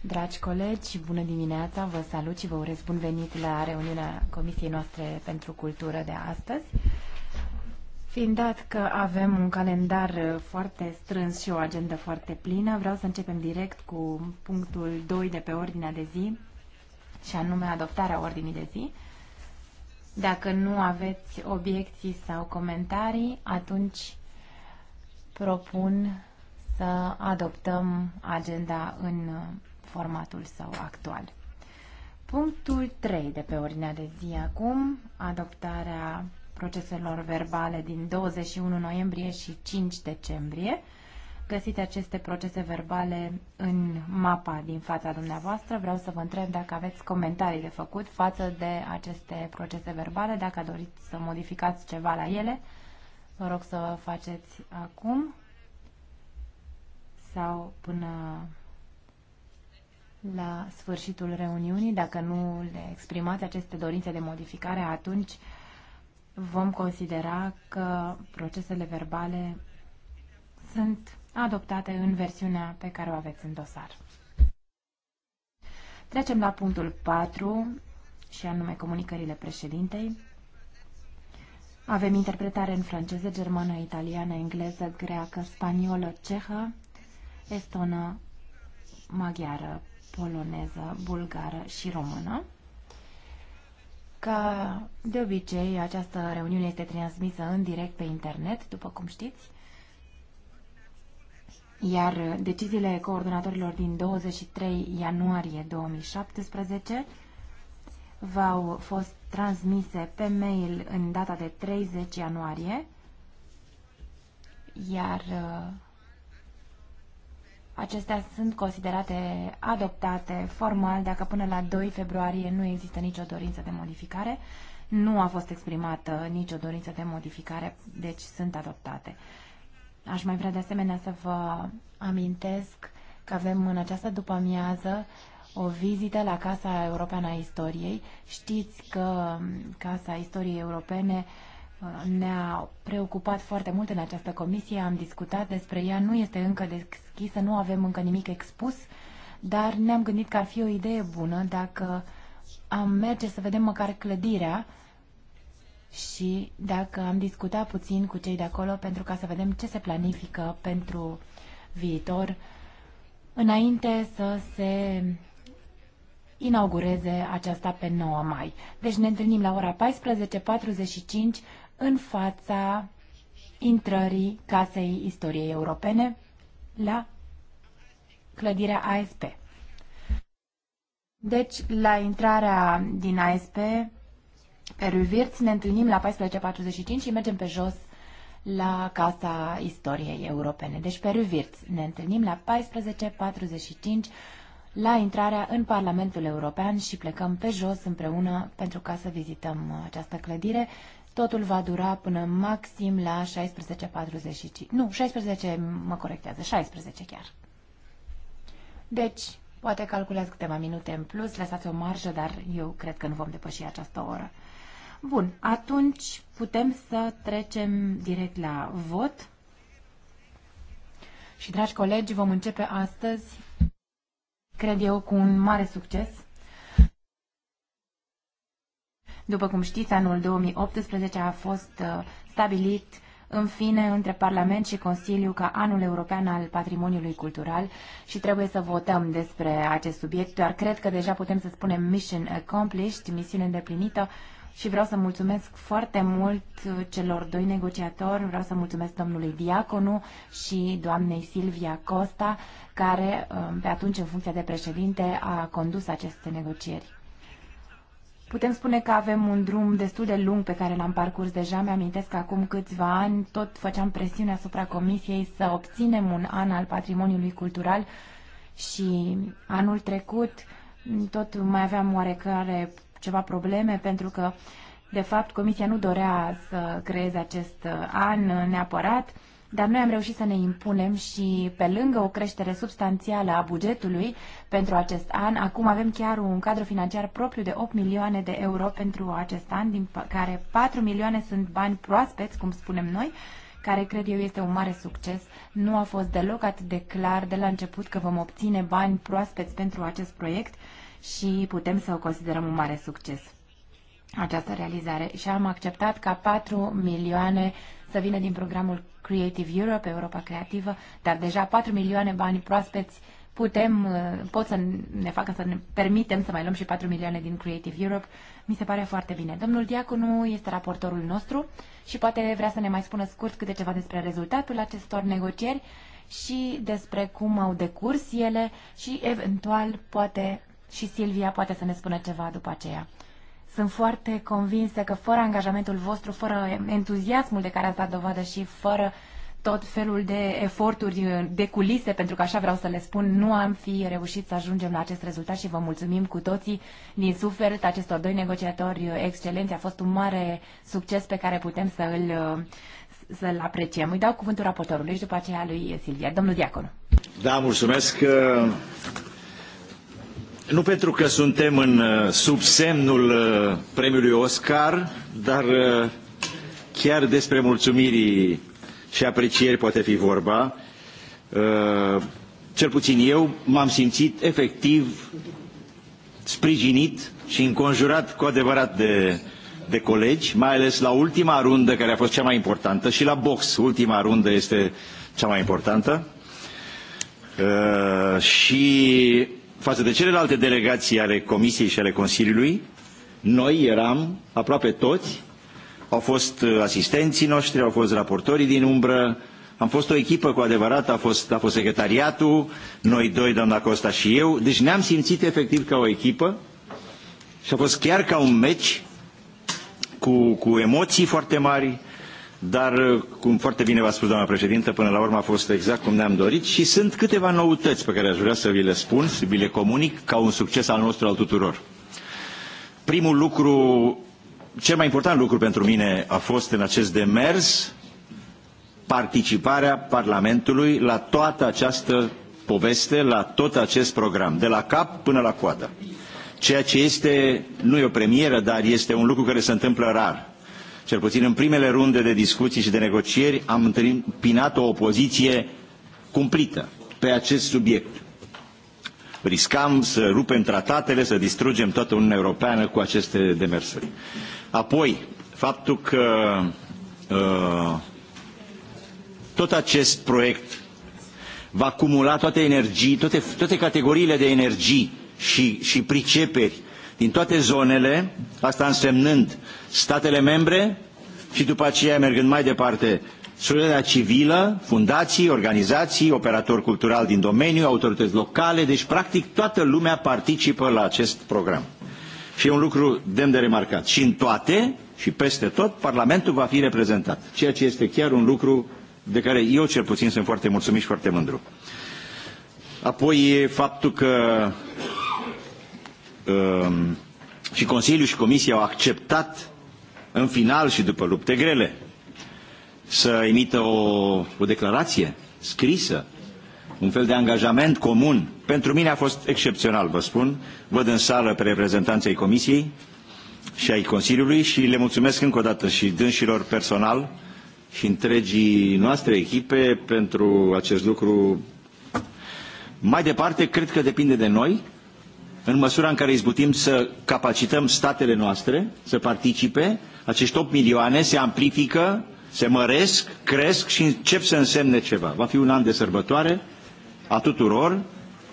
Dragi colegi, bună dimineața, vă salut și vă urez bun venit la reuniunea Comisiei noastre pentru Cultură de astăzi. Fiind dat că avem un calendar foarte strâns și o agendă foarte plină, vreau să începem direct cu punctul 2 de pe ordinea de zi, și anume adoptarea ordinii de zi. Dacă nu aveți obiecții sau comentarii, atunci propun să adoptăm agenda în uh, formatul său actual. Punctul 3 de pe ordinea de zi acum, adoptarea proceselor verbale din 21 noiembrie și 5 decembrie. Găsiți aceste procese verbale în mapa din fața dumneavoastră. Vreau să vă întreb dacă aveți comentarii de făcut față de aceste procese verbale, dacă doriți să modificați ceva la ele. Vă rog să faceți acum sau până la sfârșitul reuniunii, dacă nu le exprimați aceste dorințe de modificare, atunci vom considera că procesele verbale sunt adoptate în versiunea pe care o aveți în dosar. Trecem la punctul 4, și anume comunicările președintei. Avem interpretare în franceză, germană, italiană, engleză, greacă, spaniolă, cehă, estonă, maghiară, poloneză, bulgară și română. Ca de obicei, această reuniune este transmisă în direct pe internet, după cum știți, iar deciziile coordonatorilor din 23 ianuarie 2017 v-au fost transmise pe mail în data de 30 ianuarie, iar uh, Acestea sunt considerate adoptate formal dacă până la 2 februarie nu există nicio dorință de modificare. Nu a fost exprimată nicio dorință de modificare, deci sunt adoptate. Aș mai vrea de asemenea să vă amintesc că avem în această după-amiază o vizită la Casa Europeană a Istoriei. Știți că Casa Istoriei Europene Uh, ne-a preocupat foarte mult în această comisie, am discutat despre ea, nu este încă deschisă, nu avem încă nimic expus, dar ne-am gândit că ar fi o idee bună dacă am merge să vedem măcar clădirea și dacă am discutat puțin cu cei de acolo pentru ca să vedem ce se planifică pentru viitor înainte să se inaugureze aceasta pe 9 mai. Deci ne întâlnim la ora 14.45 în fața intrării Casei Istoriei Europene la clădirea ASP. Deci, la intrarea din ASP, pe Ruvirți, ne întâlnim la 14.45 și mergem pe jos la Casa Istoriei Europene. Deci, pe Ruvirți, ne întâlnim la 14.45 la intrarea în Parlamentul European și plecăm pe jos împreună pentru ca să vizităm această clădire. Totul va dura până maxim la 16.45. Nu, 16 mă corectează, 16 chiar. Deci, poate calculează câteva minute în plus, lăsați o marjă, dar eu cred că nu vom depăși această oră. Bun, atunci putem să trecem direct la vot. Și, dragi colegi, vom începe astăzi, cred eu, cu un mare succes. După cum știți, anul 2018 a fost uh, stabilit în fine, între Parlament și Consiliu ca anul european al patrimoniului cultural și trebuie să votăm despre acest subiect, doar cred că deja putem să spunem mission accomplished, misiune îndeplinită și vreau să mulțumesc foarte mult uh, celor doi negociatori, vreau să mulțumesc domnului Diaconu și doamnei Silvia Costa, care uh, pe atunci, în funcție de președinte, a condus aceste negocieri. Putem spune că avem un drum destul de lung pe care l-am parcurs deja. Mi-amintesc că acum câțiva ani tot făceam presiune asupra Comisiei să obținem un an al patrimoniului cultural și anul trecut tot mai aveam oarecare ceva probleme pentru că, de fapt, Comisia nu dorea să creeze acest an neapărat dar noi am reușit să ne impunem și pe lângă o creștere substanțială a bugetului pentru acest an, acum avem chiar un cadru financiar propriu de 8 milioane de euro pentru acest an, din care 4 milioane sunt bani proaspeți, cum spunem noi, care cred eu este un mare succes. Nu a fost deloc atât de clar de la început că vom obține bani proaspeți pentru acest proiect și putem să o considerăm un mare succes această realizare și am acceptat ca 4 milioane să vină din programul Creative Europe, Europa Creativă, dar deja 4 milioane bani proaspeți putem, uh, pot să ne facă să ne permitem să mai luăm și 4 milioane din Creative Europe. Mi se pare foarte bine. Domnul Diaconu este raportorul nostru și poate vrea să ne mai spună scurt câte ceva despre rezultatul acestor negocieri și despre cum au decurs ele și eventual poate și Silvia poate să ne spună ceva după aceea. Sunt foarte convinsă că fără angajamentul vostru, fără entuziasmul de care ați dat dovadă și fără tot felul de eforturi de culise, pentru că așa vreau să le spun, nu am fi reușit să ajungem la acest rezultat și vă mulțumim cu toții din suflet acestor doi negociatori excelenți. A fost un mare succes pe care putem să îl, să-l apreciem. Îi dau cuvântul raportorului și după aceea lui Silvia. Domnul Diaconu. Da, mulțumesc. Nu pentru că suntem în uh, subsemnul uh, premiului Oscar, dar uh, chiar despre mulțumirii și aprecieri poate fi vorba. Cel puțin eu m-am simțit efectiv sprijinit și înconjurat cu adevărat de, de colegi, mai ales la ultima rundă care a fost cea mai importantă și la box ultima rundă este cea mai importantă. Uh, și față de celelalte delegații ale Comisiei și ale Consiliului, noi eram aproape toți, au fost uh, asistenții noștri, au fost raportorii din umbră, am fost o echipă cu adevărat, a fost, a fost secretariatul, noi doi, doamna Costa și eu, deci ne-am simțit efectiv ca o echipă și a fost chiar ca un meci cu, cu emoții foarte mari, dar, uh, cum foarte bine v-a spus, doamna președintă, până la urmă a fost exact cum ne-am dorit și sunt câteva noutăți pe care aș vrea să vi le spun, să vi le comunic ca un succes al nostru al tuturor. Primul lucru, cel mai important lucru pentru mine a fost în acest demers participarea Parlamentului la toată această poveste, la tot acest program, de la cap până la coadă. Ceea ce este, nu e o premieră, dar este un lucru care se întâmplă rar cel puțin în primele runde de discuții și de negocieri, am întâmpinat o opoziție cumplită pe acest subiect. Riscam să rupem tratatele, să distrugem toată Uniunea Europeană cu aceste demersuri. Apoi, faptul că uh, tot acest proiect va cumula toate energii, toate, toate categoriile de energii și, și priceperi din toate zonele, asta însemnând statele membre și după aceea mergând mai departe societatea civilă, fundații, organizații, operatori culturali din domeniu, autorități locale, deci practic toată lumea participă la acest program. Și e un lucru demn de remarcat. Și în toate și peste tot, Parlamentul va fi reprezentat, ceea ce este chiar un lucru de care eu cel puțin sunt foarte mulțumit și foarte mândru. Apoi faptul că Um, și Consiliul și Comisia au acceptat în final și după lupte grele să emită o, o declarație scrisă, un fel de angajament comun. Pentru mine a fost excepțional, vă spun. Văd în sală pe reprezentanții Comisiei și ai Consiliului și le mulțumesc încă o dată și dânșilor personal și întregii noastre echipe pentru acest lucru. Mai departe, cred că depinde de noi în măsura în care izbutim să capacităm statele noastre să participe, acești 8 milioane se amplifică, se măresc, cresc și încep să însemne ceva. Va fi un an de sărbătoare a tuturor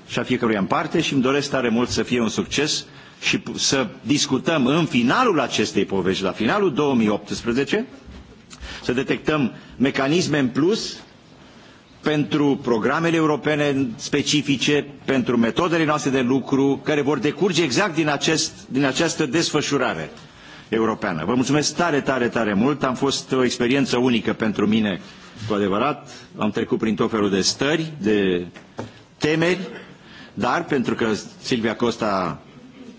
și a fiecăruia în parte și îmi doresc tare mult să fie un succes și să discutăm în finalul acestei povești, la finalul 2018, să detectăm mecanisme în plus pentru programele europene specifice, pentru metodele noastre de lucru, care vor decurge exact din, acest, din această desfășurare europeană. Vă mulțumesc tare, tare, tare mult. Am fost o experiență unică pentru mine, cu adevărat. Am trecut prin tot felul de stări, de temeri, dar pentru că Silvia Costa,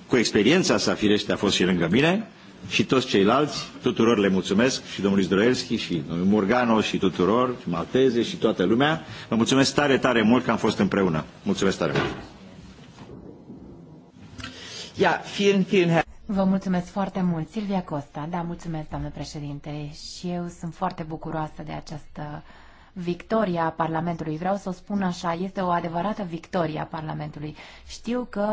cu experiența sa, firește, a fost și lângă mine, și toți ceilalți, tuturor le mulțumesc și domnului Zdroelski și domnului Morgano și tuturor, și Malteze și toată lumea. Vă mulțumesc tare, tare mult că am fost împreună. Mulțumesc tare mult! Ja, vielen, vielen Vă mulțumesc foarte mult, Silvia Costa. Da, mulțumesc, doamnă președinte. Și eu sunt foarte bucuroasă de această victoria Parlamentului. Vreau să o spun așa, este o adevărată victoria Parlamentului. Știu că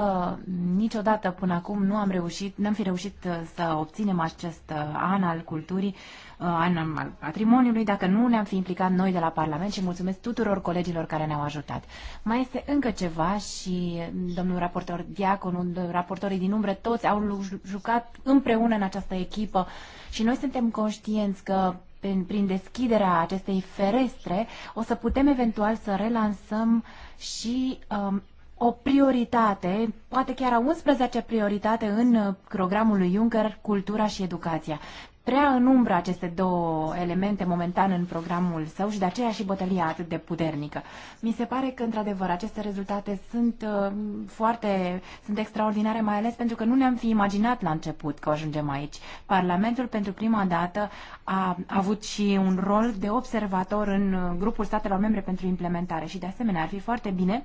niciodată până acum nu am reușit, n-am fi reușit uh, să obținem acest uh, an al culturii, uh, an al patrimoniului, dacă nu ne-am fi implicat noi de la Parlament și mulțumesc tuturor colegilor care ne-au ajutat. Mai este încă ceva și domnul raportor Diacon, raportorii din umbră, toți au jucat împreună în această echipă și noi suntem conștienți că prin, prin deschiderea acestei ferestre, o să putem eventual să relansăm și um, o prioritate, poate chiar a 11 prioritate în uh, programul lui Juncker, cultura și educația prea în umbră aceste două elemente momentan în programul său și de aceea și bătălia atât de puternică. Mi se pare că, într-adevăr, aceste rezultate sunt uh, foarte, sunt extraordinare, mai ales pentru că nu ne-am fi imaginat la început că ajungem aici. Parlamentul, pentru prima dată, a avut și un rol de observator în uh, grupul statelor membre pentru implementare și, de asemenea, ar fi foarte bine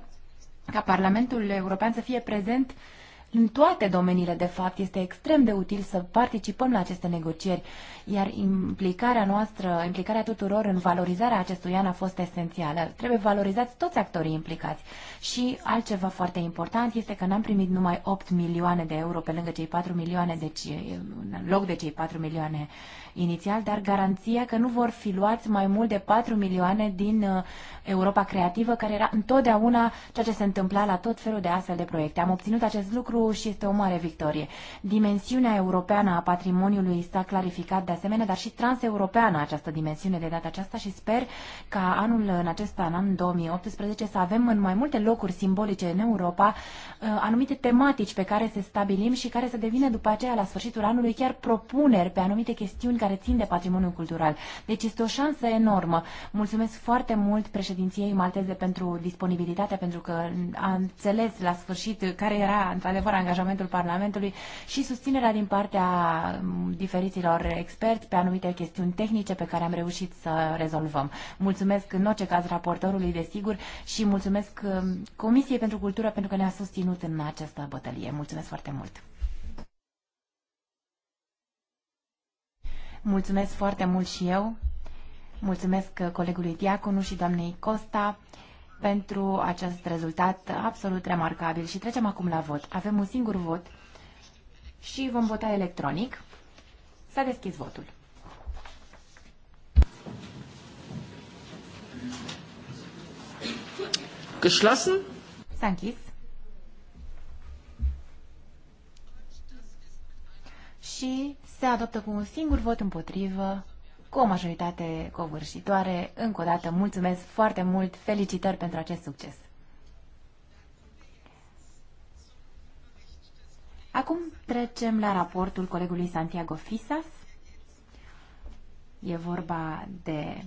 ca Parlamentul European să fie prezent uh, în toate domeniile, de fapt, este extrem de util să participăm la aceste negocieri, iar implicarea noastră, implicarea tuturor în valorizarea acestui an a fost esențială. Trebuie valorizați toți actorii implicați. Și altceva foarte important este că n-am primit numai 8 milioane de euro pe lângă cei 4 milioane, deci în loc de cei 4 milioane inițial, dar garanția că nu vor fi luați mai mult de 4 milioane din uh, Europa Creativă, care era întotdeauna ceea ce se întâmpla la tot felul de astfel de proiecte. Am obținut acest lucru și este o mare victorie. Dimensiunea europeană a patrimoniului s-a clarificat de asemenea, dar și transeuropeană această dimensiune de data aceasta și sper ca anul în acesta, în anul 2018, să avem în mai multe locuri simbolice în Europa, uh, anumite tematici pe care se stabilim și care să devină după aceea la sfârșitul anului chiar propuneri pe anumite chestiuni care țin de patrimoniul cultural. Deci este o șansă enormă. Mulțumesc foarte mult președinției malteze pentru disponibilitatea, pentru că a înțeles la sfârșit care era într-adevăr angajamentul Parlamentului și susținerea din partea um, diferiților experți pe anumite chestiuni tehnice pe care am reușit să rezolvăm. Mulțumesc în orice caz raportorului, desigur, și mulțumesc um, Comisiei pentru Cultură pentru că ne-a susținut în această bătălie. Mulțumesc foarte mult! Mulțumesc foarte mult și eu. Mulțumesc colegului Diaconu și doamnei Costa pentru acest rezultat absolut remarcabil. Și trecem acum la vot. Avem un singur vot și vom vota electronic. S-a deschis votul. Geschlossen? S-a Și se adoptă cu un singur vot împotrivă, cu o majoritate covârșitoare. Încă o dată, mulțumesc foarte mult, felicitări pentru acest succes. Acum trecem la raportul colegului Santiago Fisas. E vorba de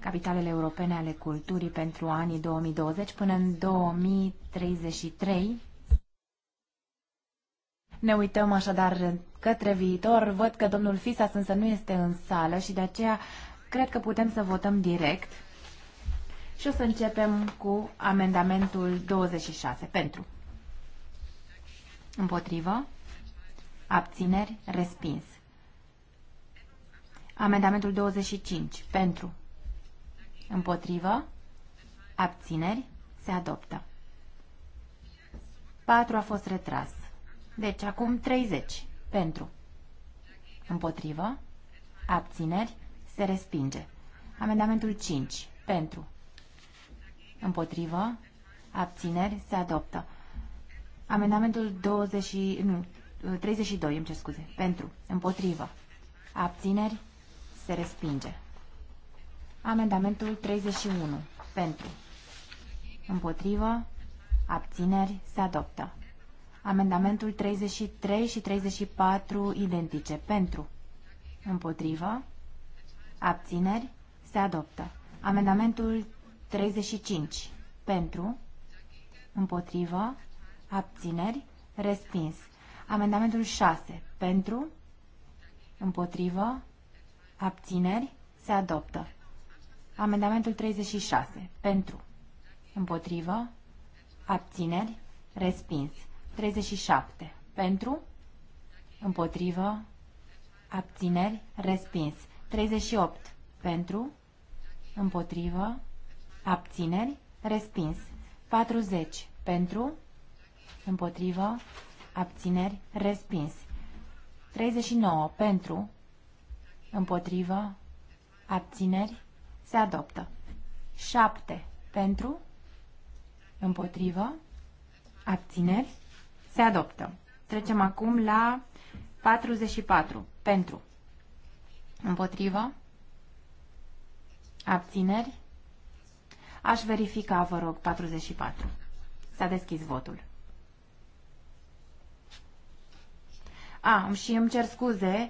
capitalele europene ale culturii pentru anii 2020 până în 2033. Ne uităm așadar către viitor. Văd că domnul Fisas însă nu este în sală și de aceea cred că putem să votăm direct. Și o să începem cu amendamentul 26. Pentru. Împotrivă. Abțineri. Respins. Amendamentul 25. Pentru. Împotrivă. Abțineri. Se adoptă. 4 a fost retras. Deci acum 30. Pentru. Împotrivă. Abțineri. Se respinge. Amendamentul 5. Pentru. Împotrivă. Abțineri. Se adoptă. Amendamentul 20, nu, 32, îmi cer scuze. Pentru. Împotrivă. Abțineri. Se respinge. Amendamentul 31. Pentru. Împotrivă. Abțineri. Se adoptă. Amendamentul 33 și 34 identice. Pentru. Împotrivă. Abțineri. Se adoptă. Amendamentul 35. Pentru. Împotrivă. Abțineri. Respins. Amendamentul 6. Pentru. Împotrivă. Abțineri. Se adoptă. Amendamentul 36. Pentru. Împotrivă. Abțineri. Respins. 37. Pentru. Împotrivă. Abțineri. Respins. 38. Pentru. Împotrivă. Abțineri. Respins. 40. Pentru. Împotrivă. Abțineri. Respins. 39. Pentru. Împotrivă. Abțineri. Se adoptă. 7 pentru, împotrivă, abțineri, se adoptă. Trecem acum la 44 pentru, împotrivă, abțineri. Aș verifica, vă rog, 44. S-a deschis votul. A, și îmi cer scuze,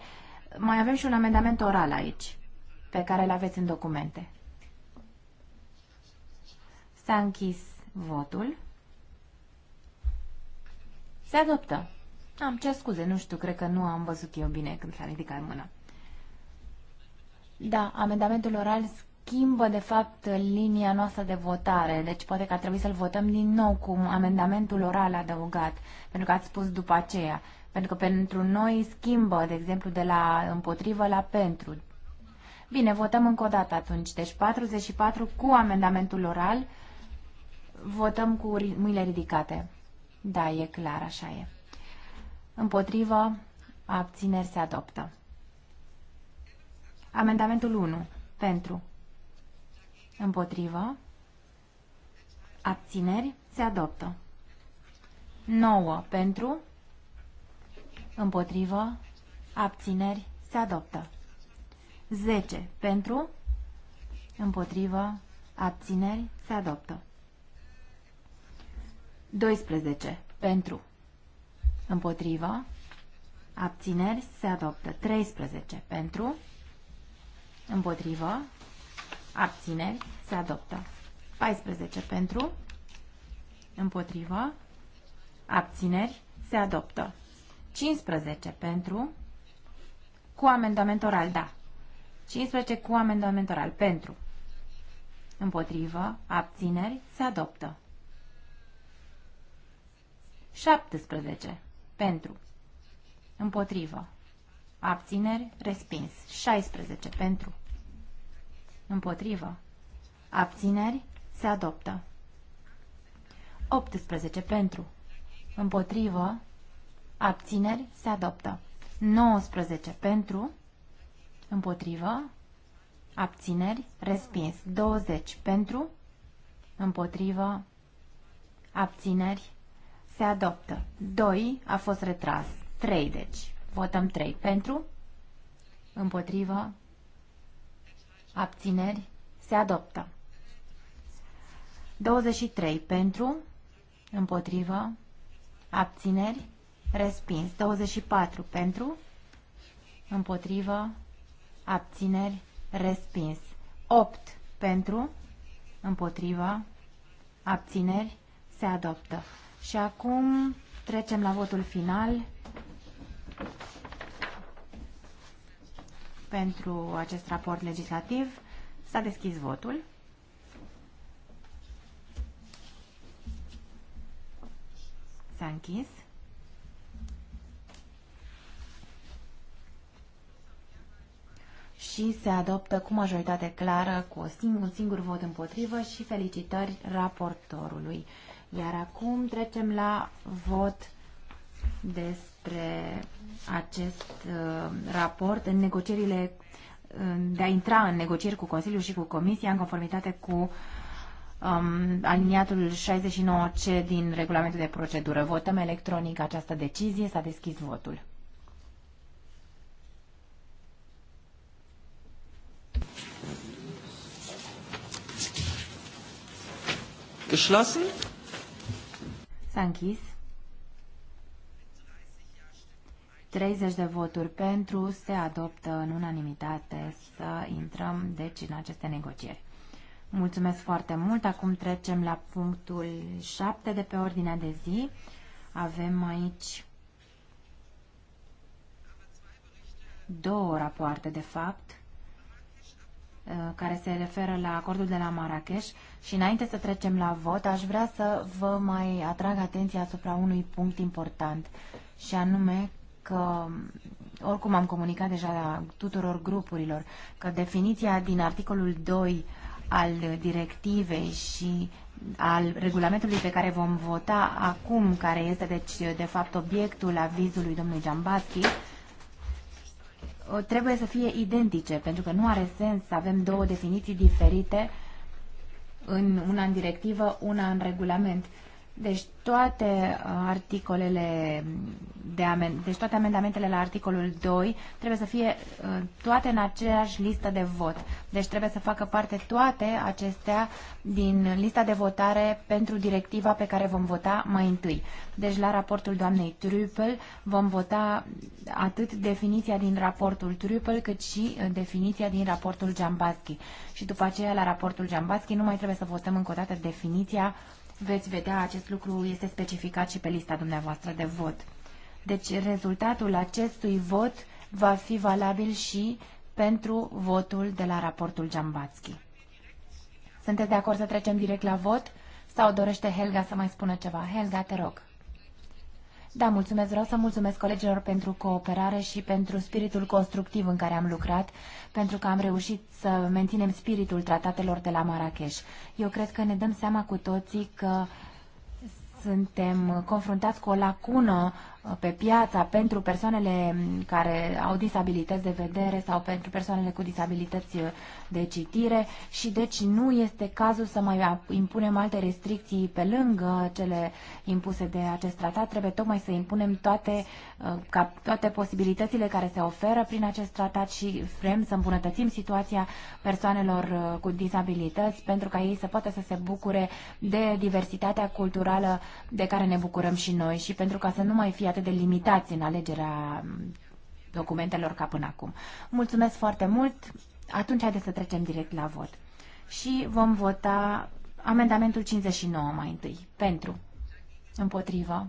mai avem și un amendament oral aici pe care îl aveți în documente. S-a închis votul. Se adoptă. Am ce scuze, nu știu, cred că nu am văzut eu bine când s-a ridicat mâna. Da, amendamentul oral schimbă, de fapt, linia noastră de votare. Deci poate că ar trebui să-l votăm din nou cu amendamentul oral adăugat, pentru că ați spus după aceea. Pentru că pentru noi schimbă, de exemplu, de la împotrivă la pentru. Bine, votăm încă o dată atunci. Deci 44 cu amendamentul oral. Votăm cu mâinile ridicate. Da, e clar, așa e. Împotrivă, abțineri se adoptă. Amendamentul 1. Pentru. Împotrivă. Abțineri se adoptă. 9. Pentru. Împotrivă. Abțineri se adoptă. 10 pentru, împotrivă, abțineri, se adoptă. 12 pentru, împotrivă, abțineri, se adoptă. 13 pentru, împotrivă, abțineri, se adoptă. 14 pentru, împotrivă, abțineri, se adoptă. 15 pentru, cu amendament oral, da. 15 cu amendament oral. Pentru. Împotrivă. Abțineri. Se adoptă. 17. Pentru. Împotrivă. Abțineri. Respins. 16. Pentru. Împotrivă. Abțineri. Se adoptă. 18. Pentru. Împotrivă. Abțineri. Se adoptă. 19. Pentru. Împotrivă. Abțineri. Respins. 20 pentru. Împotrivă. Abțineri. Se adoptă. 2 a fost retras. 3 deci. Votăm 3 pentru. Împotrivă. Abțineri. Se adoptă. 23 pentru. Împotrivă. Abțineri. Respins. 24 pentru. Împotrivă abțineri, respins. 8 pentru, împotriva, abțineri, se adoptă. Și acum trecem la votul final pentru acest raport legislativ. S-a deschis votul. S-a închis. și se adoptă cu majoritate clară, cu o sing- un singur vot împotrivă și felicitări raportorului. Iar acum trecem la vot despre acest uh, raport în negocierile uh, de a intra în negocieri cu Consiliul și cu Comisia în conformitate cu um, aliniatul 69C din regulamentul de procedură. Votăm electronic această decizie. S-a deschis votul. geschlossen. S-a închis. 30 de voturi pentru se adoptă în unanimitate să intrăm deci în aceste negocieri. Mulțumesc foarte mult. Acum trecem la punctul 7 de pe ordinea de zi. Avem aici două rapoarte, de fapt. Uh, care se referă la acordul de la Marrakesh și înainte să trecem la vot, aș vrea să vă mai atrag atenția asupra unui punct important și anume că oricum am comunicat deja tuturor grupurilor că definiția din articolul 2 al directivei și al regulamentului pe care vom vota acum, care este deci de fapt obiectul avizului domnului Giambaschi, trebuie să fie identice, pentru că nu are sens să avem două definiții diferite în una în directivă, una în regulament. Deci toate uh, articolele de amen- deci toate amendamentele la articolul 2 trebuie să fie uh, toate în aceeași listă de vot. Deci trebuie să facă parte toate acestea din lista de votare pentru directiva pe care vom vota mai întâi. Deci la raportul doamnei Trupel vom vota atât definiția din raportul Trupel cât și uh, definiția din raportul Jambaschi. Și după aceea la raportul Jambaschi, nu mai trebuie să votăm încă o dată definiția Veți vedea, acest lucru este specificat și pe lista dumneavoastră de vot. Deci rezultatul acestui vot va fi valabil și pentru votul de la raportul Giambatski. Sunteți de acord să trecem direct la vot? Sau dorește Helga să mai spună ceva? Helga, te rog. Da, mulțumesc. Vreau să mulțumesc colegilor pentru cooperare și pentru spiritul constructiv în care am lucrat, pentru că am reușit să menținem spiritul tratatelor de la Marrakesh. Eu cred că ne dăm seama cu toții că suntem confruntați cu o lacună pe piața pentru persoanele care au disabilități de vedere sau pentru persoanele cu disabilități uh, de citire și deci nu este cazul să mai impunem alte restricții pe lângă cele impuse de acest tratat. Trebuie tocmai să impunem toate, uh, ca, toate posibilitățile care se oferă prin acest tratat și vrem să îmbunătățim situația persoanelor uh, cu disabilități pentru ca ei să poată să se bucure de diversitatea culturală de care ne bucurăm și noi și pentru ca să nu mai fie atât de limitați în alegerea mm, documentelor ca până acum. Mulțumesc foarte mult. Atunci haideți să trecem direct la vot. Și vom vota amendamentul 59 mai întâi. Pentru. Împotrivă.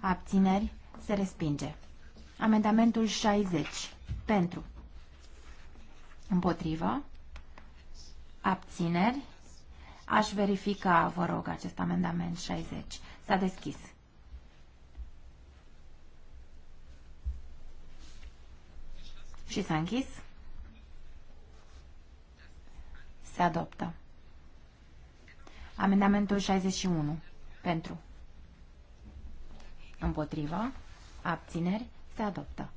Abțineri. Se respinge. Amendamentul 60. Pentru. Împotrivă. Abțineri. Aș verifica, vă rog, acest amendament 60. S-a deschis. Și s-a închis. Se adoptă. Amendamentul 61. Pentru. Împotriva. Abțineri. Se adoptă.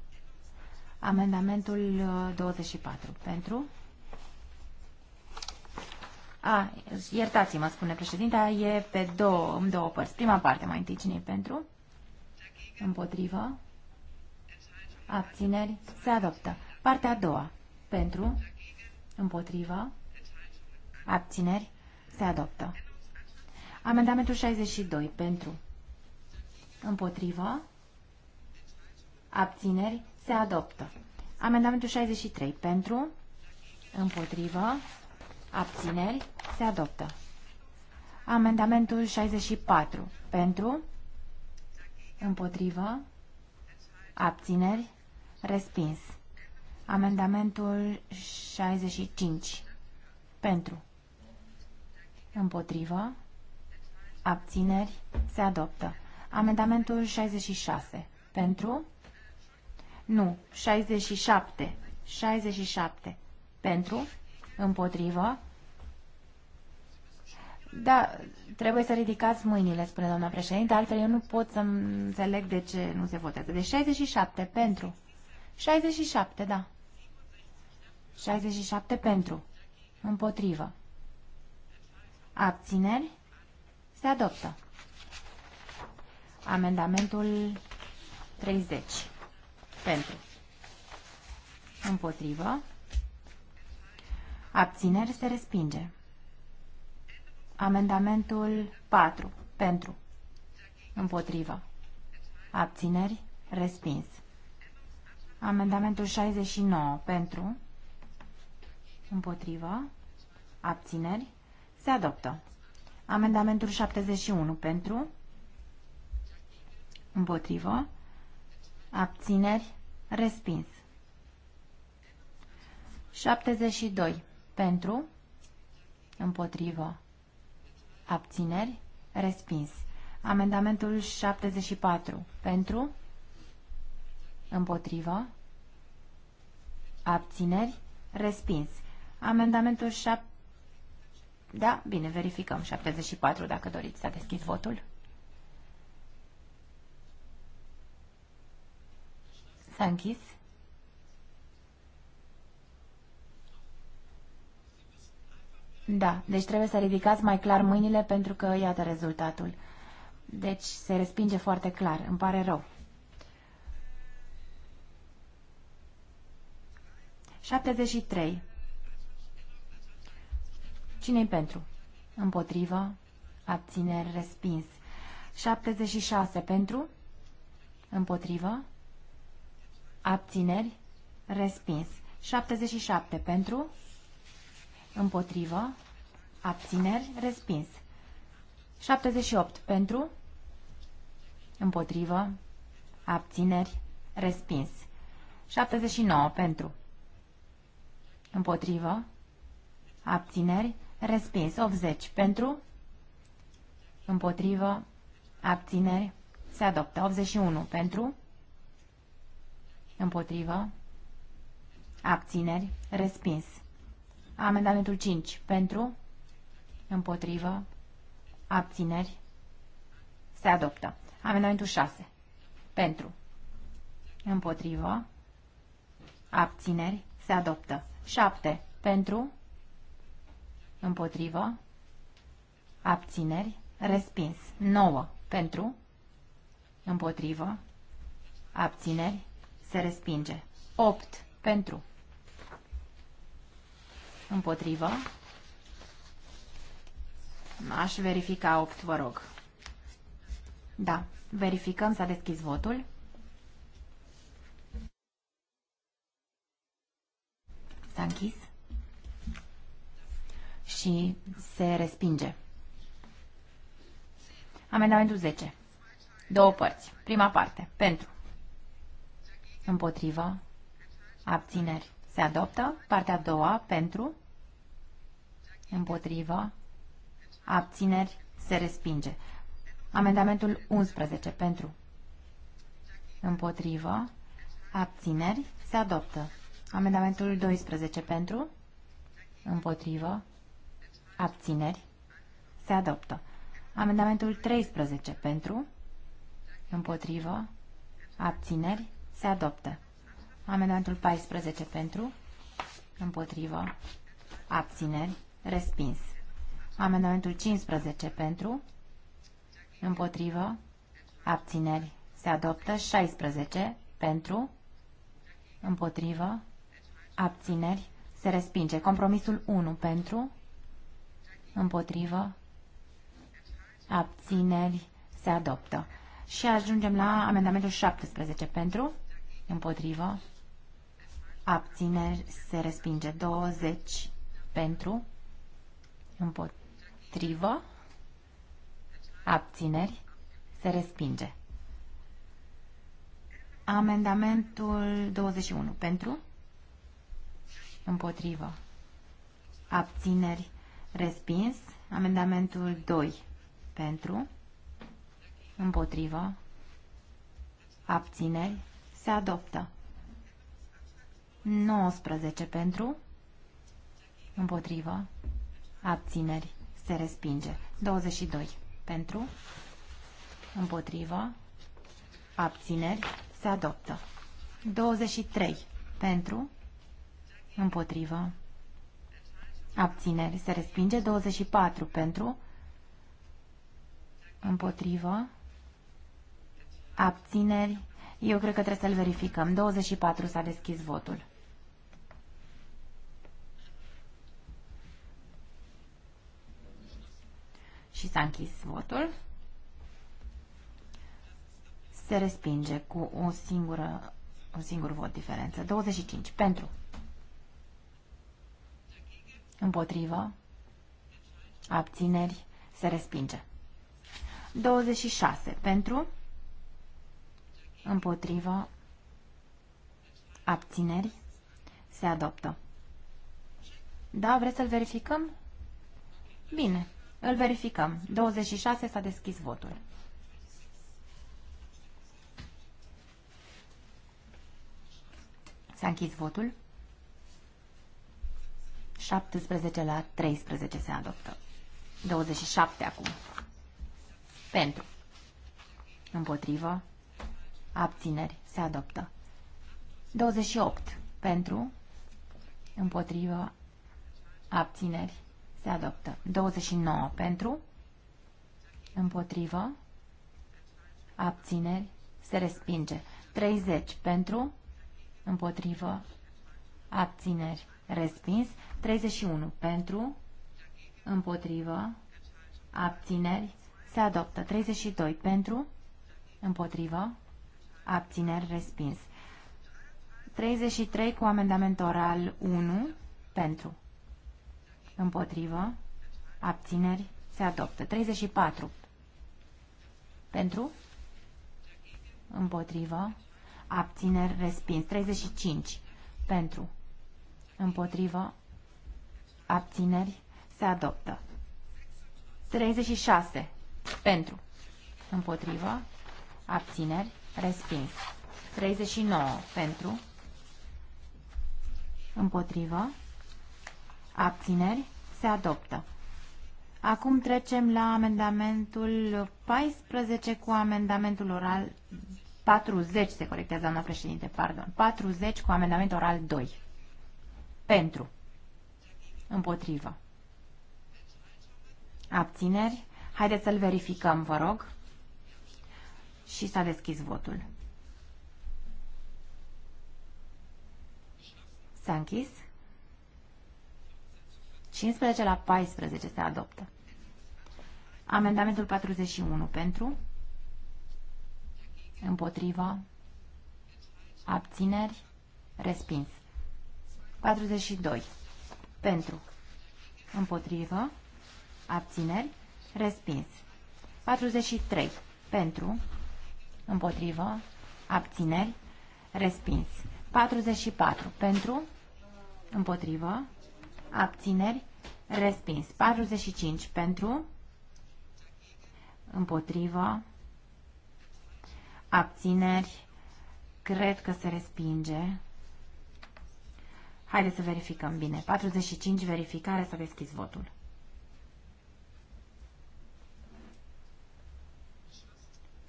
Amendamentul 24. Uh, pentru. A, iertați-mă, spune președinta, e pe două, în două părți. Prima parte mai întâi, cine pentru? Împotrivă abțineri, se adoptă. Partea a doua, pentru, împotriva abțineri, se adoptă. Amendamentul 62, pentru, împotriva abțineri, se adoptă. Amendamentul 63, pentru, împotriva abțineri, se adoptă. Amendamentul 64, pentru, împotriva abțineri, Respins. Amendamentul 65. Pentru. Împotrivă. Abțineri. Se adoptă. Amendamentul 66. Pentru. Nu. 67. 67. Pentru. Împotrivă. Da, trebuie să ridicați mâinile, spune doamna președinte, altfel eu nu pot să înțeleg de ce nu se votează. De deci 67 pentru. 67, da. 67 pentru. Împotrivă. Abțineri. Se adoptă. Amendamentul 30. Pentru. Împotrivă. Abțineri se respinge. Amendamentul 4. Pentru. Împotrivă. Abțineri. Respins. Amendamentul 69 pentru, împotrivă, abțineri, se adoptă. Amendamentul 71 pentru, împotrivă, abțineri, respins. 72 pentru, împotrivă, abțineri, respins. Amendamentul 74 pentru, Împotrivă. Abțineri. Respins. Amendamentul 7. Da? Bine, verificăm. 74, dacă doriți. S-a deschis votul. S-a închis. Da, deci trebuie să ridicați mai clar mâinile pentru că iată rezultatul. Deci se respinge foarte clar. Îmi pare rău. 73. Cine-i pentru? Împotrivă. Abțineri respins. 76 pentru. Împotrivă. Abțineri respins. 77 pentru. Împotrivă. Abțineri respins. 78 pentru. Împotrivă. Abțineri respins. 79 pentru. Împotrivă. Abțineri. Respins. 80. Pentru. Împotrivă. Abțineri. Se adoptă. 81. Pentru. Împotrivă. Abțineri. Respins. Amendamentul 5. Pentru. Împotrivă. Abțineri. Se adoptă. Amendamentul 6. Pentru. Împotrivă. Abțineri. Se adoptă. 7. Pentru. Împotrivă. Abțineri. Respins. 9. Pentru. Împotrivă. Abțineri. Se respinge. 8. Pentru. Împotrivă. Aș verifica 8, vă rog. Da. Verificăm, s-a deschis votul. S-a închis. Și se respinge. Amendamentul 10. Două părți. Prima parte. Pentru. Împotrivă. Abțineri. Se adoptă. Partea a doua. Pentru. Împotrivă. Abțineri. Se respinge. Amendamentul 11. Pentru. Împotrivă. Abțineri. Se adoptă. Amendamentul 12 pentru, împotrivă, abțineri, se adoptă. Amendamentul 13 pentru, împotrivă, abțineri, se adoptă. Amendamentul 14 pentru, împotrivă, abțineri, respins. Amendamentul 15 pentru, împotrivă, abțineri, se adoptă. 16 pentru, împotrivă, abțineri, se respinge. Compromisul 1 pentru, împotrivă, abțineri, se adoptă. Și ajungem la amendamentul 17 pentru, împotrivă, abțineri, se respinge. 20 pentru, împotrivă, abțineri, se respinge. Amendamentul 21 pentru, Împotrivă. Abțineri. Respins. Amendamentul 2. Pentru. Împotrivă. Abțineri. Se adoptă. 19 pentru. Împotrivă. Abțineri. Se respinge. 22 pentru. Împotrivă. Abțineri. Se adoptă. 23 pentru. Împotrivă. Abțineri. Se respinge. 24 pentru. Împotrivă. Abțineri. Eu cred că trebuie să-l verificăm. 24 s-a deschis votul. Și s-a închis votul. Se respinge cu o singură, un singur vot diferență. 25 pentru. Împotrivă. Abțineri. Se respinge. 26. Pentru. Împotrivă. Abțineri. Se adoptă. Da, vreți să-l verificăm? Bine, îl verificăm. 26 s-a deschis votul. S-a închis votul. 17 la 13 se adoptă. 27 acum. Pentru. Împotrivă. Abțineri. Se adoptă. 28. Pentru. Împotrivă. Abțineri. Se adoptă. 29. Pentru. Împotrivă. Abțineri. Se respinge. 30. Pentru. Împotrivă. Abțineri. Respins. 31 pentru, împotrivă, abțineri, se adoptă. 32 pentru, împotrivă, abțineri, respins. 33 cu amendament oral 1 pentru, împotrivă, abțineri, se adoptă. 34 pentru, împotrivă, abțineri, respins. 35 pentru, Împotrivă. Abțineri. Se adoptă. 36. Pentru. Împotrivă. Abțineri. Respins. 39. Pentru. Împotrivă. Abțineri. Se adoptă. Acum trecem la amendamentul 14 cu amendamentul oral 40, se corectează doamna președinte, pardon, 40 cu amendamentul oral 2. Pentru. Împotrivă. Abțineri. Haideți să-l verificăm, vă rog. Și s-a deschis votul. S-a închis. 15 la 14 se adoptă. Amendamentul 41 pentru. Împotriva. Abțineri. Respins. 42. Pentru. Împotrivă. Abțineri. Respins. 43. Pentru. Împotrivă. Abțineri. Respins. 44. Pentru. Împotrivă. Abțineri. Respins. 45. Pentru. Împotrivă. Abțineri. Cred că se respinge. Haideți să verificăm bine. 45, verificare, să deschizi votul.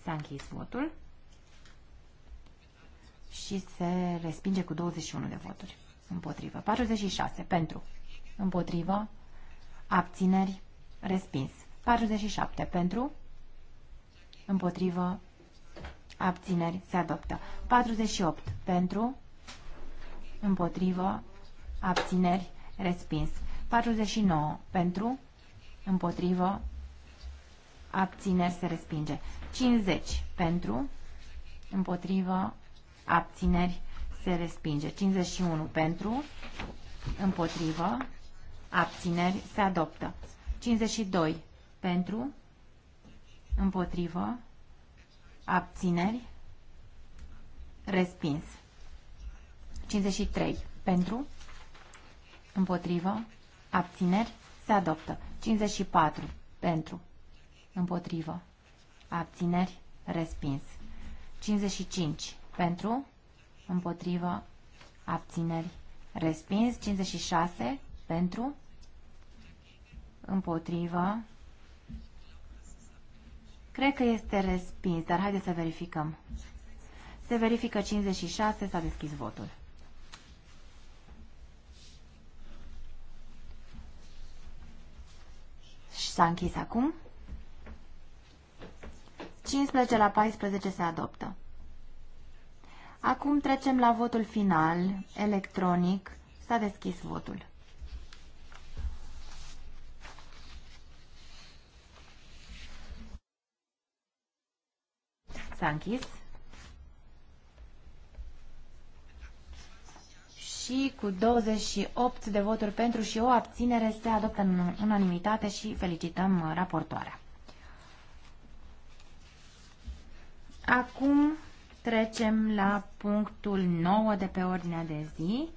S-a închis votul și se respinge cu 21 de voturi împotrivă. 46 pentru, împotrivă, abțineri, respins. 47 pentru, împotrivă, abțineri, se adoptă. 48 pentru, împotrivă, abțineri, respins. 49 pentru, împotrivă, abțineri, se respinge. 50 pentru, împotrivă, abțineri, se respinge. 51 pentru, împotrivă, abțineri, se adoptă. 52 pentru, împotrivă, abțineri, respins. 53 pentru, Împotrivă. Abțineri. Se adoptă. 54. Pentru. Împotrivă. Abțineri. Respins. 55. Pentru. Împotrivă. Abțineri. Respins. 56. Pentru. Împotrivă. Cred că este respins, dar haideți să verificăm. Se verifică 56, s-a deschis votul. s-a închis acum. 15 la 14 se adoptă. Acum trecem la votul final, electronic. S-a deschis votul. S-a închis. și cu 28 de voturi pentru și o abținere se adoptă în unanimitate și felicităm uh, raportoarea. Acum trecem la punctul 9 de pe ordinea de zi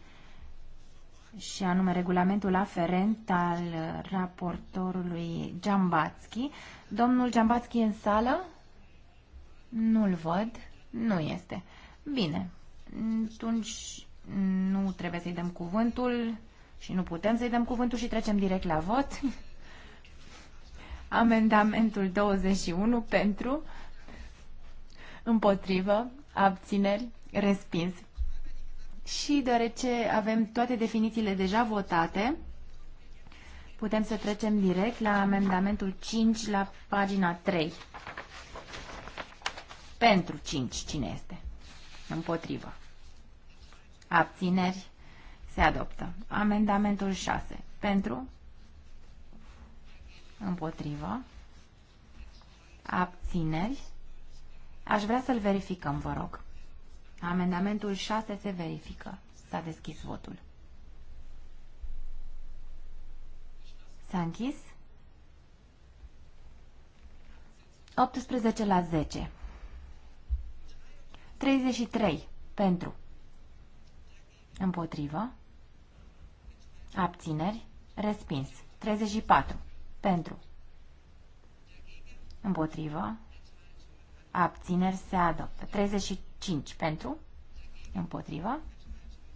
și anume regulamentul aferent al raportorului Giambatski. Domnul Giambatski în sală? Nu-l văd. Nu este. Bine. Atunci nu trebuie să-i dăm cuvântul și nu putem să-i dăm cuvântul și trecem direct la vot. Amendamentul 21 pentru, împotrivă, abțineri, respins. Și deoarece avem toate definițiile deja votate, putem să trecem direct la amendamentul 5 la pagina 3. Pentru 5, cine este? Împotrivă. Abțineri. Se adoptă. Amendamentul 6. Pentru. Împotrivă. Abțineri. Aș vrea să-l verificăm, vă rog. Amendamentul 6 se verifică. S-a deschis votul. S-a închis. 18 la 10. 33 pentru. Împotrivă. Abțineri. Respins. 34. Pentru. Împotrivă. Abțineri se adoptă. 35. Pentru. Împotrivă.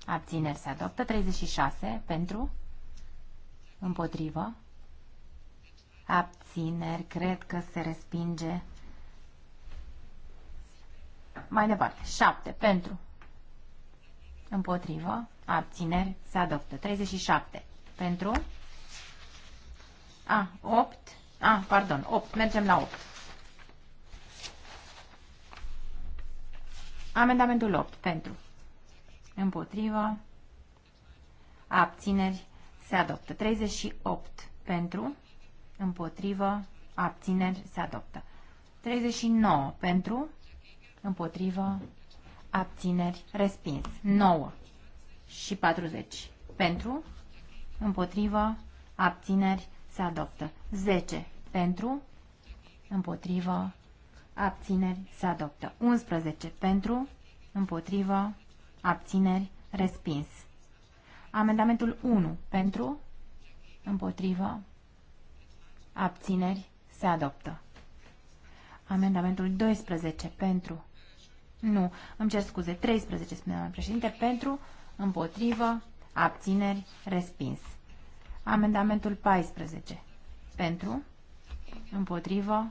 Abțineri se adoptă. 36. Pentru. Împotrivă. Abțineri. Cred că se respinge. Mai departe. 7. Pentru. Împotrivă. Abțineri. Se adoptă. 37. Pentru. A, 8. A, pardon, 8. Mergem la 8. Amendamentul 8. Pentru. Împotrivă. Abțineri. Se adoptă. 38. Pentru. Împotrivă. Abțineri. Se adoptă. 39. Pentru. Împotrivă abțineri, respins. 9 și 40 pentru, împotrivă, abțineri, se adoptă. 10 pentru, împotrivă, abțineri, se adoptă. 11 pentru, împotrivă, abțineri, respins. Amendamentul 1 pentru, împotrivă, abțineri, se adoptă. Amendamentul 12 pentru, nu, îmi cer scuze, 13, spune doamna președinte, pentru, împotrivă, abțineri, respins. Amendamentul 14, pentru, împotrivă,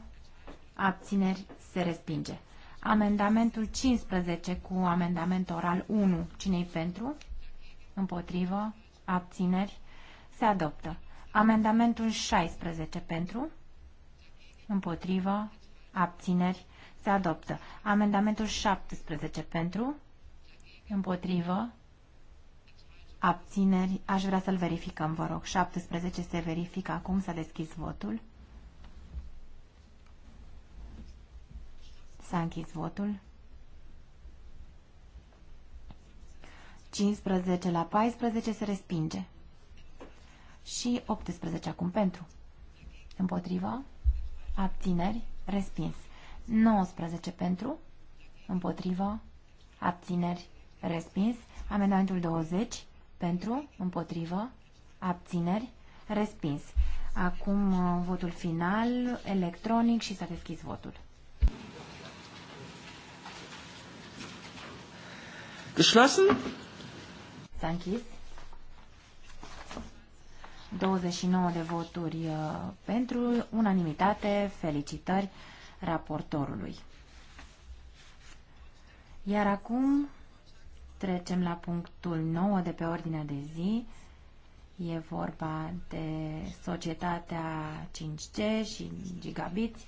abțineri, se respinge. Amendamentul 15 cu amendament oral 1, cine i pentru, împotrivă, abțineri, se adoptă. Amendamentul 16 pentru, împotrivă, abțineri, se se adoptă. Amendamentul 17 pentru, împotrivă, abțineri. Aș vrea să-l verificăm, vă rog. 17 se verifică acum, s-a deschis votul. S-a închis votul. 15 la 14 se respinge. Și 18 acum pentru. Împotriva. Abțineri. Respins. 19 pentru, împotrivă, abțineri, respins. Amendamentul 20 pentru, împotrivă, abțineri, respins. Acum uh, votul final, electronic și s-a deschis votul. Geschlossen. S-a închis. 29 de voturi uh, pentru unanimitate, felicitări raportorului. Iar acum trecem la punctul 9 de pe ordinea de zi. E vorba de societatea 5G și gigabiți.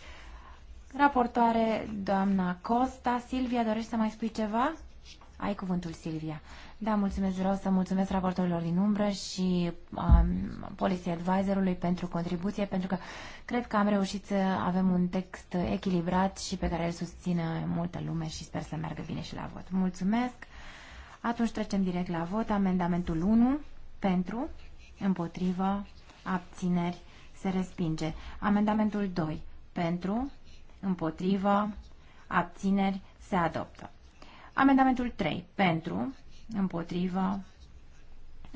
Raportoare, doamna Costa. Silvia, dorești să mai spui ceva? Ai cuvântul, Silvia. Da, mulțumesc, vreau să mulțumesc raportorilor din umbră și um, Policy Advisorului pentru contribuție, pentru că cred că am reușit să avem un text echilibrat și pe care îl susține multă lume și sper să meargă bine și la vot. Mulțumesc! Atunci trecem direct la vot. Amendamentul 1 pentru, împotrivă, abțineri, se respinge. Amendamentul 2 pentru, împotrivă, abțineri, se adoptă. Amendamentul 3. Pentru, împotrivă,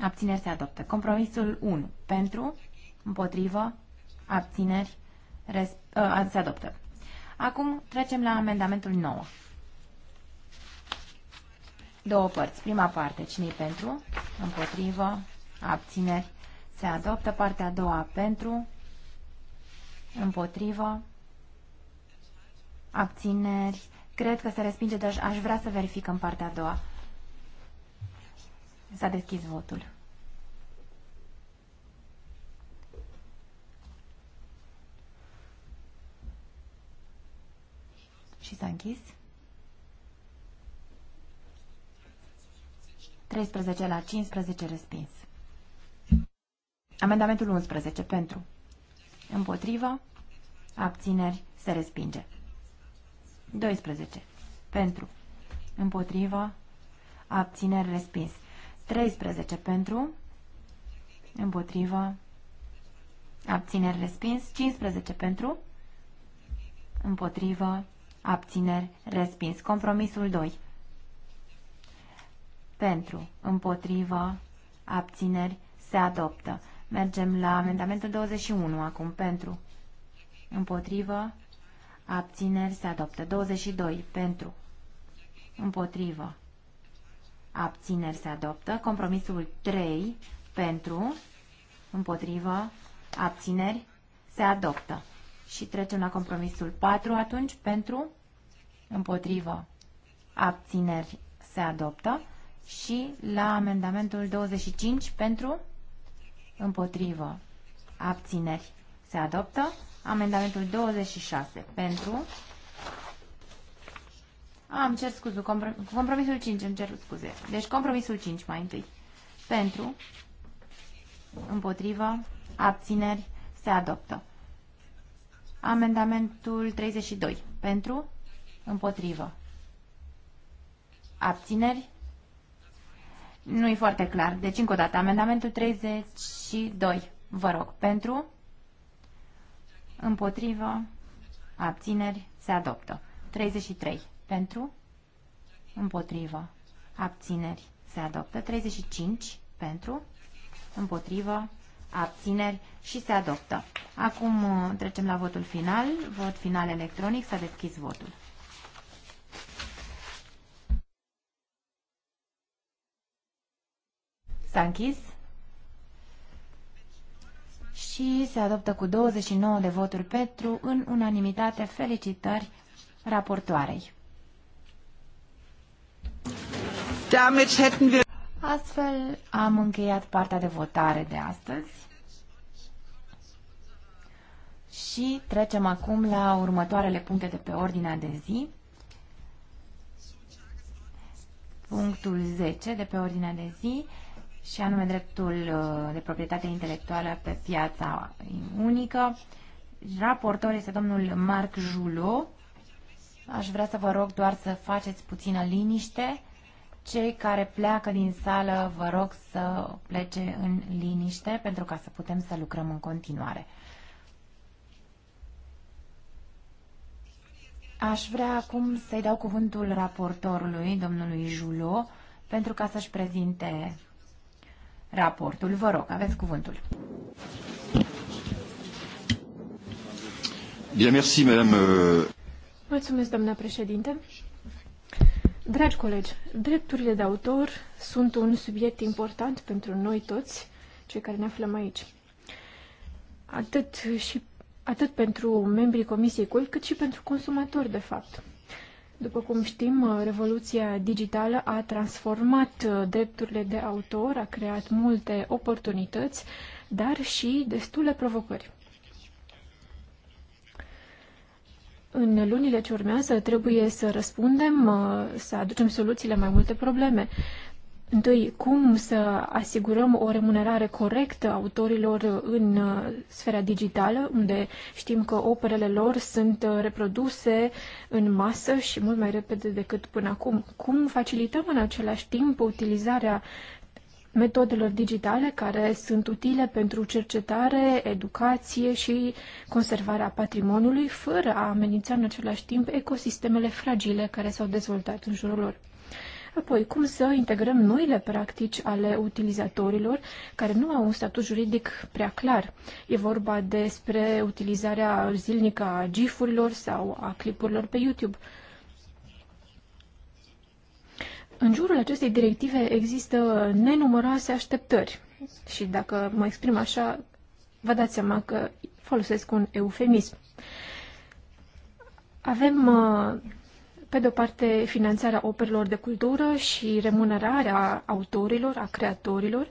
abțineri se adoptă. Compromisul 1. Pentru, împotrivă, abțineri res, uh, se adoptă. Acum trecem la amendamentul 9. Două părți. Prima parte, cine pentru? Împotrivă, abțineri. Se adoptă partea a doua pentru, împotrivă, abțineri. Cred că se respinge, dar aș vrea să verificăm partea a doua. S-a deschis votul. Și s-a închis. 13 la 15 respins. Amendamentul 11 pentru. Împotriva. Abțineri se respinge. 12. Pentru. Împotrivă. Abțineri respins. 13 pentru. Împotrivă. Abțineri respins. 15 pentru. Împotrivă. Abțineri respins. Compromisul 2. Pentru. Împotrivă. Abțineri se adoptă. Mergem la amendamentul 21 acum. Pentru. Împotrivă. Abțineri se adoptă. 22 pentru. Împotrivă. Abțineri se adoptă. Compromisul 3 pentru. Împotrivă. Abțineri se adoptă. Și trecem la compromisul 4 atunci pentru. Împotrivă. Abțineri se adoptă. Și la amendamentul 25 pentru. Împotrivă. Abțineri se adoptă. Amendamentul 26 pentru... A, cer scuze, compromisul 5, îmi cer scuze. Deci compromisul 5 mai întâi. Pentru, împotrivă, abțineri, se adoptă. Amendamentul 32. Pentru, împotrivă, abțineri, nu e foarte clar. Deci, încă o dată, amendamentul 32, vă rog, pentru, Împotrivă. Abțineri. Se adoptă. 33. Pentru. Împotrivă. Abțineri. Se adoptă. 35. Pentru. Împotrivă. Abțineri. Și se adoptă. Acum uh, trecem la votul final. Vot final electronic. S-a deschis votul. S-a închis și se adoptă cu 29 de voturi pentru, în unanimitate, felicitări raportoarei. Astfel am încheiat partea de votare de astăzi și trecem acum la următoarele puncte de pe ordinea de zi. Punctul 10 de pe ordinea de zi și anume dreptul uh, de proprietate intelectuală pe piața unică. Raportor este domnul Marc Julo. Aș vrea să vă rog doar să faceți puțină liniște. Cei care pleacă din sală, vă rog să plece în liniște pentru ca să putem să lucrăm în continuare. Aș vrea acum să-i dau cuvântul raportorului, domnului Julo, pentru ca să-și prezinte raportul. Vă rog, aveți cuvântul. Bien, merci, madame. Euh. Mulțumesc, doamna președinte. Dragi colegi, drepturile de autor sunt un subiect important pentru noi toți, cei care ne aflăm aici. Atât, și, atât pentru membrii Comisiei Cult, cât și pentru consumatori, de fapt. După cum știm, revoluția digitală a transformat uh, drepturile de autor, a creat multe oportunități, dar și destule provocări. În lunile ce urmează trebuie să răspundem, uh, să aducem soluții la mai multe probleme. Întâi, cum să asigurăm o remunerare corectă autorilor în uh, sfera digitală, unde știm că operele lor sunt uh, reproduse în masă și mult mai repede decât până acum. Cum facilităm în același timp utilizarea metodelor digitale care sunt utile pentru cercetare, educație și conservarea patrimoniului, fără a amenința în același timp ecosistemele fragile care s-au dezvoltat în jurul lor. Apoi, cum să integrăm noile practici ale utilizatorilor care nu au un statut juridic prea clar. E vorba despre utilizarea zilnică a urilor sau a clipurilor pe YouTube. În jurul acestei directive există nenumăroase așteptări și dacă mă exprim așa, vă dați seama că folosesc un eufemism. Avem uh, pe de o parte, finanțarea operelor de cultură și remunerarea autorilor, a creatorilor.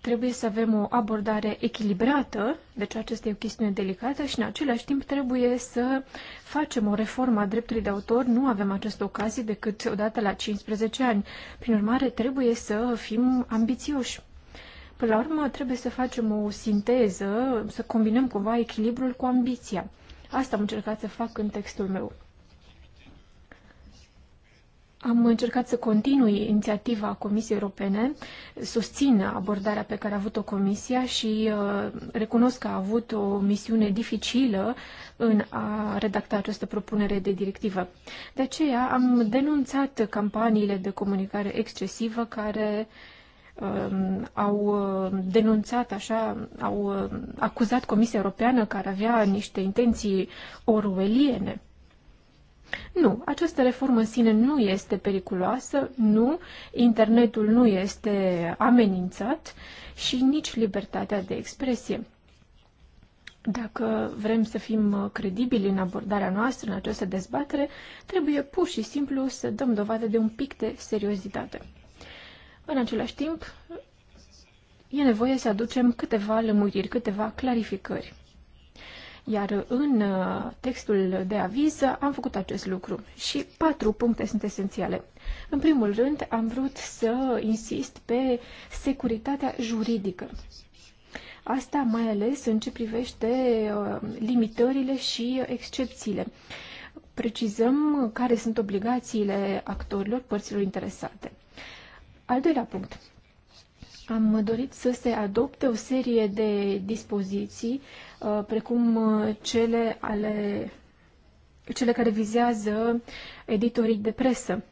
Trebuie să avem o abordare echilibrată, deci aceasta e o chestiune delicată și în același timp trebuie să facem o reformă a dreptului de autor. Nu avem această ocazie decât odată la 15 ani. Prin urmare, trebuie să fim ambițioși. Până la urmă, trebuie să facem o sinteză, să combinăm cumva echilibrul cu ambiția. Asta am încercat să fac în textul meu. Am încercat să continui inițiativa Comisiei Europene, susțin abordarea pe care a avut-o Comisia și uh, recunosc că a avut o misiune dificilă în a redacta această propunere de directivă. De aceea am denunțat campaniile de comunicare excesivă care um, au uh, denunțat așa, au uh, acuzat Comisia Europeană că ar avea niște intenții orwelliene nu, această reformă în sine nu este periculoasă, nu, internetul nu este amenințat și nici libertatea de expresie. Dacă vrem să fim credibili în abordarea noastră în această dezbatere, trebuie pur și simplu să dăm dovadă de un pic de seriozitate. În același timp, e nevoie să aducem câteva lămuriri, câteva clarificări. Iar în uh, textul de aviz am făcut acest lucru și patru puncte sunt esențiale. În primul rând, am vrut să insist pe securitatea juridică. Asta mai ales în ce privește uh, limitările și excepțiile. Precizăm care sunt obligațiile actorilor, părților interesate. Al doilea punct. Am dorit să se adopte o serie de dispoziții Uh, precum uh, cele, ale, cele care vizează editorii de presă.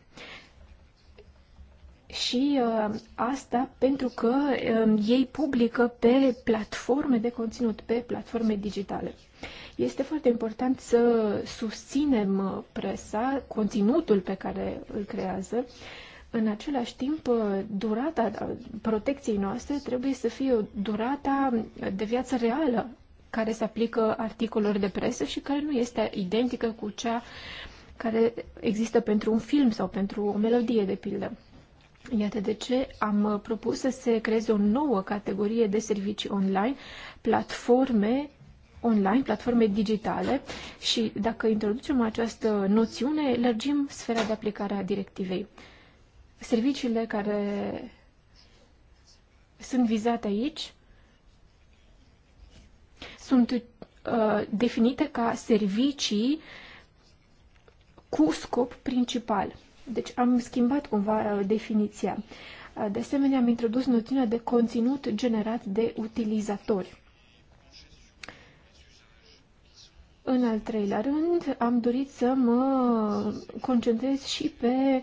Și uh, asta pentru că uh, ei publică pe platforme de conținut, pe platforme digitale. Este foarte important să susținem uh, presa, conținutul pe care îl creează. În același timp, durata protecției noastre trebuie să fie durata de viață reală care se aplică articolelor de presă și care nu este identică cu cea care există pentru un film sau pentru o melodie, de pildă. Iată de ce am propus să se creeze o nouă categorie de servicii online, platforme online, platforme digitale și dacă introducem această noțiune, lărgim sfera de aplicare a directivei. Serviciile care sunt vizate aici sunt uh, definite ca servicii cu scop principal. Deci am schimbat cumva uh, definiția. Uh, de asemenea, am introdus noțiunea de conținut generat de utilizatori. În al treilea rând, am dorit să mă concentrez și pe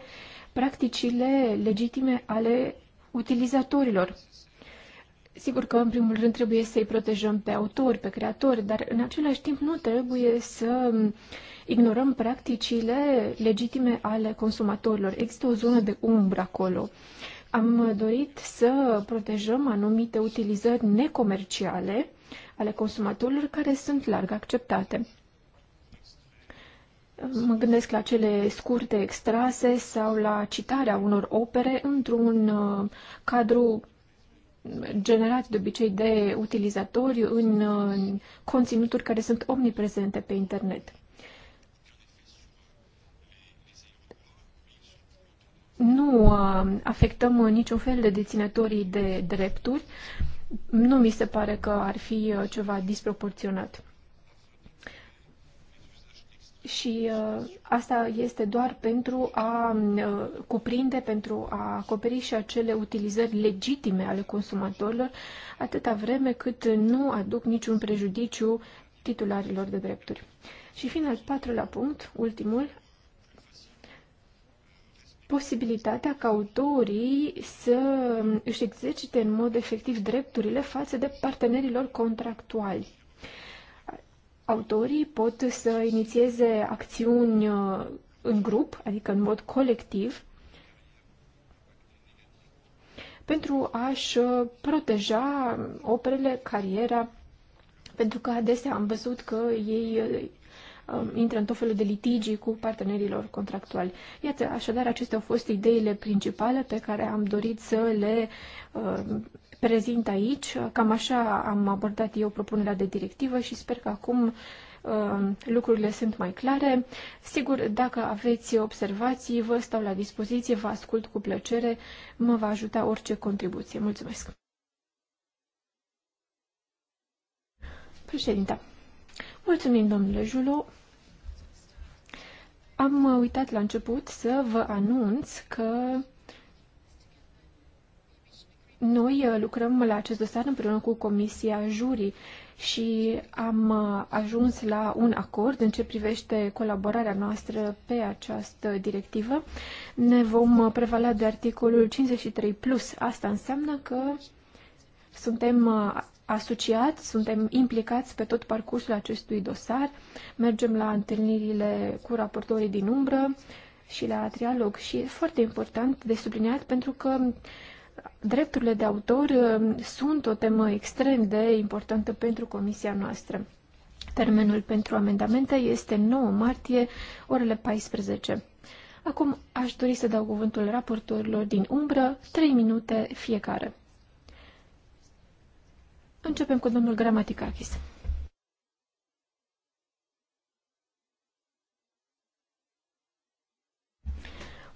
practicile legitime ale utilizatorilor. Sigur că, în primul rând, trebuie să-i protejăm pe autori, pe creatori, dar, în același timp, nu trebuie să ignorăm practicile legitime ale consumatorilor. Există o zonă de umbră acolo. Am dorit să protejăm anumite utilizări necomerciale ale consumatorilor care sunt larg acceptate. Mă gândesc la cele scurte extrase sau la citarea unor opere într-un uh, cadru generat de obicei de utilizatori în uh, conținuturi care sunt omniprezente pe internet. Nu uh, afectăm niciun fel de deținătorii de drepturi. Nu mi se pare că ar fi uh, ceva disproporționat și uh, asta este doar pentru a uh, cuprinde, pentru a acoperi și acele utilizări legitime ale consumatorilor, atâta vreme cât nu aduc niciun prejudiciu titularilor de drepturi. Și final, patrulea punct, ultimul, posibilitatea ca autorii să își exercite în mod efectiv drepturile față de partenerilor contractuali autorii pot să inițieze acțiuni uh, în grup, adică în mod colectiv, pentru a-și uh, proteja operele, cariera, pentru că adesea am văzut că ei uh, um, intră în tot felul de litigii cu partenerilor contractuali. Iată, așadar, acestea au fost ideile principale pe care am dorit să le uh, prezint aici. Cam așa am abordat eu propunerea de directivă și sper că acum uh, lucrurile sunt mai clare. Sigur, dacă aveți observații, vă stau la dispoziție, vă ascult cu plăcere, mă va ajuta orice contribuție. Mulțumesc! Președinta, mulțumim, domnule Julo. Am uitat la început să vă anunț că noi uh, lucrăm la acest dosar împreună cu Comisia Jurii și am uh, ajuns la un acord în ce privește colaborarea noastră pe această directivă. Ne vom uh, prevala de articolul 53+. Plus. Asta înseamnă că suntem asociați, suntem implicați pe tot parcursul acestui dosar, mergem la întâlnirile cu raportorii din umbră și la trialog și e foarte important de subliniat pentru că drepturile de autor uh, sunt o temă extrem de importantă pentru comisia noastră. Termenul pentru amendamente este 9 martie, orele 14. Acum aș dori să dau cuvântul raportorilor din umbră, 3 minute fiecare. Începem cu domnul Gramaticakis.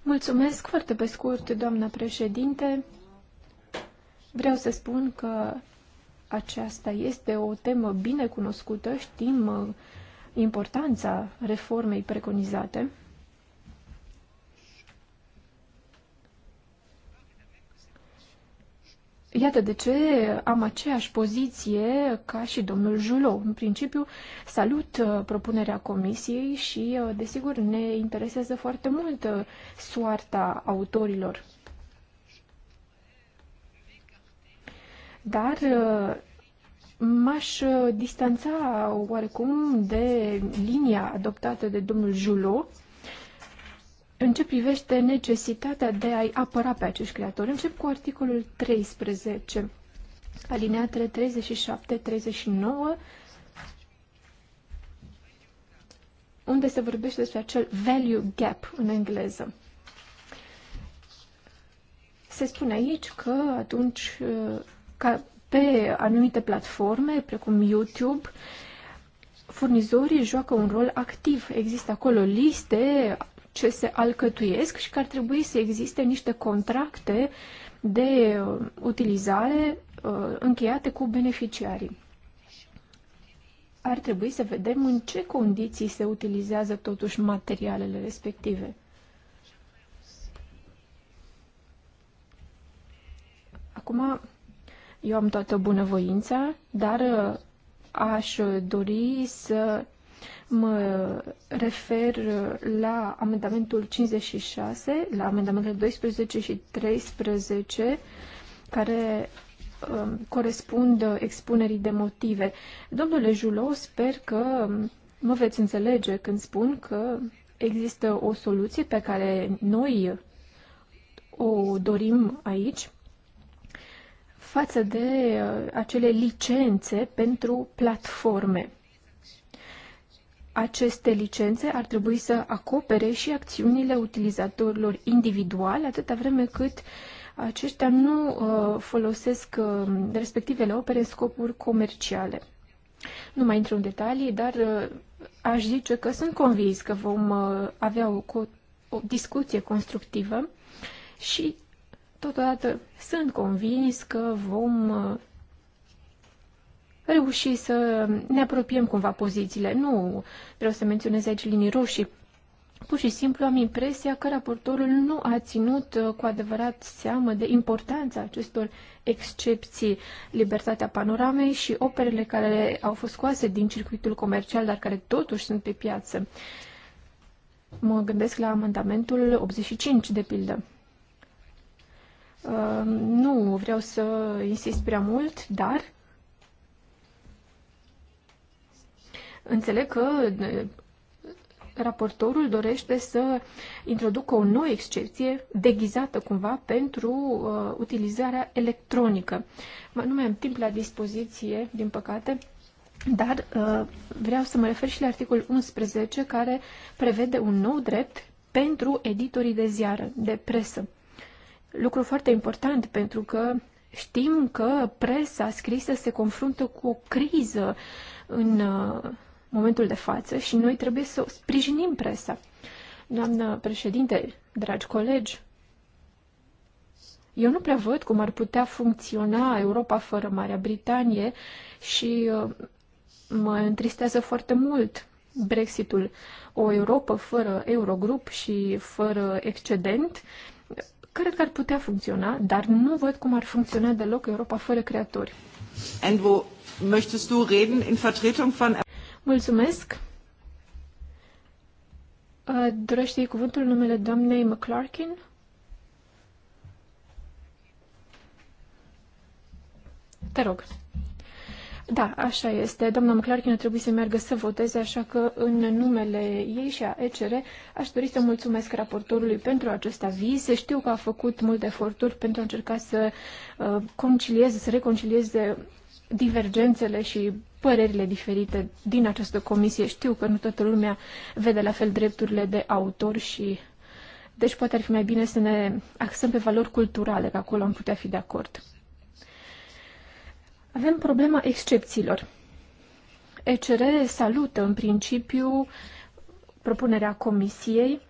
Mulțumesc foarte pe scurt, doamna președinte. Vreau să spun că aceasta este o temă bine cunoscută, știm uh, importanța reformei preconizate. Iată de ce am aceeași poziție ca și domnul Julo. În principiu, salut uh, propunerea comisiei și, uh, desigur, ne interesează foarte mult soarta autorilor dar uh, m-aș uh, distanța oarecum de linia adoptată de domnul Julo în ce privește necesitatea de a-i apăra pe acești creatori. Încep cu articolul 13, alineatele 37, 39, unde se vorbește despre acel value gap în engleză. Se spune aici că atunci uh, ca pe anumite platforme, precum YouTube, furnizorii joacă un rol activ. Există acolo liste ce se alcătuiesc și că ar trebui să existe niște contracte de uh, utilizare uh, încheiate cu beneficiarii. Ar trebui să vedem în ce condiții se utilizează totuși materialele respective. Acum, eu am toată bunăvoința, dar uh, aș dori să mă refer uh, la amendamentul 56, la amendamentele 12 și 13, care um, corespund uh, expunerii de motive. Domnule Julo, sper că um, mă veți înțelege când spun că există o soluție pe care noi o dorim aici, față de uh, acele licențe pentru platforme. Aceste licențe ar trebui să acopere și acțiunile utilizatorilor individuali, atâta vreme cât aceștia nu uh, folosesc uh, respectivele opere în scopuri comerciale. Nu mai intru în detalii, dar aș zice că sunt convins că vom avea o, o discuție constructivă și Totodată sunt convins că vom uh, reuși să ne apropiem cumva pozițiile. Nu vreau să menționez aici linii roșii. Pur și simplu am impresia că raportorul nu a ținut uh, cu adevărat seamă de importanța acestor excepții, libertatea panoramei și operele care au fost scoase din circuitul comercial, dar care totuși sunt pe piață. Mă gândesc la amendamentul 85, de pildă. Ehm, nu vreau să insist prea mult, dar înțeleg că raportorul dorește să introducă o nouă excepție deghizată cumva pentru uh, utilizarea electronică. Nu mai am timp la dispoziție, din păcate, dar uh, vreau să mă refer și la articolul 11 care prevede un nou drept pentru editorii de ziară, de presă. Lucru foarte important pentru că știm că presa scrisă se confruntă cu o criză în uh, momentul de față și noi trebuie să sprijinim presa. Doamnă președinte, dragi colegi, eu nu prea văd cum ar putea funcționa Europa fără Marea Britanie și uh, mă întristează foarte mult Brexitul. O Europa fără Eurogrup și fără excedent cred că ar putea funcționa, dar nu văd cum ar funcționa deloc Europa fără creatori. And möchtest du reden in Vertretung von... Mulțumesc. Uh, dorește cuvântul numele doamnei McClarkin? Te rog. Da, așa este. Doamna McClarkin a trebuit să meargă să voteze, așa că în numele ei și a ECR aș dori să mulțumesc raportorului pentru acest aviz. Știu că a făcut multe eforturi pentru a încerca să uh, concilieze, să reconcilieze divergențele și părerile diferite din această comisie. Știu că nu toată lumea vede la fel drepturile de autor și deci poate ar fi mai bine să ne axăm pe valori culturale, că acolo am putea fi de acord. Avem problema excepțiilor. ECR salută în principiu propunerea comisiei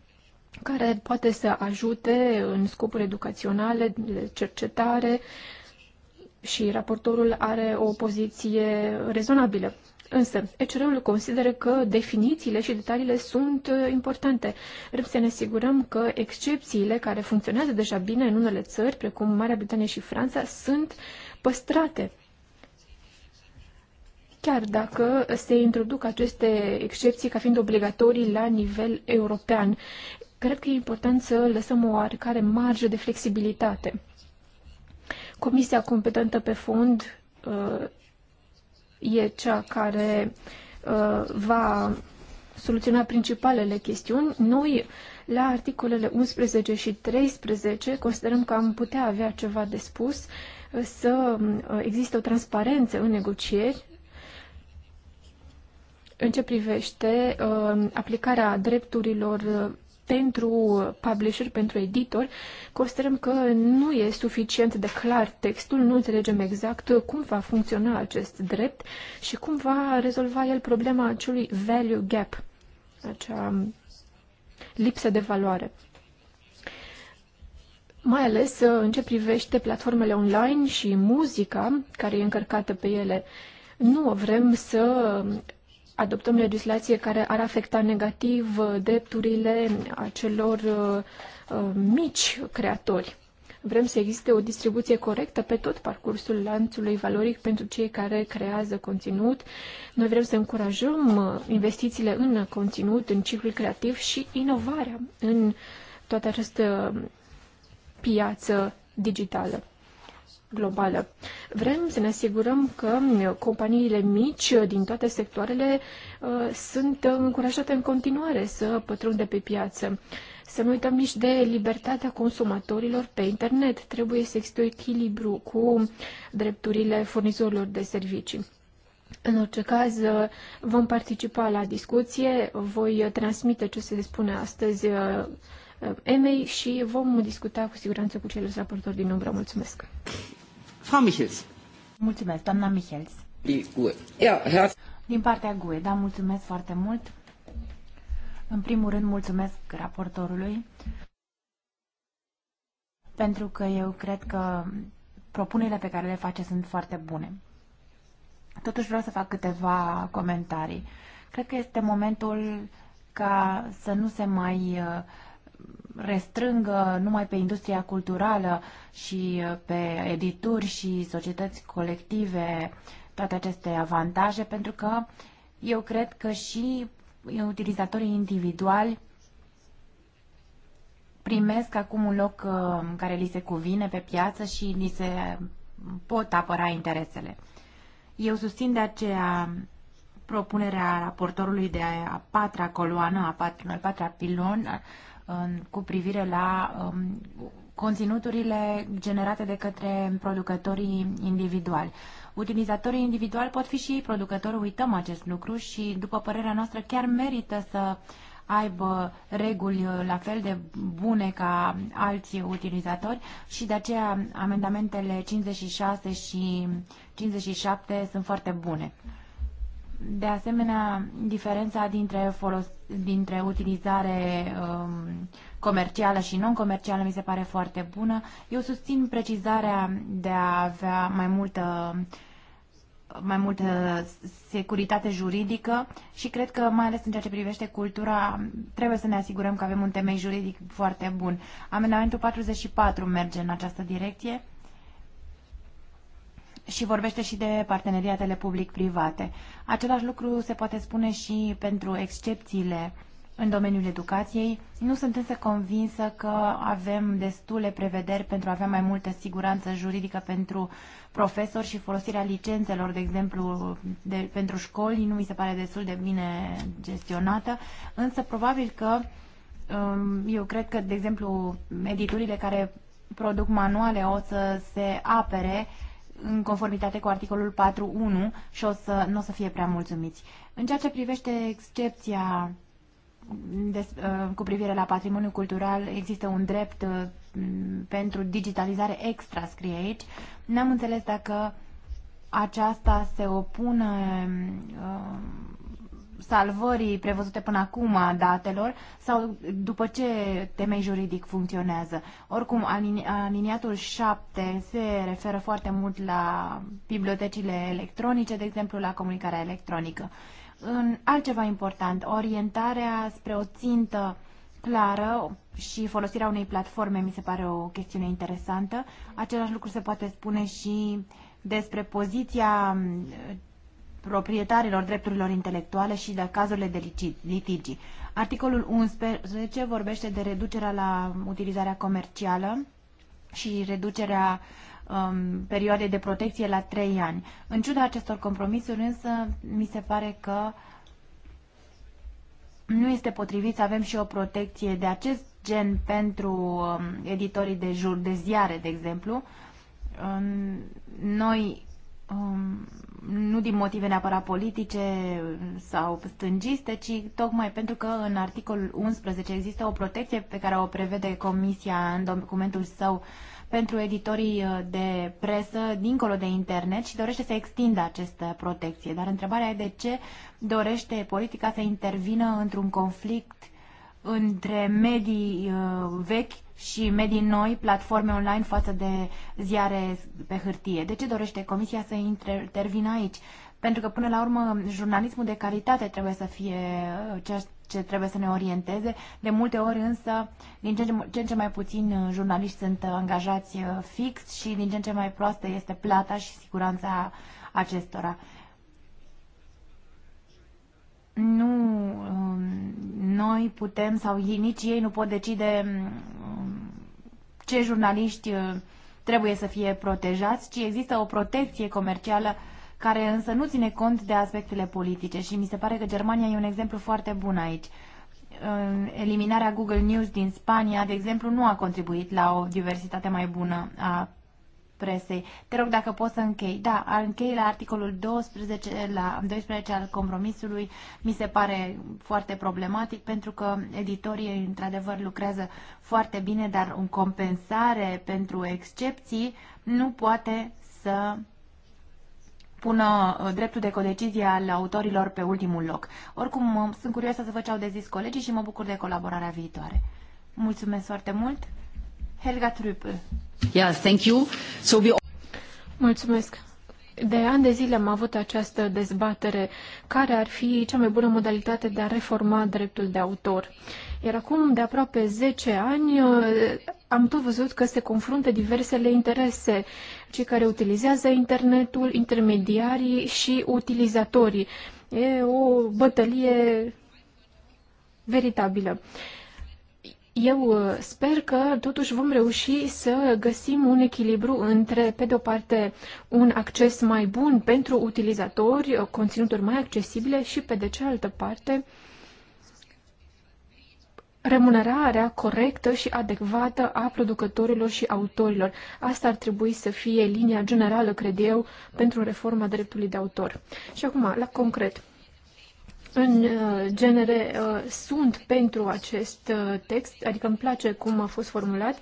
care poate să ajute în scopuri educaționale, de cercetare și raportorul are o poziție rezonabilă. Însă, ECR-ul consideră că definițiile și detaliile sunt importante. Vrem să ne asigurăm că excepțiile care funcționează deja bine în unele țări, precum Marea Britanie și Franța, sunt păstrate chiar dacă se introduc aceste excepții ca fiind obligatorii la nivel european. Cred că e important să lăsăm o oarecare marjă de flexibilitate. Comisia competentă pe fond uh, e cea care uh, va soluționa principalele chestiuni. Noi, la articolele 11 și 13, considerăm că am putea avea ceva de spus, să uh, există o transparență în negocieri, în ce privește uh, aplicarea drepturilor uh, pentru publisher, pentru editor, considerăm că nu e suficient de clar textul, nu înțelegem exact cum va funcționa acest drept și cum va rezolva el problema acelui value gap, acea lipsă de valoare. Mai ales uh, în ce privește platformele online și muzica care e încărcată pe ele. Nu vrem să adoptăm legislație care ar afecta negativ uh, drepturile uh, acelor uh, mici creatori. Vrem să existe o distribuție corectă pe tot parcursul lanțului valoric pentru cei care creează conținut. Noi vrem să încurajăm investițiile în conținut, în ciclul creativ și inovarea în toată această piață digitală globală. Vrem să ne asigurăm că companiile mici din toate sectoarele uh, sunt încurajate în continuare să pătrundă pe piață. Să nu uităm nici de libertatea consumatorilor pe internet. Trebuie să existe echilibru cu drepturile furnizorilor de servicii. În orice caz, vom participa la discuție, voi transmite ce se spune astăzi uh, uh, Emei și vom discuta cu siguranță cu ceilalți raportori din umbră. Mulțumesc! Frau Michels. Mulțumesc, doamna Michels. Din partea GUE, da, mulțumesc foarte mult. În primul rând, mulțumesc raportorului, pentru că eu cred că propunerile pe care le face sunt foarte bune. Totuși vreau să fac câteva comentarii. Cred că este momentul ca să nu se mai uh, restrângă numai pe industria culturală și uh, pe edituri și societăți colective toate aceste avantaje, pentru că eu cred că și utilizatorii individuali primesc acum un loc uh, în care li se cuvine pe piață și li se pot apăra interesele. Eu susțin de aceea propunerea raportorului de a patra coloană, a patru, al patra pilon, cu privire la um, conținuturile generate de către producătorii individuali. Utilizatorii individuali pot fi și producători, uităm acest lucru și, după părerea noastră, chiar merită să aibă reguli uh, la fel de bune ca alți utilizatori și de aceea amendamentele 56 și 57 sunt foarte bune. De asemenea, diferența dintre, folos, dintre utilizare um, comercială și non-comercială mi se pare foarte bună. Eu susțin precizarea de a avea mai multă mai multă securitate juridică și cred că, mai ales în ceea ce privește cultura, trebuie să ne asigurăm că avem un temei juridic foarte bun. Amendamentul 44 merge în această direcție și vorbește și de parteneriatele public-private. Același lucru se poate spune și pentru excepțiile în domeniul educației. Nu sunt însă convinsă că avem destule prevederi pentru a avea mai multă siguranță juridică pentru profesori și folosirea licențelor, de exemplu, de, pentru școli, nu mi se pare destul de bine gestionată, însă probabil că um, eu cred că, de exemplu, editurile care produc manuale o să se apere uh, în conformitate cu articolul 4.1 și o să, nu o să fie prea mulțumiți. În ceea ce privește excepția uh, cu privire la patrimoniul cultural, există un drept uh, pentru digitalizare extra, scrie aici. N-am înțeles dacă aceasta se opune uh, salvării prevăzute până acum a datelor sau după ce temei juridic funcționează. Oricum, aliniatul 7 se referă foarte mult la bibliotecile electronice, de exemplu la comunicarea electronică. În altceva important, orientarea spre o țintă clară și folosirea unei platforme mi se pare o chestiune interesantă. Același lucru se poate spune și despre poziția proprietarilor drepturilor intelectuale și de cazurile de litigi. Articolul 11 vorbește de reducerea la utilizarea comercială și reducerea um, perioadei de protecție la 3 ani. În ciuda acestor compromisuri, însă, mi se pare că nu este potrivit să avem și o protecție de acest gen pentru um, editorii de jur, de ziare, de exemplu. Um, noi um, nu din motive neapărat politice sau stângiste, ci tocmai pentru că în articolul 11 există o protecție pe care o prevede Comisia în documentul său pentru editorii uh, de presă dincolo de internet și dorește să extindă această protecție. Dar întrebarea e de ce dorește politica să intervină într-un conflict între medii uh, vechi și medii noi, platforme online față de ziare pe hârtie. De ce dorește Comisia să intervină aici? Pentru că, până la urmă, jurnalismul de calitate trebuie să fie uh, ceea ce trebuie să ne orienteze. De multe ori, însă, din ce în ce mai puțin uh, jurnaliști sunt uh, angajați fix și din ce în ce mai proastă este plata și siguranța acestora nu um, noi putem sau ei, nici ei nu pot decide um, ce jurnaliști uh, trebuie să fie protejați, ci există o protecție comercială care însă nu ține cont de aspectele politice și mi se pare că Germania e un exemplu foarte bun aici. Um, eliminarea Google News din Spania, de exemplu, nu a contribuit la o diversitate mai bună a presei. Te rog dacă poți să închei. Da, închei la articolul 12, la 12 al compromisului. Mi se pare foarte problematic pentru că editorii într-adevăr lucrează foarte bine, dar o compensare pentru excepții nu poate să pună uh, dreptul de codecizie al autorilor pe ultimul loc. Oricum, sunt curioasă să vă ce au de zis colegii și mă bucur de colaborarea viitoare. Mulțumesc foarte mult! Helga Trüppel. Yeah, thank you. So we... Mulțumesc. De ani de zile am avut această dezbatere care ar fi cea mai bună modalitate de a reforma dreptul de autor. Iar acum, de aproape 10 ani, uh, am tot văzut că se confruntă diversele interese, cei care utilizează internetul, intermediarii și utilizatorii. E o bătălie veritabilă. Uh, eu uh, sper că totuși vom reuși să găsim un echilibru între, pe de o parte, un acces mai bun pentru utilizatori, uh, conținuturi mai accesibile și, pe de cealaltă parte, remunerarea corectă și adecvată a producătorilor și autorilor. Asta ar trebui să fie linia generală, cred eu, pentru reforma dreptului de autor. Și acum, la concret în uh, genere uh, sunt pentru acest uh, text, adică îmi place cum a fost formulat,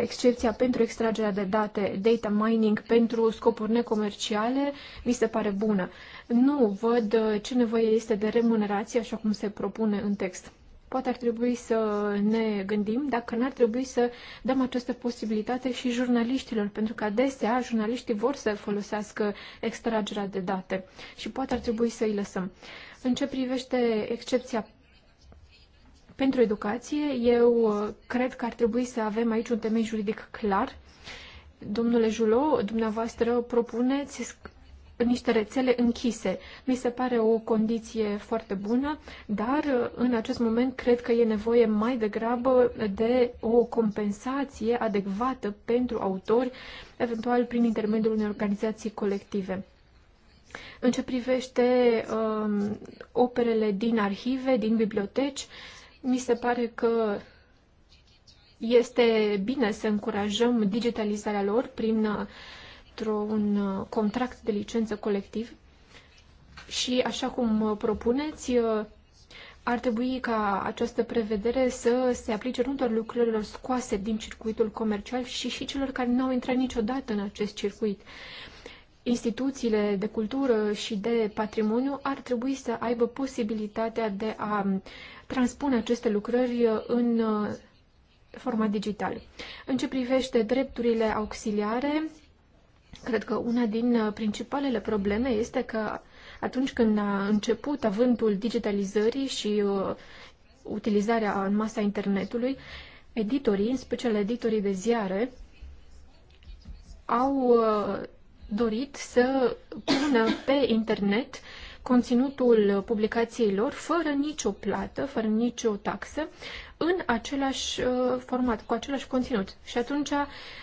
excepția pentru extragerea de date, data mining pentru scopuri necomerciale, mi se pare bună. Nu văd ce nevoie este de remunerație, așa cum se propune în text. Poate ar trebui să ne gândim dacă n-ar trebui să dăm această posibilitate și jurnaliștilor, pentru că adesea jurnaliștii vor să folosească extragerea de date și poate ar trebui să îi lăsăm. Uh, în ce privește excepția pentru educație, eu uh, cred că ar trebui să avem aici un temei juridic clar. Domnule Julo, dumneavoastră propuneți niște rețele închise. Mi se pare o condiție foarte bună, dar uh, în acest moment cred că e nevoie mai degrabă de o compensație adecvată pentru autori, eventual prin intermediul unei organizații colective. În ce privește um, operele din arhive, din biblioteci, mi se pare că este bine să încurajăm digitalizarea lor prin un contract de licență colectiv și, așa cum propuneți, ar trebui ca această prevedere să se aplice nu doar lucrurilor scoase din circuitul comercial și și celor care nu au intrat niciodată în acest circuit. Uh, instituțiile de cultură și de patrimoniu ar trebui să aibă posibilitatea de a transpune aceste lucrări în uh, forma digitală. În ce privește drepturile auxiliare, cred că una din uh, principalele probleme este că atunci când a început avântul digitalizării și uh, utilizarea în masa internetului, editorii, în special editorii de ziare, au dorit să pună pe internet conținutul publicației lor fără nicio plată, fără nicio taxă, în același uh, format, cu același conținut. Și atunci,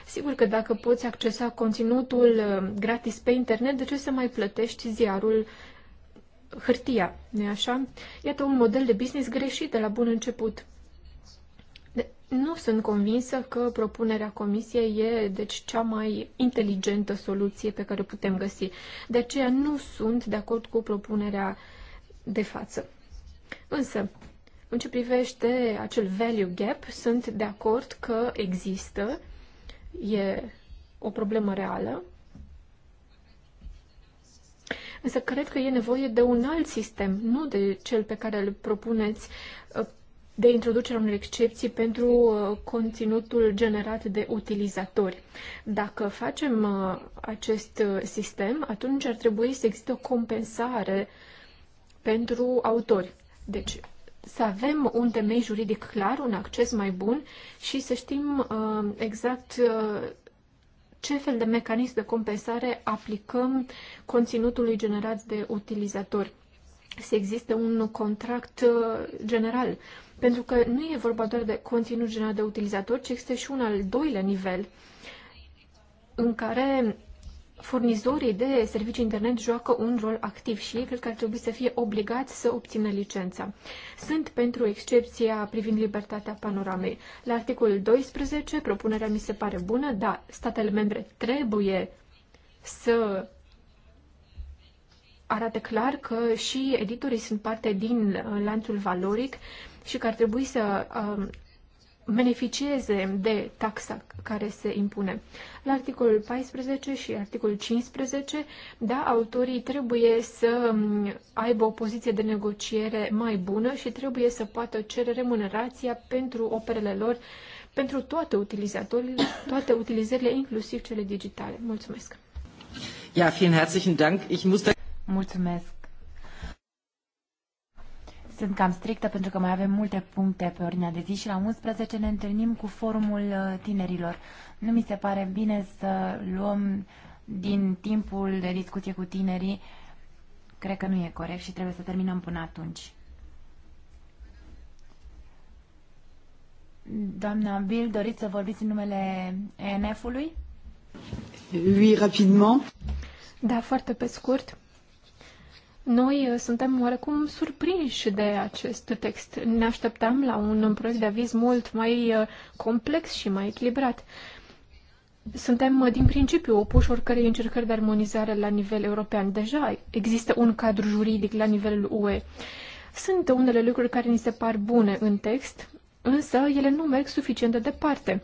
sigur că dacă poți accesa conținutul uh, gratis pe internet, de ce să mai plătești ziarul hârtia, nu așa? Iată un model de business greșit de la bun început. Nu sunt convinsă că propunerea comisiei e deci cea mai inteligentă soluție pe care o putem găsi. De aceea nu sunt de acord cu propunerea de față. Însă, în ce privește acel value gap, sunt de acord că există, e o problemă reală, însă cred că e nevoie de un alt sistem, nu de cel pe care îl propuneți de introducerea unor excepții pentru uh, conținutul generat de utilizatori. Dacă facem uh, acest uh, sistem, atunci ar trebui să existe o compensare pentru autori. Deci, să avem un temei juridic clar, un acces mai bun și să știm exact ce fel de mecanism de compensare aplicăm conținutului generat de utilizatori. Să existe un contract general pentru că nu e vorba doar de conținut generat de utilizator, ci există și un al doilea nivel în care furnizorii de servicii internet joacă un rol activ și ei cred că ar trebui să fie obligați să obțină licența. Sunt pentru excepția privind libertatea panoramei. La articolul 12, propunerea mi se pare bună, dar statele membre trebuie să arate clar că și editorii sunt parte din uh, lanțul valoric și că ar trebui să um, beneficieze de taxa care se impune. La articolul 14 și articolul 15, da, autorii trebuie să um, aibă o poziție de negociere mai bună și trebuie să poată cere remunerația pentru operele lor, pentru toate utilizatorii, toate utilizările, inclusiv cele digitale. Mulțumesc! Ja, vielen herzlichen Dank. Ich muss da Mulțumesc sunt cam strictă pentru că mai avem multe puncte pe ordinea de zi și la 11 ne întâlnim cu forumul uh, tinerilor. Nu mi se pare bine să luăm din timpul de discuție cu tinerii. Cred că nu e corect și trebuie să terminăm până atunci. Doamna Bill, doriți să vorbiți în numele ENF-ului? Lui, rapidement. Da, foarte pe scurt. Noi uh, suntem oarecum surprinși de acest text. Ne așteptam la un proiect de aviz mult mai uh, complex și mai echilibrat. Suntem uh, din principiu opuși oricărei încercări de armonizare la nivel european. Deja există un cadru juridic la nivelul UE. Sunt unele lucruri care ni se par bune în text, însă ele nu merg suficient de departe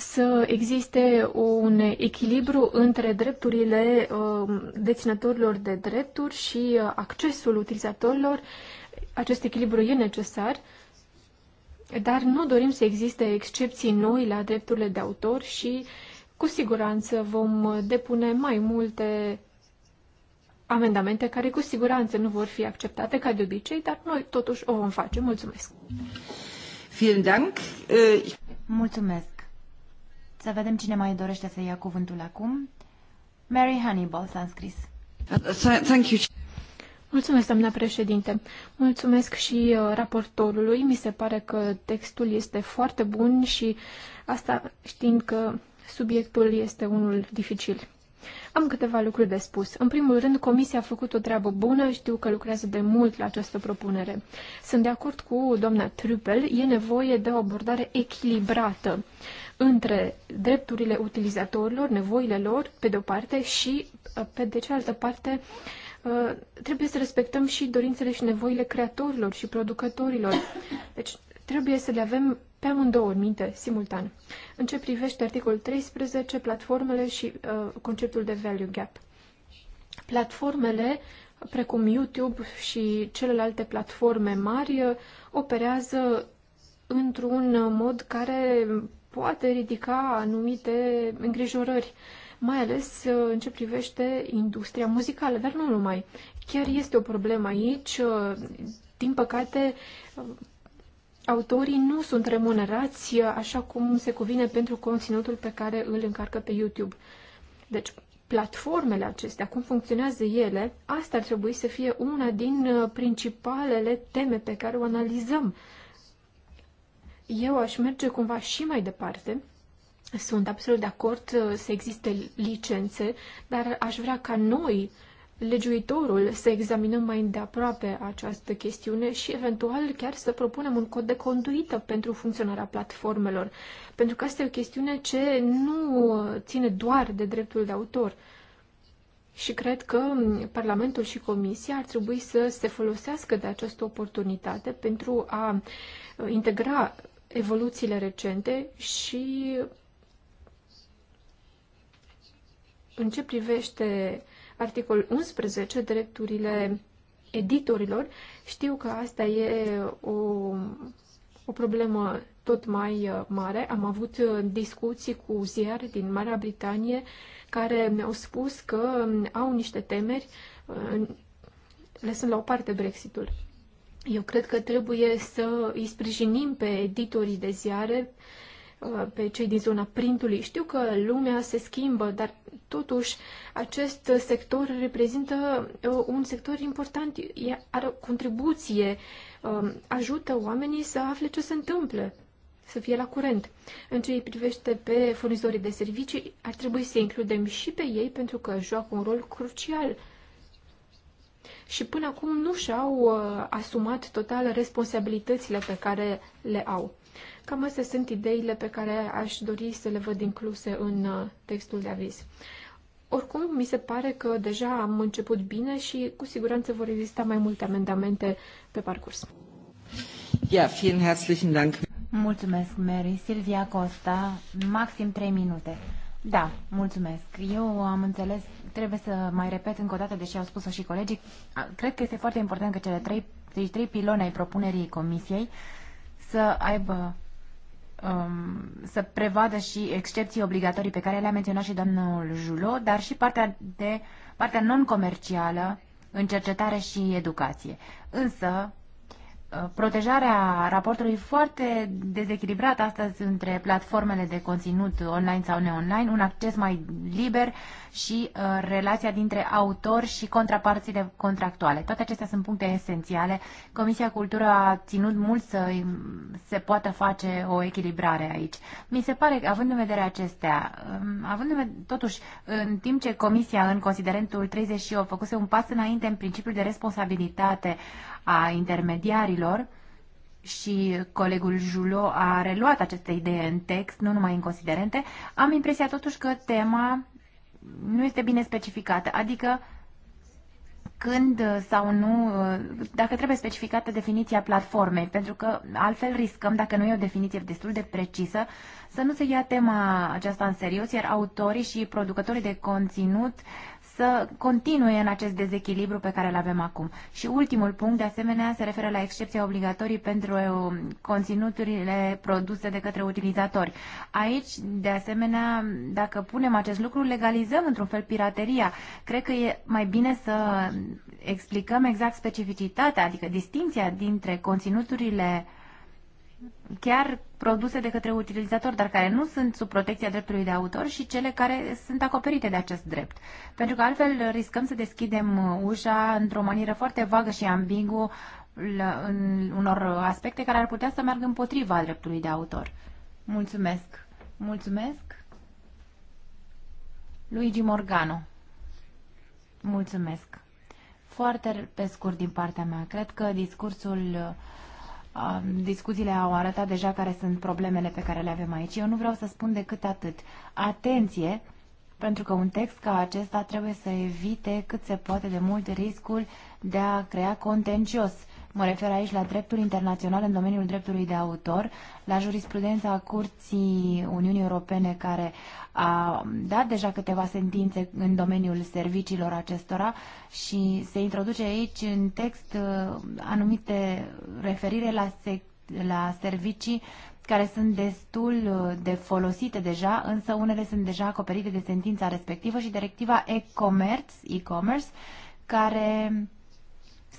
să existe un echilibru între drepturile um, deținătorilor de drepturi și uh, accesul utilizatorilor. Acest echilibru e necesar, dar nu dorim să existe excepții noi la drepturile de autor și cu siguranță vom depune mai multe amendamente care cu siguranță nu vor fi acceptate ca de obicei, dar noi totuși o vom face. Mulțumesc! Vielen Dank! Äh, Mulțumesc! Să vedem cine mai dorește să ia cuvântul acum. Mary Hannibal s-a înscris. Thank you. Mulțumesc, doamna președinte. Mulțumesc și uh, raportorului. Mi se pare că textul este foarte bun și asta știind că subiectul este unul dificil. Am câteva lucruri de spus. În primul rând, Comisia a făcut o treabă bună, știu că lucrează de mult la această propunere. Sunt de acord cu doamna Trupel, e nevoie de o abordare echilibrată între drepturile utilizatorilor, nevoile lor, pe de-o parte, și uh, pe de cealaltă parte uh, trebuie să respectăm și dorințele și nevoile creatorilor și producătorilor. Deci trebuie să le avem pe amândouă în minte, simultan. În ce privește articolul 13, platformele și uh, conceptul de value gap. Platformele, precum YouTube și celelalte platforme mari, uh, operează într-un mod care poate ridica anumite îngrijorări, mai ales uh, în ce privește industria muzicală, dar nu numai. Chiar este o problemă aici. Uh, din păcate, uh, autorii nu sunt remunerați așa cum se cuvine pentru conținutul pe care îl încarcă pe YouTube. Deci, platformele acestea, cum funcționează ele, asta ar trebui să fie una din principalele teme pe care o analizăm eu aș merge cumva și mai departe. Sunt absolut de acord uh, să existe licențe, dar aș vrea ca noi, legiuitorul, să examinăm mai îndeaproape această chestiune și eventual chiar să propunem un cod de conduită pentru funcționarea platformelor. Pentru că asta e o chestiune ce nu ține doar de dreptul de autor. Și cred că mm, Parlamentul și Comisia ar trebui să se folosească de această oportunitate pentru a uh, integra evoluțiile recente și în ce privește articolul 11, drepturile editorilor, știu că asta e o, o problemă tot mai uh, mare. Am avut uh, discuții cu ziare din Marea Britanie care mi-au spus că um, au niște temeri, uh, lăsând la o parte Brexitul. Eu cred că trebuie să îi sprijinim pe editorii de ziare, uh, pe cei din zona printului. Știu că lumea se schimbă, dar totuși acest sector reprezintă uh, un sector important, are o contribuție, um, ajută oamenii să afle ce se întâmplă, să fie la curent. În ce îi privește pe furnizorii de servicii, ar trebui să includem și pe ei pentru că joacă un rol crucial și până acum nu și-au uh, asumat total responsabilitățile pe care le au. Cam astea sunt ideile pe care aș dori să le văd incluse în uh, textul de aviz. Oricum, mi se pare că deja am început bine și cu siguranță vor exista mai multe amendamente pe parcurs. Ja, vielen herzlichen Dank. Mulțumesc, Mary. Silvia Costa, maxim 3 minute. Da, mulțumesc. Eu am înțeles, trebuie să mai repet încă o dată, deși au spus-o și colegii, cred că este foarte important că cele trei, deci trei piloni ai propunerii comisiei să aibă um, să prevadă și excepții obligatorii pe care le-a menționat și domnul Julo, dar și partea, de, partea non-comercială în cercetare și educație. Însă, Uh, protejarea raportului foarte dezechilibrat astăzi între platformele de conținut online sau neonline, un acces mai liber și uh, relația dintre autor și contraparțile contractuale. Toate acestea sunt puncte esențiale. Comisia Cultură a ținut mult să se poată face o echilibrare aici. Mi se pare, având în vedere acestea, um, având în vedere, totuși, în timp ce Comisia în considerentul 38 făcuse un pas înainte în principiul de responsabilitate, uh, a intermediarilor și colegul Julo a reluat aceste idee în text, nu numai în considerente, am impresia totuși că tema nu este bine specificată, adică când sau nu, dacă trebuie specificată definiția platformei, pentru că altfel riscăm, dacă nu e o definiție destul de precisă, să nu se ia tema aceasta în serios, iar autorii și producătorii de conținut să continue în acest dezechilibru pe care îl avem acum. Și ultimul punct, de asemenea, se referă la excepția obligatorii pentru um, conținuturile produse de către utilizatori. Aici, de asemenea, dacă punem acest lucru, legalizăm într-un fel pirateria. Cred că e mai bine să explicăm exact specificitatea, adică distinția dintre conținuturile uh, chiar produse de către utilizator, dar care nu sunt sub protecția dreptului de autor și cele care sunt acoperite de acest drept. Pentru că altfel riscăm să deschidem uh, ușa într-o manieră foarte vagă și ambiguă în unor aspecte care ar putea să meargă împotriva dreptului de autor. Mulțumesc! Mulțumesc! Luigi Morgano Mulțumesc! Foarte pe scurt din partea mea. Cred că discursul uh, Discuțiile au arătat deja care sunt problemele pe care le avem aici. Eu nu vreau să spun decât atât. Atenție, pentru că un text ca acesta trebuie să evite cât se poate de mult riscul de a crea contencios Mă refer aici la dreptul internațional în domeniul dreptului de autor, la jurisprudența Curții Uniunii Europene care a dat deja câteva sentințe în domeniul serviciilor acestora și se introduce aici în text uh, anumite referire la, la servicii care sunt destul uh, de folosite deja, însă unele sunt deja acoperite de sentința respectivă și directiva e-commerce, e-commerce care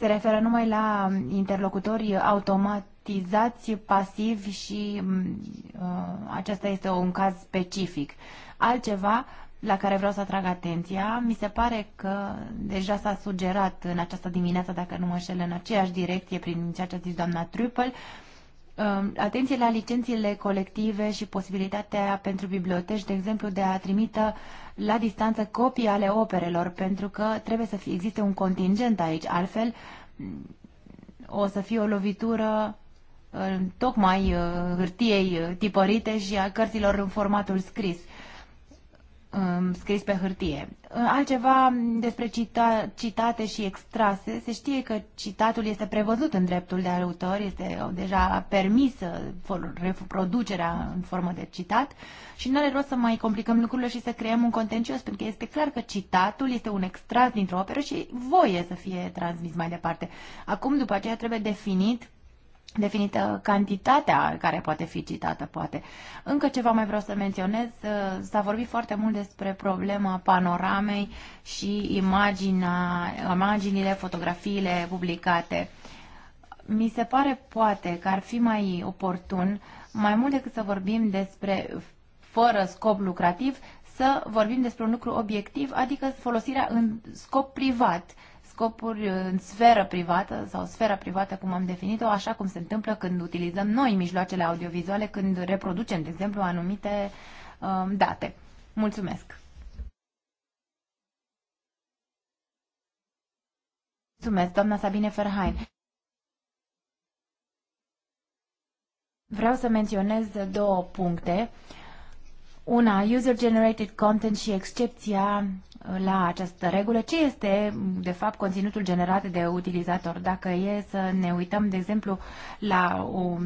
se referă numai la mm, interlocutori automatizați, pasivi și mm, uh, acesta este un caz specific. Altceva la care vreau să atrag atenția, mi se pare că deja s-a sugerat în această dimineață, dacă nu mă înșel, în aceeași direcție prin ceea ce a zis doamna Trupel, uh, Um, atenție la licențiile colective și posibilitatea pentru biblioteci, de exemplu, de a trimite la distanță copii ale operelor, pentru că trebuie să fie, existe un contingent aici, altfel o să fie o lovitură uh, tocmai uh, hârtiei uh, tipărite și a cărților în formatul scris. Um, scris pe hârtie. Uh, altceva despre cita, citate și extrase. Se știe că citatul este prevăzut în dreptul de autor, este uh, deja permisă reproducerea în formă de citat și nu are rost să mai complicăm lucrurile și să creăm un contencios, pentru că este clar că citatul este un extras dintr-o operă și voie să fie transmis mai departe. Acum, după aceea, trebuie definit definită cantitatea care poate fi citată, poate. Încă ceva mai vreau să menționez. Uh, s-a vorbit foarte mult despre problema panoramei și imagina, imaginile, fotografiile publicate. Mi se pare, poate, că ar fi mai oportun, mai mult decât să vorbim despre fără scop lucrativ, să vorbim despre un lucru obiectiv, adică folosirea în scop privat scopuri uh, în sferă privată sau sfera privată, cum am definit-o, așa cum se întâmplă când utilizăm noi mijloacele audiovizuale, când reproducem, de exemplu, anumite uh, date. Mulțumesc! Mulțumesc, doamna Sabine Ferhain. Vreau să menționez două puncte. Una, user-generated content și excepția la această regulă, ce este, de fapt, conținutul generat de utilizator. Dacă e să ne uităm, de exemplu, la o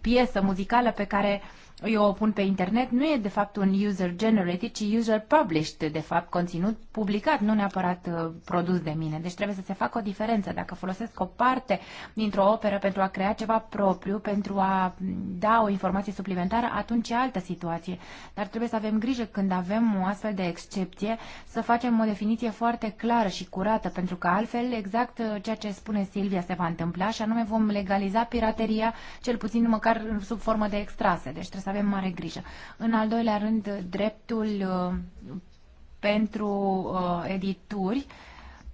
piesă muzicală pe care eu o pun pe internet, nu e de fapt un user-generated, ci user-published, de fapt, conținut publicat, nu neapărat uh, produs de mine. Deci trebuie să se facă o diferență. Dacă folosesc o parte dintr-o operă pentru a crea ceva propriu, pentru a mm, da o informație suplimentară, atunci e altă situație. Dar trebuie să avem grijă când avem o astfel de excepție, să facem o definiție foarte clară și curată, pentru că altfel, exact uh, ceea ce spune Silvia se va întâmpla, și anume vom legaliza pirateria, cel puțin măcar sub formă de extrase. Deci trebuie să avem mare grijă. În al doilea rând, dreptul uh, pentru uh, edituri.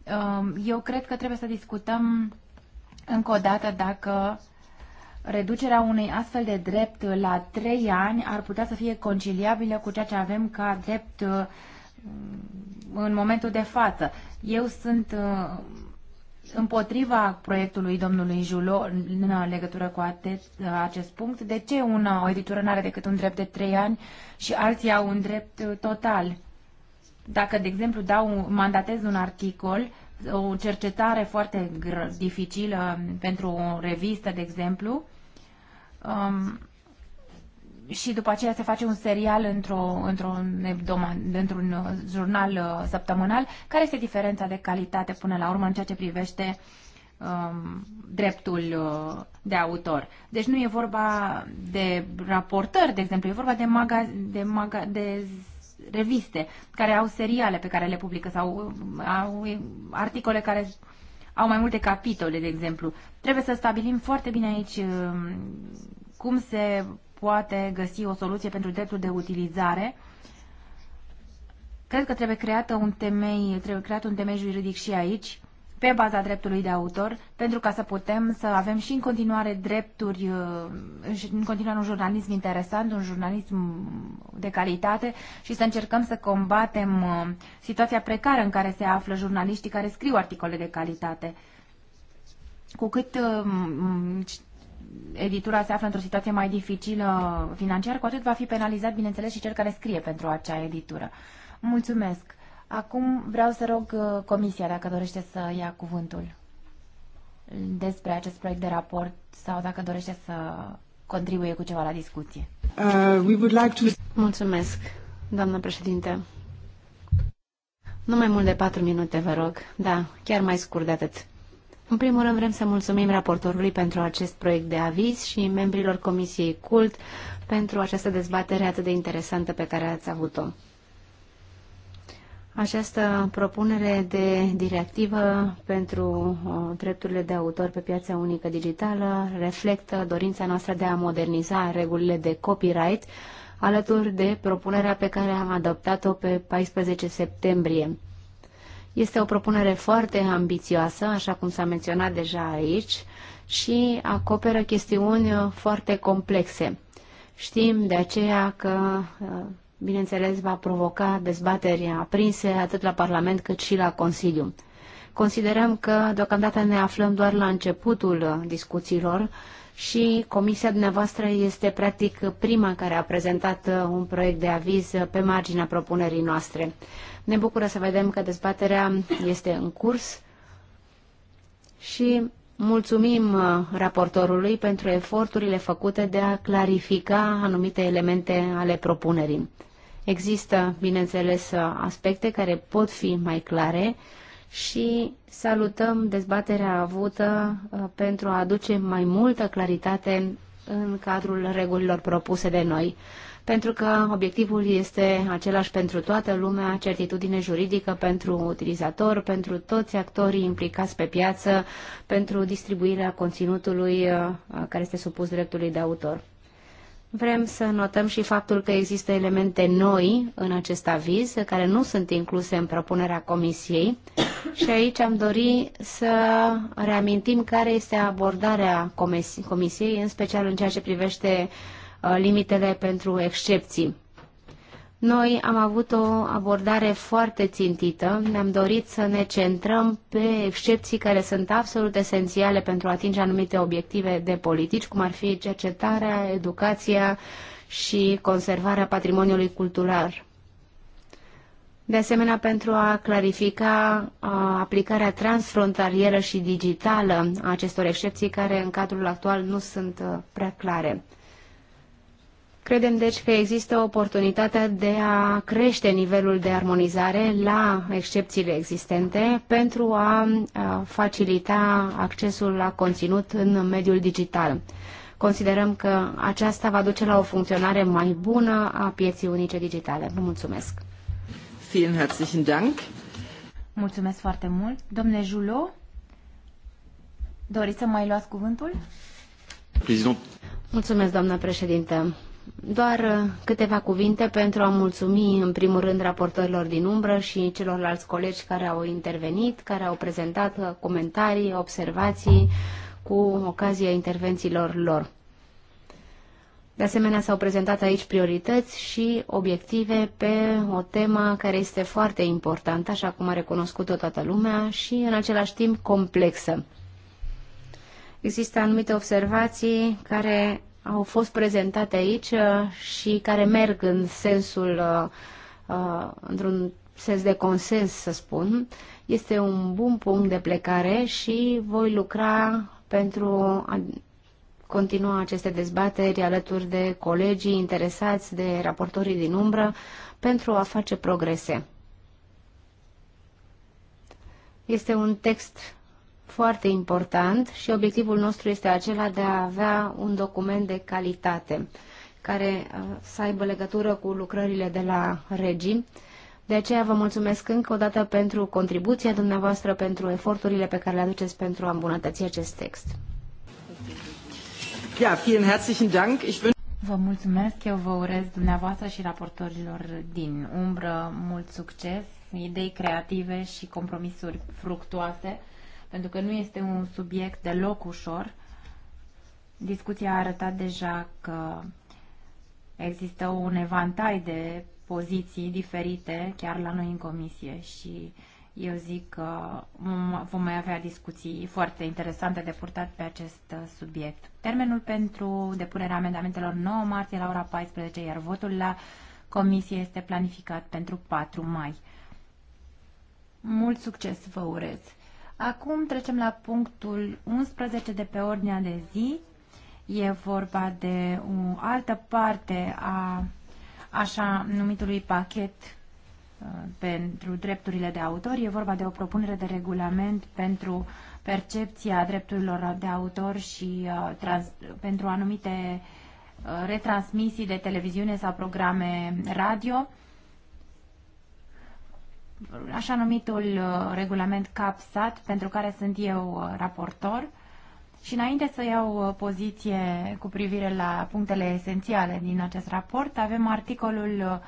Uh, eu cred că trebuie să discutăm încă o dată dacă reducerea unei astfel de drept la trei ani ar putea să fie conciliabilă cu ceea ce avem ca drept în momentul de față. Eu sunt împotriva proiectului domnului Julo în legătură cu atest, acest punct? De ce una, o editură nu are decât un drept de trei ani și alții au un drept uh, total? Dacă, de exemplu, dau, mandatez un articol, o cercetare foarte dificilă um, pentru o revistă, de exemplu, um, și după aceea se face un serial într-o, într-un, într-un uh, jurnal uh, săptămânal. Care este diferența de calitate până la urmă în ceea ce privește um, dreptul uh, de autor? Deci nu e vorba de raportări, de exemplu, e vorba de, maga, de, maga, de reviste care au seriale pe care le publică sau au articole care au mai multe capitole, de exemplu. Trebuie să stabilim foarte bine aici um, cum se poate găsi o soluție pentru dreptul de utilizare. Cred că trebuie creată un temei, trebuie creat un temei juridic și aici, pe baza dreptului de autor, pentru ca să putem să avem și în continuare drepturi, uh, în continuare un jurnalism interesant, un jurnalism de calitate și să încercăm să combatem uh, situația precară în care se află jurnaliștii care scriu articole de calitate. Cu cât uh, editura se află într-o situație mai dificilă financiar, cu atât va fi penalizat, bineînțeles, și cel care scrie pentru acea editură. Mulțumesc. Acum vreau să rog uh, comisia dacă dorește să ia cuvântul despre acest proiect de raport sau dacă dorește să contribuie cu ceva la discuție. Uh, we would like to... Mulțumesc, doamnă președinte. Nu mai mult de patru minute, vă rog. Da, chiar mai scurt de atât. În primul rând vrem să mulțumim raportorului pentru acest proiect de aviz și membrilor Comisiei CULT pentru această dezbatere atât de interesantă pe care ați avut-o. Această propunere de directivă pentru uh, drepturile de autor pe piața unică digitală reflectă dorința noastră de a moderniza regulile de copyright alături de propunerea pe care am adoptat-o pe 14 septembrie este o propunere foarte ambițioasă, așa cum s-a menționat deja aici, și acoperă chestiuni uh, foarte complexe. Știm de aceea că, uh, bineînțeles, va provoca dezbateri aprinse atât la Parlament cât și la Consiliu. Considerăm că deocamdată ne aflăm doar la începutul uh, discuțiilor și comisia dumneavoastră este practic prima care a prezentat un proiect de aviz pe marginea propunerii noastre. Ne bucură să vedem că dezbaterea este în curs și mulțumim uh, raportorului pentru eforturile făcute de a clarifica anumite elemente ale propunerii. Există, bineînțeles, uh, aspecte care pot fi mai clare și salutăm dezbaterea avută uh, pentru a aduce mai multă claritate în cadrul regulilor propuse de noi pentru că obiectivul este același pentru toată lumea, certitudine juridică pentru utilizator, pentru toți actorii implicați pe piață, pentru distribuirea conținutului uh, care este supus dreptului de autor. Vrem să notăm și faptul că există elemente noi în acest aviz, care nu sunt incluse în propunerea comisiei și aici am dori să reamintim care este abordarea comisiei, în special în ceea ce privește uh, Uh, limitele pentru excepții. Noi am avut o abordare foarte țintită, ne-am dorit să ne centrăm pe excepții care sunt absolut esențiale pentru a atinge anumite obiective de politici, cum ar fi cercetarea, educația și conservarea patrimoniului cultural. De asemenea, pentru a clarifica uh, aplicarea transfrontalieră și digitală a acestor excepții care în cadrul actual nu sunt uh, prea clare. Credem deci că există oportunitatea de a crește nivelul de armonizare la excepțiile existente pentru a facilita accesul la conținut în mediul digital. Considerăm că aceasta va duce la o funcționare mai bună a pieții unice digitale. Vă mulțumesc! Vielen herzlichen Dank! Mulțumesc foarte mult! Domnule Julo, doriți să mai luați cuvântul? President. Mulțumesc, doamnă președintă! Doar uh, câteva cuvinte pentru a mulțumi în primul rând raportorilor din umbră și celorlalți colegi care au intervenit, care au prezentat uh, comentarii, observații cu ocazia intervențiilor lor. De asemenea, s-au prezentat aici priorități și obiective pe o temă care este foarte importantă, așa cum a recunoscut-o toată lumea, și în același timp complexă. Există anumite observații care au fost prezentate aici uh, și care merg în sensul, uh, uh, într-un sens de consens, să spun, este un bun punct de plecare și voi lucra pentru a continua aceste dezbateri alături de colegii interesați, de raportorii din umbră, pentru a face progrese. Este un text foarte important și obiectivul nostru este acela de a avea un document de calitate care uh, să aibă legătură cu lucrările de la regii. De aceea vă mulțumesc încă o dată pentru contribuția dumneavoastră, pentru eforturile pe care le aduceți pentru a îmbunătăți acest text. Ja, vielen herzlichen Dank. Ich Vă mulțumesc, eu vă urez dumneavoastră și raportorilor din umbră mult succes, idei creative și compromisuri fructuoase pentru că nu este un subiect deloc ușor. Discuția a arătat deja că există un evantai de poziții diferite chiar la noi în comisie și eu zic că vom mai avea discuții foarte interesante de purtat pe acest uh, subiect. Termenul pentru depunerea amendamentelor 9 martie la ora 14, iar votul la comisie este planificat pentru 4 mai. Mult succes vă urez! Acum trecem la punctul 11 de pe ordinea de zi. E vorba de o altă parte a așa numitului pachet uh, pentru drepturile de autor. E vorba de o propunere de regulament pentru percepția drepturilor de autor și uh, trans, pentru anumite uh, retransmisii de televiziune sau programe radio așa numitul uh, regulament CAPSAT, pentru care sunt eu uh, raportor. Și înainte să iau uh, poziție cu privire la punctele esențiale din acest raport, avem articolul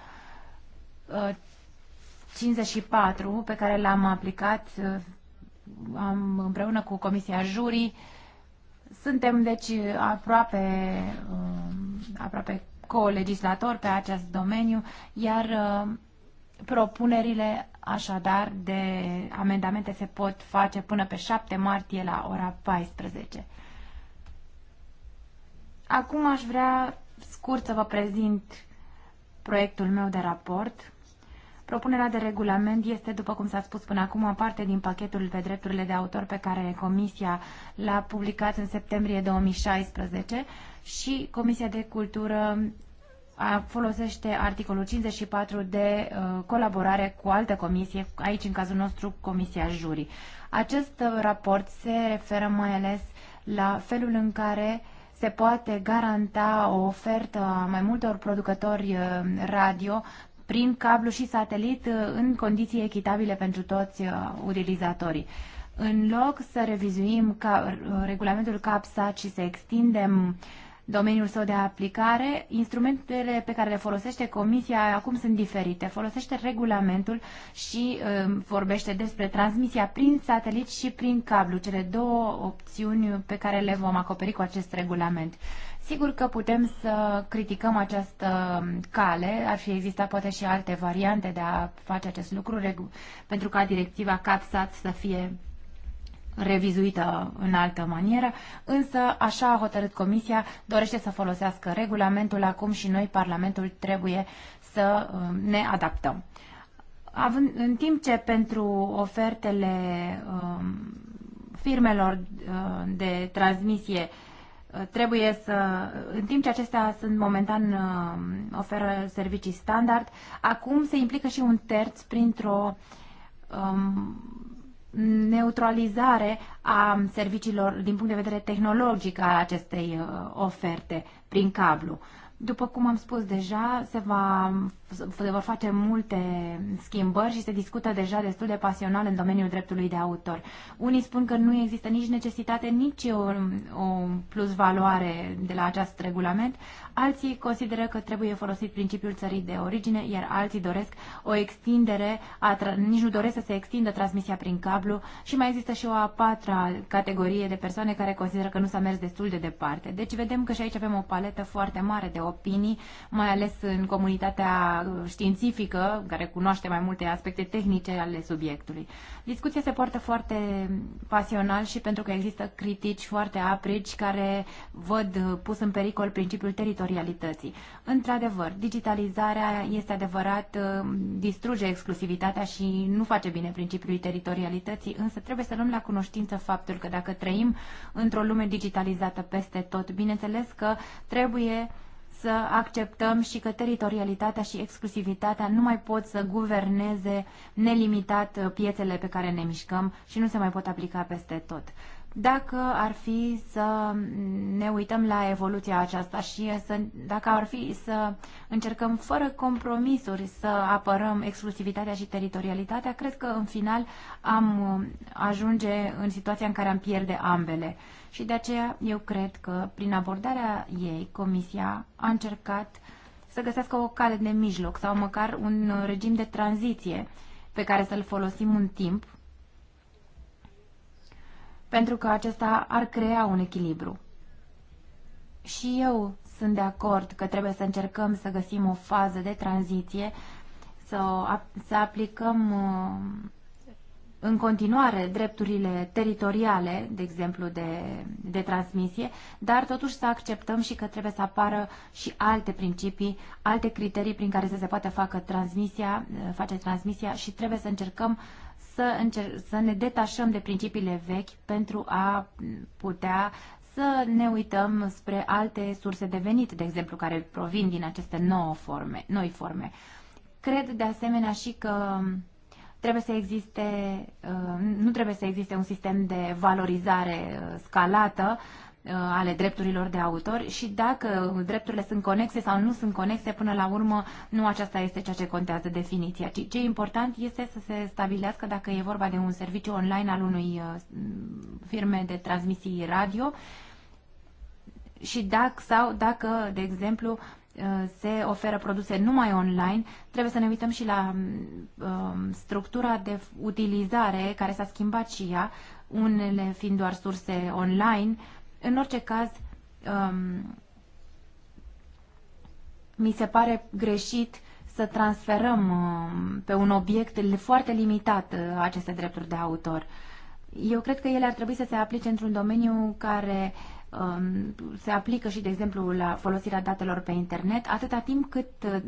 54 pe care l-am aplicat am, împreună cu Comisia Jurii. Suntem, deci, aproape, aproape co-legislator pe acest domeniu, iar Propunerile, așadar, de amendamente se pot face până pe 7 martie la ora 14. Acum aș vrea scurt să vă prezint proiectul meu de raport. Propunerea de regulament este, după cum s-a spus până acum, parte din pachetul pe drepturile de autor pe care Comisia l-a publicat în septembrie 2016 și Comisia de Cultură folosește articolul 54 de uh, colaborare cu alte comisie, aici în cazul nostru Comisia Jurii. Acest uh, raport se referă mai ales la felul în care se poate garanta o ofertă a mai multor producători uh, radio prin cablu și satelit în condiții echitabile pentru toți utilizatorii. În loc să revizuim ca, regulamentul CAPSAT și să extindem uh, domeniul său de aplicare, instrumentele pe care le folosește Comisia acum sunt diferite. Folosește regulamentul și uh, vorbește despre transmisia prin satelit și prin cablu, cele două opțiuni pe care le vom acoperi cu acest regulament. Sigur că putem să criticăm această um, cale, ar fi existat poate și alte variante de a face acest lucru, pentru ca directiva CAPSAT să fie revizuită în altă manieră, însă așa a hotărât Comisia, dorește să folosească regulamentul acum și noi, Parlamentul, trebuie să um, ne adaptăm. în timp ce pentru ofertele um, firmelor uh, de transmisie uh, trebuie să, în timp ce acestea sunt momentan uh, oferă servicii standard, acum se implică și un terț printr-o um, neutralizare a serviciilor din punct de vedere tehnologic a acestei uh, oferte prin cablu. După cum am spus deja, se, va, se vor face multe schimbări și se discută deja destul de pasional în domeniul dreptului de autor. Unii spun că nu există nici necesitate, nici o, o plusvaloare de la acest regulament, alții consideră că trebuie folosit principiul țării de origine, iar alții doresc o extindere, a, nici nu doresc să se extindă transmisia prin cablu și mai există și o a patra categorie de persoane care consideră că nu s-a mers destul de departe. Deci vedem că și aici avem o paletă foarte mare de opinii, mai ales în comunitatea uh, științifică, care cunoaște mai multe aspecte tehnice ale subiectului. Discuția se poartă foarte pasional și pentru că există critici foarte aprici care văd uh, pus în pericol principiul teritorialității. Într-adevăr, digitalizarea este adevărat, uh, distruge exclusivitatea și nu face bine principiului teritorialității, însă trebuie să luăm la cunoștință faptul că dacă trăim într-o lume digitalizată peste tot, bineînțeles că trebuie să acceptăm și că teritorialitatea și exclusivitatea nu mai pot să guverneze nelimitat uh, piețele pe care ne mișcăm și nu se mai pot aplica peste tot dacă ar fi să ne uităm la evoluția aceasta și să, dacă ar fi să încercăm fără compromisuri să apărăm exclusivitatea și teritorialitatea, cred că în final am uh, ajunge în situația în care am pierde ambele. Și de aceea eu cred că prin abordarea ei, Comisia a încercat să găsească o cale de mijloc sau măcar un uh, regim de tranziție pe care să-l folosim un timp pentru că acesta ar crea un echilibru. Și eu sunt de acord că trebuie să încercăm să găsim o fază de tranziție, să, să aplicăm uh, în continuare drepturile teritoriale, de exemplu, de, de transmisie, dar totuși să acceptăm și că trebuie să apară și alte principii, alte criterii prin care să se poate facă transmisia, eh, face transmisia și trebuie să încercăm să, încer- să ne detașăm de principiile vechi pentru a putea să ne uităm spre alte surse de venit, de exemplu, care provin din aceste nouă forme, noi forme. Cred de asemenea și că Trebuie să existe, uh, nu trebuie să existe un sistem de valorizare uh, scalată uh, ale drepturilor de autor și dacă drepturile sunt conexe sau nu sunt conexe, până la urmă nu aceasta este ceea ce contează definiția, ci ce e important este să se stabilească dacă e vorba de un serviciu online al unui firme de transmisii radio și dacă, sau dacă, de exemplu, se oferă produse numai online, trebuie să ne uităm și la um, structura de utilizare care s-a schimbat și ea, unele fiind doar surse online. În orice caz, um, mi se pare greșit să transferăm um, pe un obiect foarte limitat uh, aceste drepturi de autor. Eu cred că ele ar trebui să se aplice într-un domeniu care uh, Um, se aplică și, de exemplu, la folosirea datelor pe internet, atâta timp cât uh,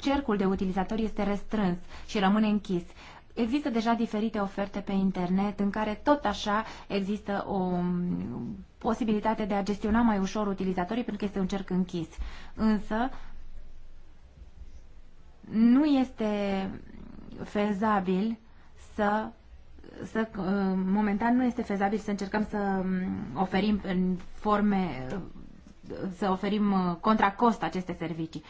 cercul de utilizatori este restrâns și rămâne închis. Există deja diferite oferte pe internet în care tot așa există o um, posibilitate de a gestiona mai ușor utilizatorii pentru că este un cerc închis. Însă, nu este fezabil să să, uh, momentan nu este fezabil să încercăm să um, oferim în forme, uh, să oferim uh, contra cost aceste servicii.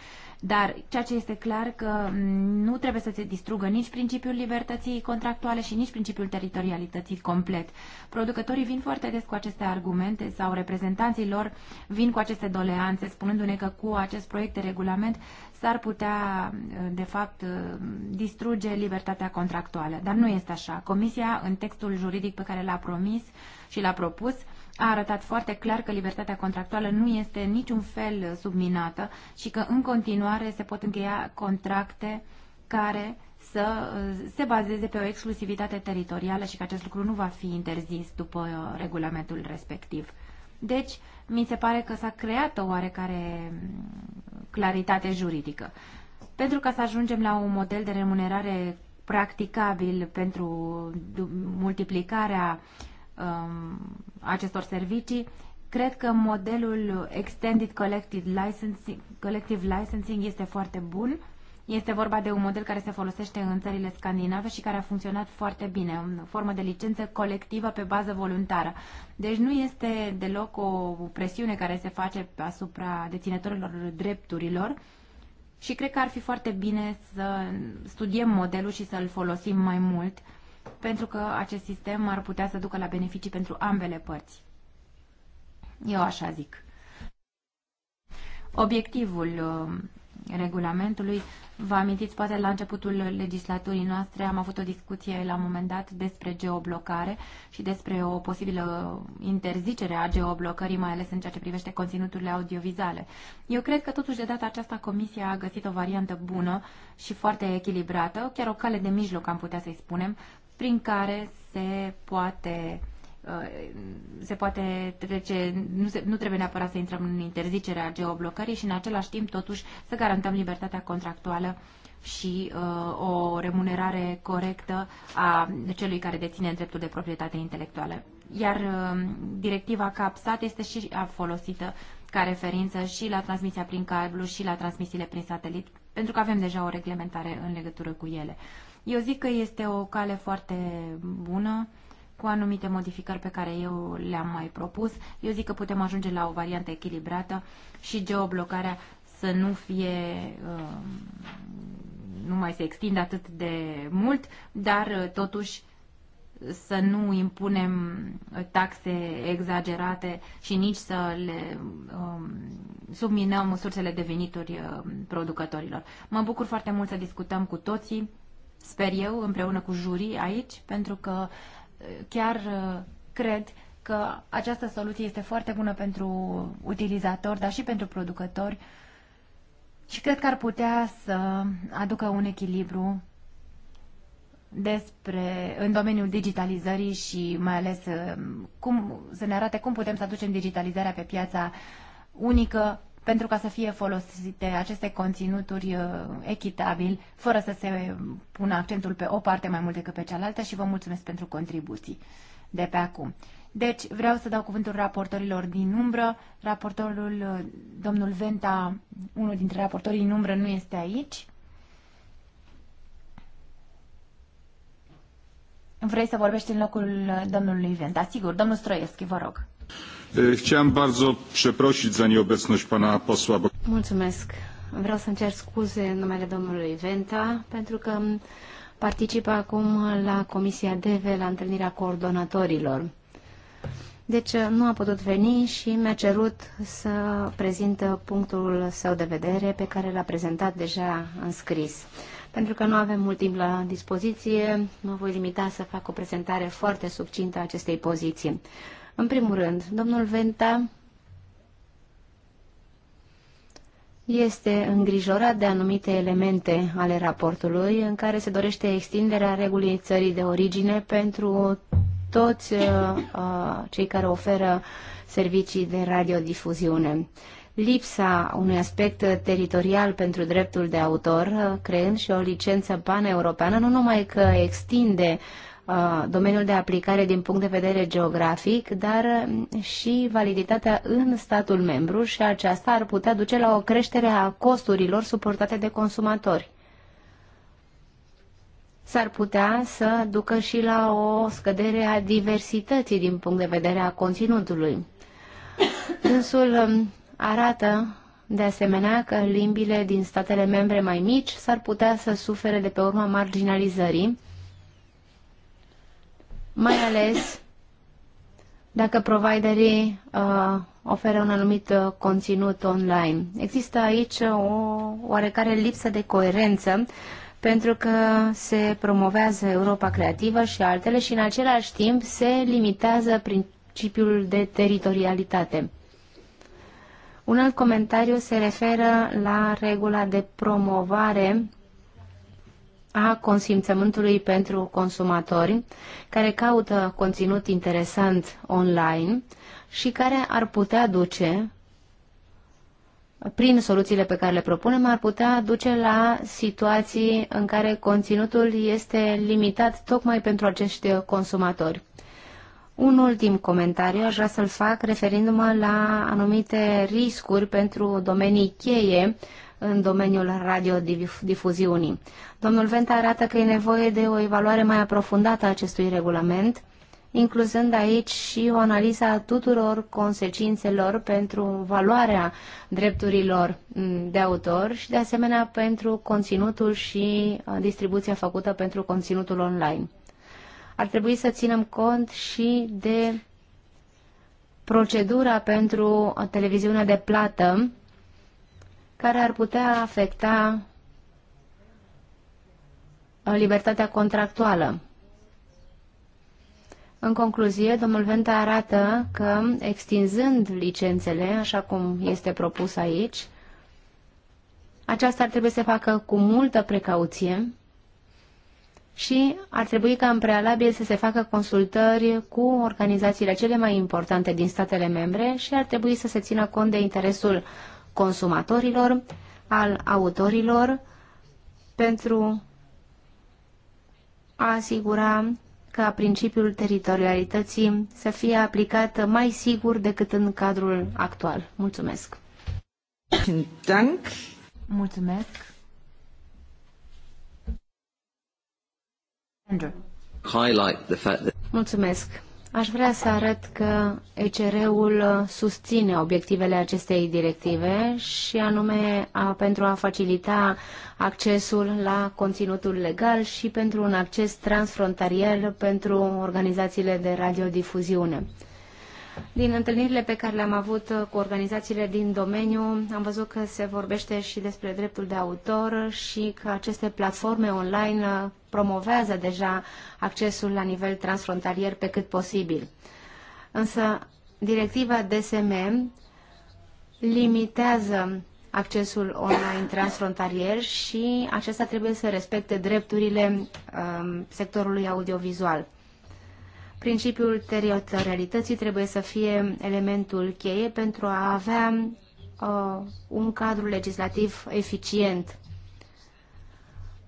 Dar ceea ce este clar că um, nu trebuie să se distrugă nici principiul libertății contractuale și nici principiul teritorialității complet. Producătorii vin foarte des cu aceste argumente sau reprezentanții lor vin cu aceste doleanțe, spunându-ne că cu acest proiect de regulament s-ar putea, de fapt, distruge libertatea contractuală. Dar nu este așa. Comisia, în textul juridic pe care l-a promis și l-a propus, a arătat foarte clar că libertatea contractuală nu este niciun fel subminată și că în continuare se pot încheia contracte care să uh, se bazeze pe o exclusivitate teritorială și că acest lucru nu va fi interzis după uh, regulamentul respectiv. Deci, mi se pare că s-a creat o oarecare mm, claritate juridică. Pentru ca să ajungem la un model de remunerare practicabil pentru multiplicarea um, acestor servicii, cred că modelul Extended Collective Licensing, collective licensing este foarte bun este vorba de un model care se folosește în țările scandinave și care a funcționat foarte bine, în formă de licență colectivă pe bază voluntară. Deci nu este deloc o presiune care se face asupra deținătorilor drepturilor și cred că ar fi foarte bine să studiem modelul și să-l folosim mai mult, pentru că acest sistem ar putea să ducă la beneficii pentru ambele părți. Eu așa zic. Obiectivul regulamentului. Vă amintiți, poate la începutul legislaturii noastre am avut o discuție la un moment dat despre geoblocare și despre o posibilă interzicere a geoblocării, mai ales în ceea ce privește conținuturile audiovizuale. Eu cred că totuși de data aceasta Comisia a găsit o variantă bună și foarte echilibrată, chiar o cale de mijloc am putea să-i spunem, prin care se poate Uh, se poate trece, nu, se, nu trebuie neapărat să intrăm în interzicerea geoblocării și în același timp totuși să garantăm libertatea contractuală și uh, o remunerare corectă a celui care deține dreptul de proprietate intelectuală. Iar uh, directiva CAPSAT este și folosită ca referință și la transmisia prin cablu și la transmisiile prin satelit, pentru că avem deja o reglementare în legătură cu ele. Eu zic că este o cale foarte bună cu anumite modificări pe care eu le-am mai propus. Eu zic că putem ajunge la o variantă echilibrată și geoblocarea să nu fie um, nu mai se extinde atât de mult, dar uh, totuși să nu impunem taxe exagerate și nici să le um, subminăm sursele de venituri uh, producătorilor. Mă bucur foarte mult să discutăm cu toții, sper eu, împreună cu jurii aici, pentru că chiar uh, cred că această soluție este foarte bună pentru utilizatori, dar și pentru producători și cred că ar putea să aducă un echilibru despre, în domeniul digitalizării și mai ales uh, cum, să ne arate cum putem să aducem digitalizarea pe piața unică pentru ca să fie folosite aceste conținuturi uh, echitabil, fără să se pună accentul pe o parte mai mult decât pe cealaltă și vă mulțumesc pentru contribuții de pe acum. Deci vreau să dau cuvântul raportorilor din umbră. Raportorul, uh, domnul Venta, unul dintre raportorii din umbră, nu este aici. Vrei să vorbești în locul uh, domnului Venta? Sigur, domnul Stroieschi, vă rog. Chciałem bardzo przeprosić za nieobecność pana posła. Mulțumesc. Vreau să-mi cer scuze în numele domnului Venta, pentru că participă acum la Comisia DEVE, la întâlnirea coordonatorilor. Deci uh, nu a putut veni și mi-a cerut să prezint punctul său de vedere pe care l-a prezentat deja în scris. Pentru că nu avem mult timp la dispoziție, mă voi limita să fac o prezentare foarte succintă a acestei poziții. În primul rând, domnul Venta este îngrijorat de anumite elemente ale raportului în care se dorește extinderea regulii țării de origine pentru toți uh, uh cei care oferă servicii de radiodifuziune. Lipsa unui aspect teritorial pentru dreptul de autor, uh, creând și o licență paneuropeană, nu numai că extinde uh, Uh, domeniul de aplicare din punct de vedere geografic, dar uh, și validitatea în statul membru și aceasta ar putea duce la o creștere a costurilor suportate de consumatori s-ar putea să ducă și la o scădere a diversității din punct de vedere a conținutului. Însul um, arată de asemenea că limbile din statele membre mai mici s-ar putea să sufere de pe urma marginalizării mai ales dacă providerii uh, oferă un anumit uh, conținut online. Există aici o oarecare lipsă de coerență pentru că se promovează Europa Creativă și altele și în același timp se limitează principiul de teritorialitate. Un alt comentariu se referă la regula de promovare a consimțământului pentru consumatori care caută conținut interesant online și care ar putea duce, prin soluțiile pe care le propunem, ar putea duce la situații în care conținutul este limitat tocmai pentru acești consumatori. Un ultim comentariu aș vrea să-l fac referindu-mă la anumite riscuri pentru domenii cheie în domeniul radiodifuziunii. Domnul Venta arată că e nevoie de o evaluare mai aprofundată a acestui regulament, incluzând aici și o analiză a tuturor consecințelor pentru valoarea drepturilor mm, de autor și de asemenea pentru conținutul și uh, distribuția făcută pentru conținutul online. Ar trebui să ținem cont și de procedura pentru televiziunea de plată care ar putea afecta uh, libertatea contractuală. În concluzie, domnul Venta arată că, extinzând licențele, așa cum este propus aici, aceasta ar trebui să facă cu multă precauție și ar trebui ca în prealabil să se facă consultări cu organizațiile cele mai importante din statele membre și ar trebui să se țină cont de interesul consumatorilor, al autorilor, pentru a asigura ca principiul teritorialității să fie aplicat mai sigur decât în cadrul actual. Mulțumesc! Dank. Mulțumesc! Andrew. Highlight the fact that... Mulțumesc! Aș vrea să arăt că ECR-ul susține obiectivele acestei directive și anume a, pentru a facilita accesul la conținutul legal și pentru un acces transfrontalier pentru organizațiile de radiodifuziune. Din întâlnirile pe care le-am avut uh, cu organizațiile din domeniu, am văzut că se vorbește și despre dreptul de autor și că aceste platforme online uh, promovează deja accesul la nivel transfrontalier pe cât posibil. Însă, directiva DSM limitează accesul online transfrontalier și acesta trebuie să respecte drepturile um, sectorului audiovizual. Principiul teritorialității trebuie să fie elementul cheie pentru a avea uh, un cadru legislativ eficient.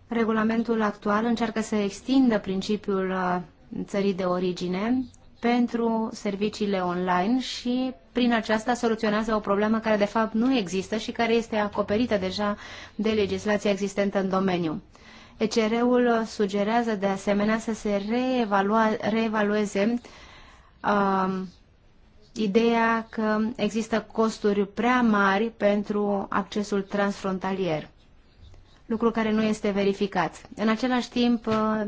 Regulamentul actual încearcă să extindă principiul uh, țării de origine pentru serviciile online și prin aceasta soluționează o problemă care de fapt nu există și care este acoperită deja de legislația existentă în domeniu. ECR-ul sugerează de asemenea să se reevalueze uh, ideea că există costuri prea mari pentru accesul transfrontalier, lucru care nu este verificat. În același timp, uh,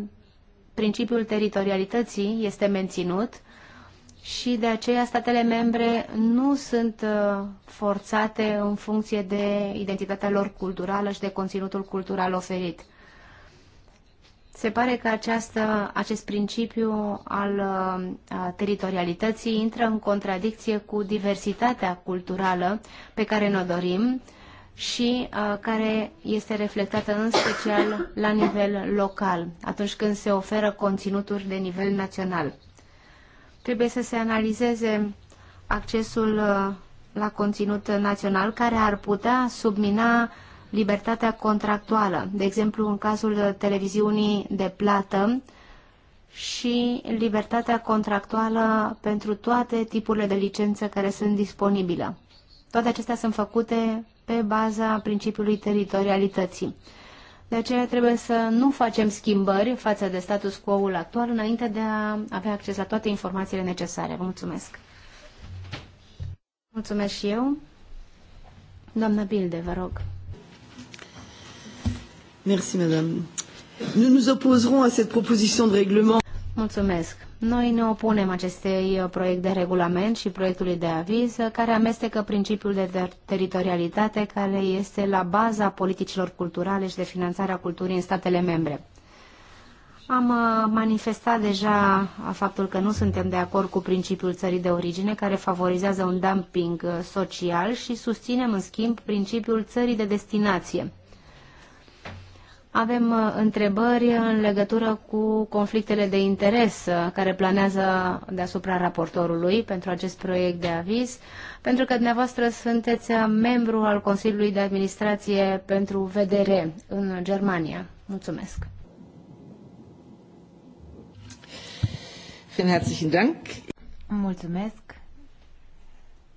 principiul teritorialității este menținut și de aceea statele membre nu sunt uh, forțate în funcție de identitatea lor culturală și de conținutul cultural oferit. Se pare că această, acest principiu al uh, a, teritorialității intră în contradicție cu diversitatea culturală pe care ne-o dorim și a, uh, care este reflectată în special la nivel local, atunci când se oferă conținuturi de nivel național. Trebuie să se analizeze accesul a, uh, la conținut național care ar putea submina libertatea contractuală, de exemplu în cazul televiziunii de plată și libertatea contractuală pentru toate tipurile de licență care sunt disponibile. Toate acestea sunt făcute pe baza principiului teritorialității. De aceea trebuie să nu facem schimbări față de status quo-ul actual înainte de a avea acces la toate informațiile necesare. Vă mulțumesc! Mulțumesc și eu. Doamna Bilde, vă rog. Merci, madame. Nous nous opposerons à cette proposition de règlement. Mulțumesc. Noi ne opunem acestei uh, proiect de regulament și proiectului de aviz uh, care amestecă principiul de ter teritorialitate care este la baza politicilor culturale și de finanțare a culturii în statele membre. Am uh, manifestat deja faptul că nu suntem de acord cu principiul țării de origine, care favorizează un dumping social și susținem, în schimb, principiul țării de destinație avem uh, întrebări în legătură cu conflictele de interes uh, care planează deasupra raportorului pentru acest proiect de aviz, pentru că dumneavoastră sunteți uh, membru al Consiliului de Administrație pentru VDR în Germania. Mulțumesc! Mulțumesc!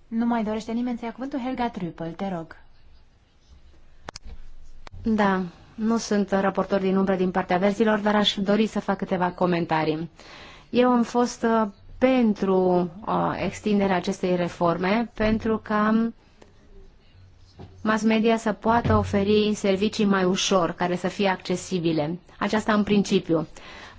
Nu mai dorește nimeni să ia cuvântul Helga Trüppel, te rog. Da, nu sunt raportor din umbră din partea verzilor, dar aș dori să fac câteva comentarii. Eu am fost uh, pentru uh, extinderea acestei reforme, pentru că mass media să poată oferi servicii mai ușor, care să fie accesibile. Aceasta în principiu.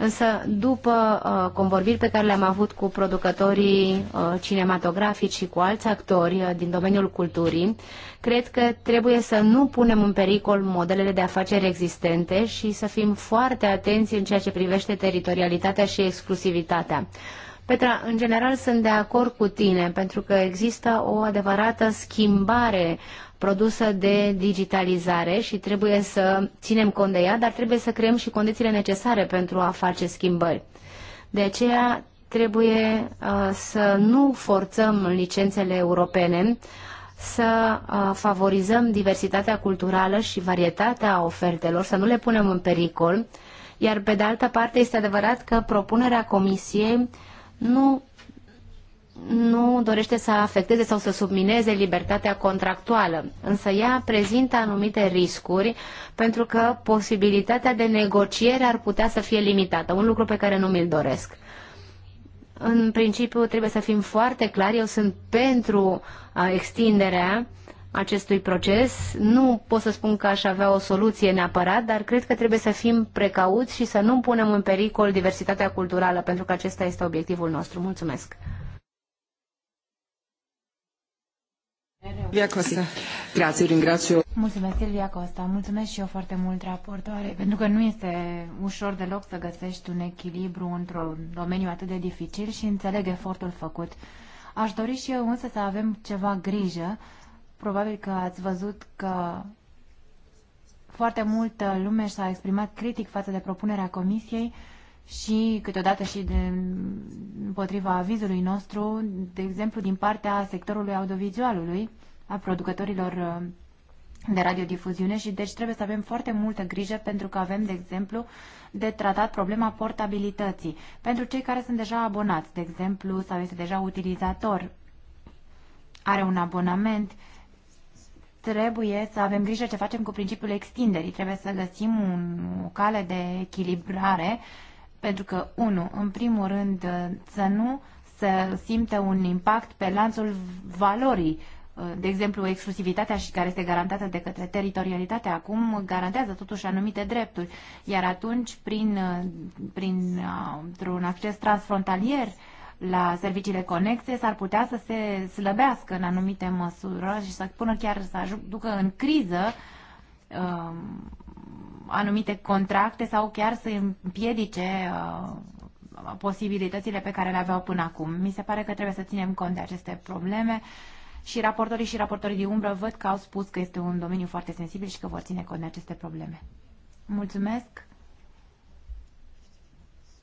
Însă, după uh, convorbiri pe care le-am avut cu producătorii uh, cinematografici și cu alți actori uh, din domeniul culturii, cred că trebuie să nu punem în pericol modelele de afaceri existente și să fim foarte atenți în ceea ce privește teritorialitatea și exclusivitatea. Petra, în general sunt de acord cu tine, pentru că există o adevărată schimbare produsă de digitalizare și trebuie să ținem cont de ea, dar trebuie să creăm și condițiile necesare pentru a face schimbări. De aceea trebuie uh, să nu forțăm licențele europene să uh, favorizăm diversitatea culturală și varietatea ofertelor, să nu le punem în pericol, iar pe de altă parte este adevărat că propunerea Comisiei nu nu dorește să afecteze sau să submineze libertatea contractuală, însă ea prezintă anumite riscuri pentru că posibilitatea de negociere ar putea să fie limitată, un lucru pe care nu mi-l doresc. În principiu trebuie să fim foarte clari, eu sunt pentru extinderea acestui proces. Nu pot să spun că aș avea o soluție neapărat, dar cred că trebuie să fim precauți și să nu punem în pericol diversitatea culturală, pentru că acesta este obiectivul nostru. Mulțumesc! Silvia Costa. Grazie, ringrazio. Mulțumesc, Silvia Costa. Mulțumesc și eu foarte mult, raportoare, pentru că nu este ușor deloc să găsești un echilibru într-un domeniu atât de dificil și înțeleg efortul făcut. Aș dori și eu însă să avem ceva grijă. Probabil că ați văzut că foarte multă lume și-a exprimat critic față de propunerea comisiei și câteodată și de, împotriva avizului nostru, de exemplu din partea sectorului audiovizualului, a producătorilor uh, de radiodifuziune și deci trebuie să avem foarte multă grijă pentru că avem, de exemplu, de tratat problema portabilității. Pentru cei care sunt deja abonați, de exemplu, sau este deja utilizator, are un abonament, trebuie să avem grijă ce facem cu principiul extinderii. Trebuie să găsim un, o cale de echilibrare uh, pentru că, unu, în primul rând, uh, să nu să simte un impact pe lanțul valorii. Uh, de exemplu, exclusivitatea și care este garantată de către teritorialitate acum garantează totuși anumite drepturi, iar atunci, prin, uh, prin un acces transfrontalier la serviciile conexe, s-ar putea să se slăbească în anumite măsuri și să pună chiar să ducă în criză anumite contracte sau chiar să împiedice uh, posibilitățile pe care le aveau până acum. Mi se pare că trebuie să ținem cont de aceste probleme și raportorii și raportorii din umbră văd că au spus că este un domeniu foarte sensibil și că vor ține cont de aceste probleme. Mulțumesc!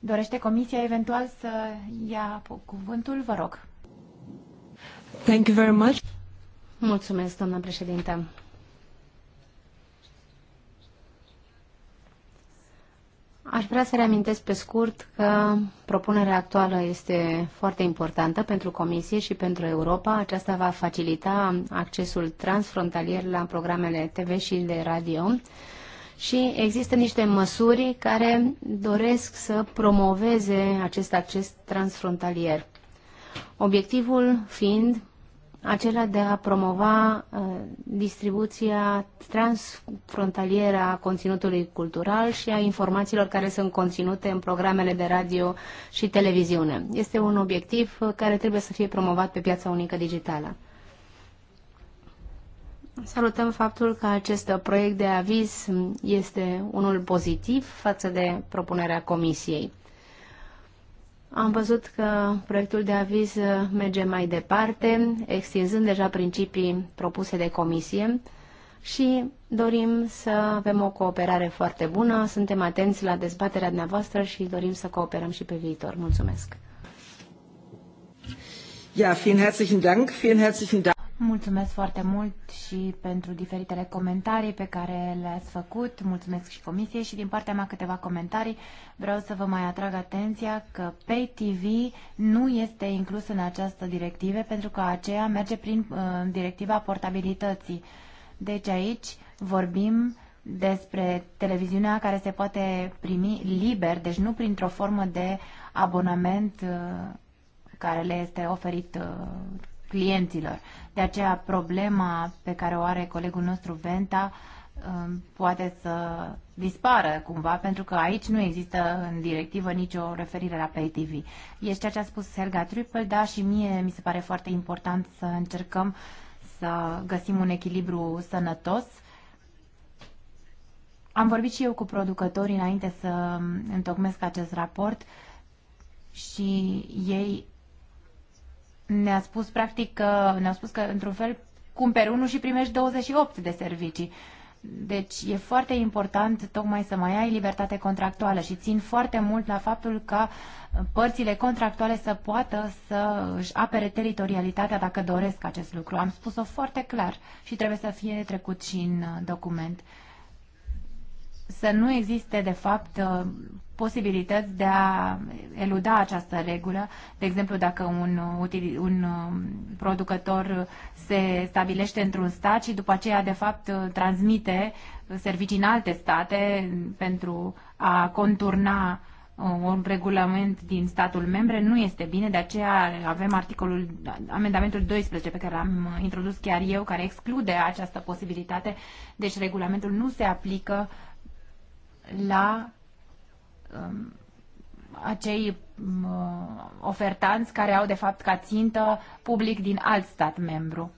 Dorește Comisia eventual să ia cuvântul? Vă rog! Thank you very much! Mulțumesc, doamna președintă! Aș vrea să reamintesc pe scurt că propunerea actuală este foarte importantă pentru Comisie și pentru Europa. Aceasta va facilita accesul transfrontalier la programele TV și de radio și există niște măsuri care doresc să promoveze acest acces transfrontalier. Obiectivul fiind acela de a promova uh, distribuția transfrontalieră a conținutului cultural și a informațiilor care sunt conținute în programele de radio și televiziune. Este un obiectiv uh, care trebuie să fie promovat pe piața unică digitală. Salutăm faptul că acest proiect de aviz este unul pozitiv față de propunerea Comisiei. Am văzut că proiectul de aviz uh, merge mai departe, extinzând deja principii propuse de comisie și dorim să avem o cooperare foarte bună. Suntem atenți la dezbaterea dumneavoastră și dorim să cooperăm și pe viitor. Mulțumesc! Ja, vielen herzlichen Dank, vielen herzlichen Dank. Mulțumesc foarte mult și pentru diferitele comentarii pe care le-ați făcut. Mulțumesc și comisiei și din partea mea câteva comentarii. Vreau să vă mai atrag atenția că Pay TV nu este inclus în această directivă pentru că aceea merge prin uh, directiva portabilității. Deci aici vorbim despre televiziunea care se poate primi liber, deci nu printr-o formă de abonament uh, care le este oferit uh, clienților. De aceea problema pe care o are colegul nostru Venta um, poate să dispară cumva, pentru că aici nu există în directivă nicio referire la Pay TV. Este ceea ce a spus Helga Triple, da, și mie mi se pare foarte important să încercăm să găsim un echilibru sănătos. Am vorbit și eu cu producătorii înainte să um, întocmesc acest raport și ei ne-a spus practic că ne a spus că într-un fel cumperi unul și primești 28 de servicii. Deci e foarte important tocmai să mai ai libertate contractuală și țin foarte mult la faptul ca părțile contractuale să poată să își apere teritorialitatea dacă doresc acest lucru. Am spus-o foarte clar și trebuie să fie trecut și în document să nu existe, de fapt, uh, posibilități de a eluda această regulă. De exemplu, dacă un, uh, un uh, producător se stabilește într-un stat și după aceea, de fapt, transmite servicii în alte state pentru a conturna un regulament din statul membre nu este bine, de aceea avem articolul, amendamentul 12 pe care l-am introdus chiar eu, care exclude această posibilitate, deci regulamentul nu se aplică uh, la uh, acei uh, ofertanți care au de fapt ca țintă public din alt stat membru.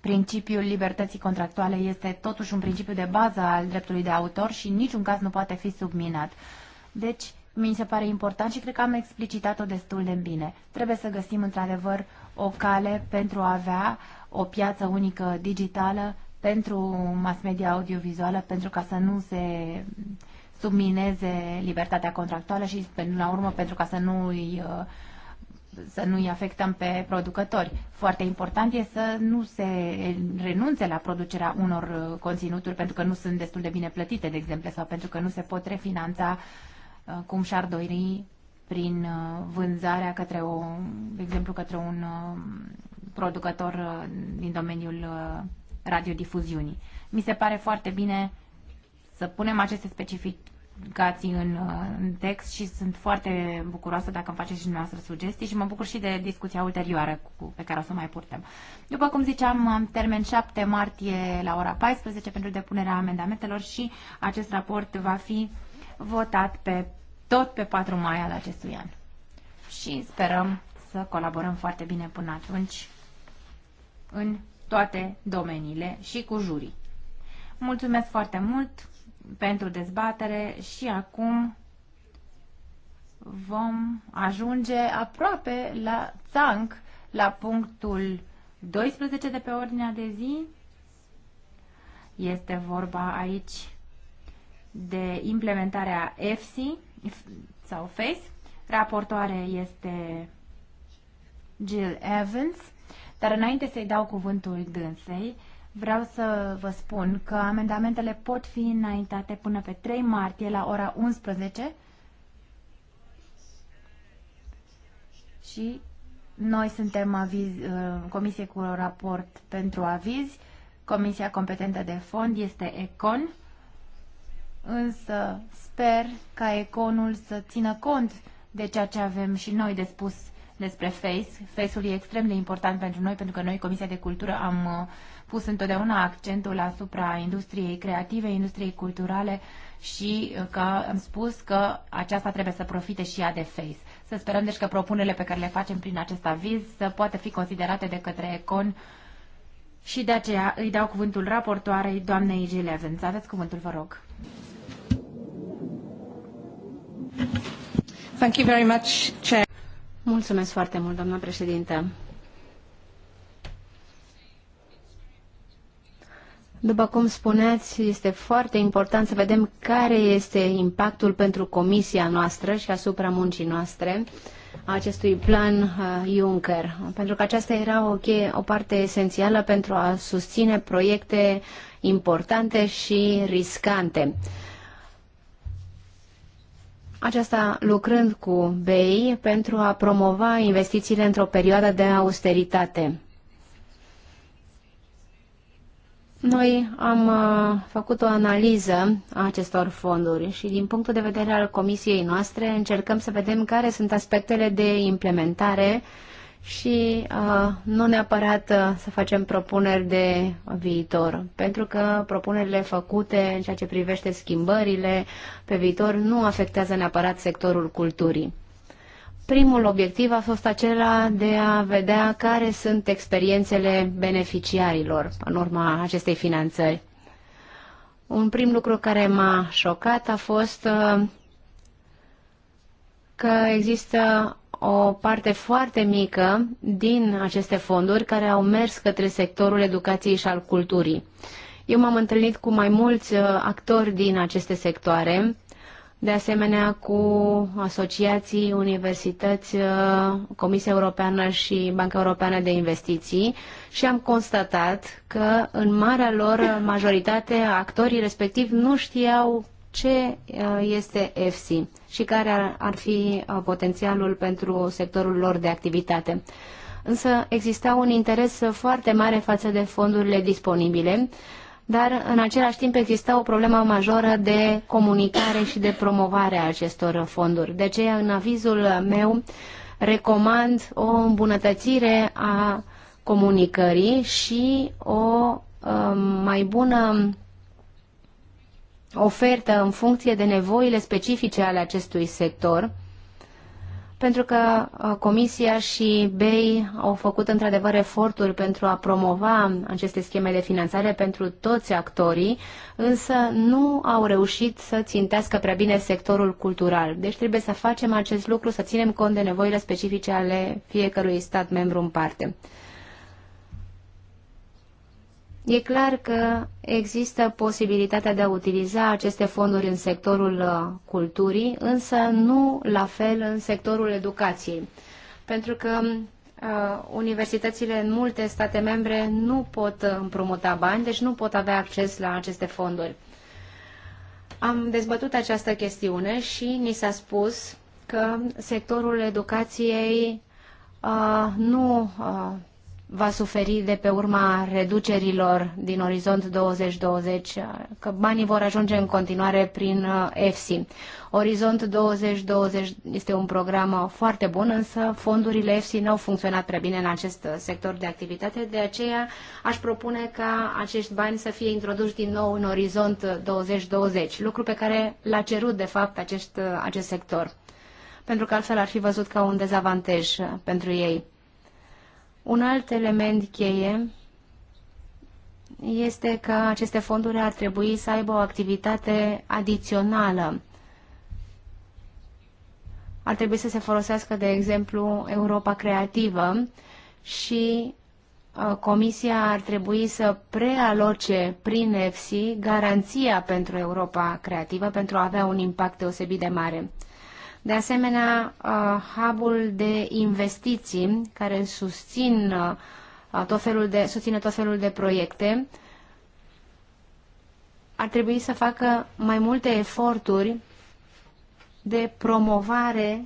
Principiul libertății contractuale este totuși un principiu de bază al dreptului de autor și în niciun caz nu poate fi subminat. Deci, mi se pare important și cred că am explicitat-o destul de bine. Trebuie să găsim într-adevăr o cale pentru a avea o piață unică digitală pentru mass media audiovizuală pentru ca să nu se submineze libertatea contractuală și, până la urmă, pentru ca să nu îi uh, să nu îi afectăm pe producători. Foarte important e să nu se renunțe la producerea unor uh, conținuturi pentru că nu sunt destul de bine plătite, de exemplu, sau pentru că nu se pot refinanța uh, cum și-ar dori prin vânzarea către, o, de exemplu, către un producător din domeniul radiodifuziunii. Mi se pare foarte bine să punem aceste specificații în, uh, în text și sunt foarte bucuroasă dacă îmi faceți și dumneavoastră sugestii și mă bucur și de discuția ulterioară cu, pe care o să mai purtăm. După cum ziceam, am termen 7 martie la ora 14 pentru depunerea amendamentelor și acest raport va fi votat pe tot pe 4 mai al acestui an. Și sperăm să colaborăm foarte bine până atunci în toate domeniile și cu jurii. Mulțumesc foarte mult pentru dezbatere și acum vom ajunge aproape la țanc, la punctul 12 de pe ordinea de zi. Este vorba aici de implementarea EFSI sau FACE. Raportoare este Jill Evans dar înainte să-i dau cuvântul dânsei, vreau să vă spun că amendamentele pot fi înaintate până pe 3 martie la ora 11 și noi suntem aviz, uh, comisie cu raport pentru aviz. Comisia competentă de fond este ECON, însă sper ca ECONul să țină cont de ceea ce avem și noi de spus despre FACE. FACE-ul e extrem de important pentru noi, pentru că noi, Comisia de Cultură, am uh, pus întotdeauna accentul asupra industriei creative, industriei culturale și uh, că am spus că aceasta trebuie să profite și ea de FACE. Să sperăm deci că propunerile pe care le facem prin acest aviz să poată fi considerate de către ECON și de aceea îi dau cuvântul raportoarei doamnei Jill să Aveți cuvântul, vă rog. Thank you very much, Chair. Mulțumesc foarte mult, doamna președintă. După cum spuneați, este foarte important să vedem care este impactul pentru comisia noastră și asupra muncii noastre a acestui plan uh, Juncker, pentru că aceasta era o, cheie, o parte esențială pentru a susține proiecte importante și riscante aceasta lucrând cu BEI pentru a promova investițiile într-o perioadă de austeritate. Noi am uh, făcut o analiză a acestor fonduri și din punctul de vedere al comisiei noastre încercăm să vedem care sunt aspectele de implementare uh, și uh, nu neapărat uh, să facem propuneri de viitor, pentru că propunerile făcute în ceea ce privește schimbările pe viitor nu afectează neapărat sectorul culturii. Primul obiectiv a fost acela de a vedea care sunt experiențele beneficiarilor în urma acestei finanțări. Un prim lucru care m-a șocat a fost uh, că există o parte foarte mică din aceste fonduri care au mers către sectorul educației și al culturii. Eu m-am întâlnit cu mai mulți uh, actori din aceste sectoare, de asemenea cu asociații, universități, uh, Comisia Europeană și Banca Europeană de Investiții și am constatat că în marea lor majoritate actorii respectiv nu știau ce uh, este EFSI și care ar fi uh, potențialul pentru sectorul lor de activitate. Însă exista un interes foarte mare față de fondurile disponibile, dar în același timp exista o problemă majoră de comunicare și de promovare a acestor fonduri. De aceea, în avizul meu, recomand o îmbunătățire a comunicării și o um, mai bună ofertă în funcție de nevoile specifice ale acestui sector, pentru că uh, Comisia și BEI au făcut într-adevăr eforturi pentru a promova aceste scheme de finanțare pentru toți actorii, însă nu au reușit să țintească prea bine sectorul cultural. Deci trebuie să facem acest lucru, să ținem cont de nevoile specifice ale fiecărui stat membru în parte. E clar că există posibilitatea de a utiliza aceste fonduri în sectorul uh, culturii, însă nu la fel în sectorul educației, pentru că uh, universitățile în multe state membre nu pot uh, împrumuta bani, deci nu pot avea acces la aceste fonduri. Am dezbătut această chestiune și ni s-a spus că sectorul educației uh, nu uh, va suferi de pe urma reducerilor din orizont 2020, că banii vor ajunge în continuare prin EFSI. Uh, orizont 2020 este un program uh, foarte bun, însă fondurile EFSI nu au funcționat prea bine în acest uh, sector de activitate, de aceea aș propune ca acești bani să fie introduși din nou în Orizont 2020, lucru pe care l-a cerut de fapt acest, acest sector, pentru că altfel ar fi văzut ca un dezavantaj pentru ei. Un alt element cheie este că aceste fonduri ar trebui să aibă o activitate adițională. Ar trebui să se folosească, de exemplu, Europa Creativă și uh, Comisia ar trebui să prealoce prin EFSI garanția pentru Europa Creativă pentru a avea un impact deosebit de mare. De asemenea, uh, hub-ul de investiții care susțin uh, tot felul de, susține tot felul de proiecte ar trebui să facă mai multe eforturi de promovare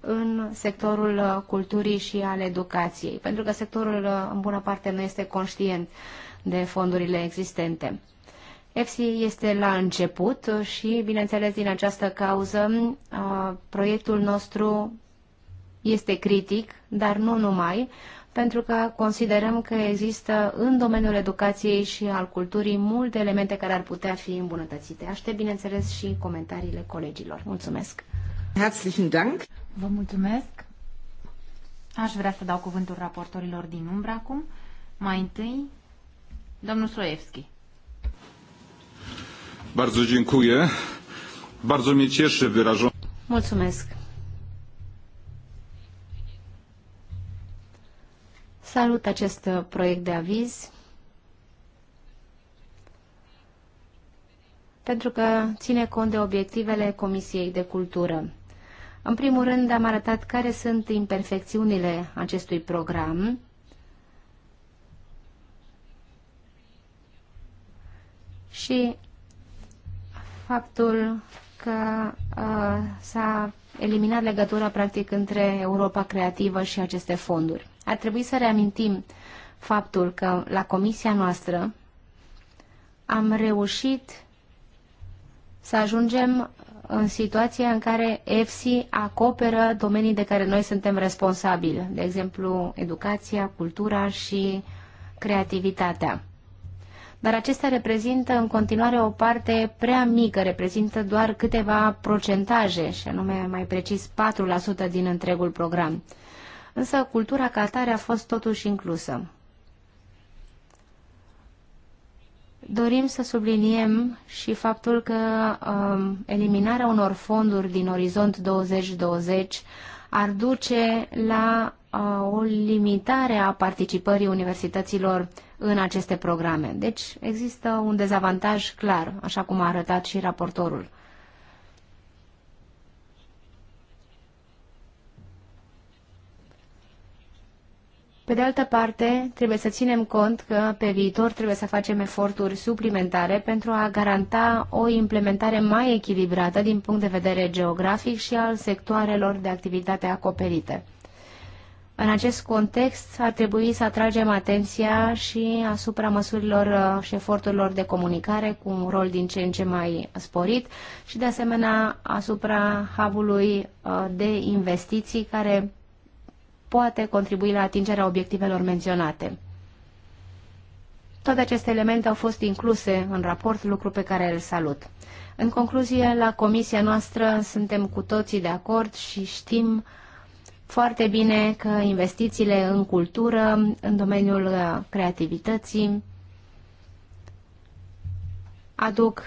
în sectorul uh, culturii și al educației, pentru că sectorul în bună parte nu este conștient de fondurile existente. EFSI este la început și, bineînțeles, din această cauză, proiectul nostru este critic, dar nu numai, pentru că considerăm că există în domeniul educației și al culturii multe elemente care ar putea fi îmbunătățite. Aștept, bineînțeles, și comentariile colegilor. Mulțumesc! Herzlichen Dank! Vă mulțumesc! Aș vrea să dau cuvântul raportorilor din umbră acum. Mai întâi, domnul Stroievski. Bardzo dziękuję. Bardzo mnie cieszy wyrażone. Mulțumesc. Salut acest proiect de aviz. pentru că ține cont de obiectivele Comisiei de Cultură. În primul rând, am arătat care sunt imperfecțiunile acestui program și faptul că uh, s-a eliminat legătura practic între Europa Creativă și aceste fonduri. Ar trebui să reamintim faptul că la comisia noastră am reușit să ajungem în situația în care EFSI acoperă domenii de care noi suntem responsabili, de exemplu educația, cultura și creativitatea dar acestea reprezintă în continuare o parte prea mică, reprezintă doar câteva procentaje, și anume mai precis 4% din întregul program. Însă cultura ca atare a fost totuși inclusă. Dorim să subliniem și faptul că um, eliminarea unor fonduri din Orizont 2020 ar duce la Uh, o limitare a participării universităților în aceste programe. Deci există un dezavantaj clar, așa cum a arătat și raportorul. Pe de altă parte, trebuie să ținem cont că pe viitor trebuie să facem eforturi suplimentare pentru a garanta o implementare mai echilibrată din punct de vedere geografic și al sectoarelor de activitate acoperite. În acest context ar trebui să atragem atenția și asupra măsurilor uh, și eforturilor de comunicare cu un rol din ce în ce mai sporit și de asemenea asupra hubului uh, de investiții care poate contribui la atingerea obiectivelor menționate. Toate aceste elemente au fost incluse în raport, lucru pe care îl salut. În concluzie, la comisia noastră suntem cu toții de acord și știm uh, foarte bine că investițiile în cultură, în domeniul creativității, aduc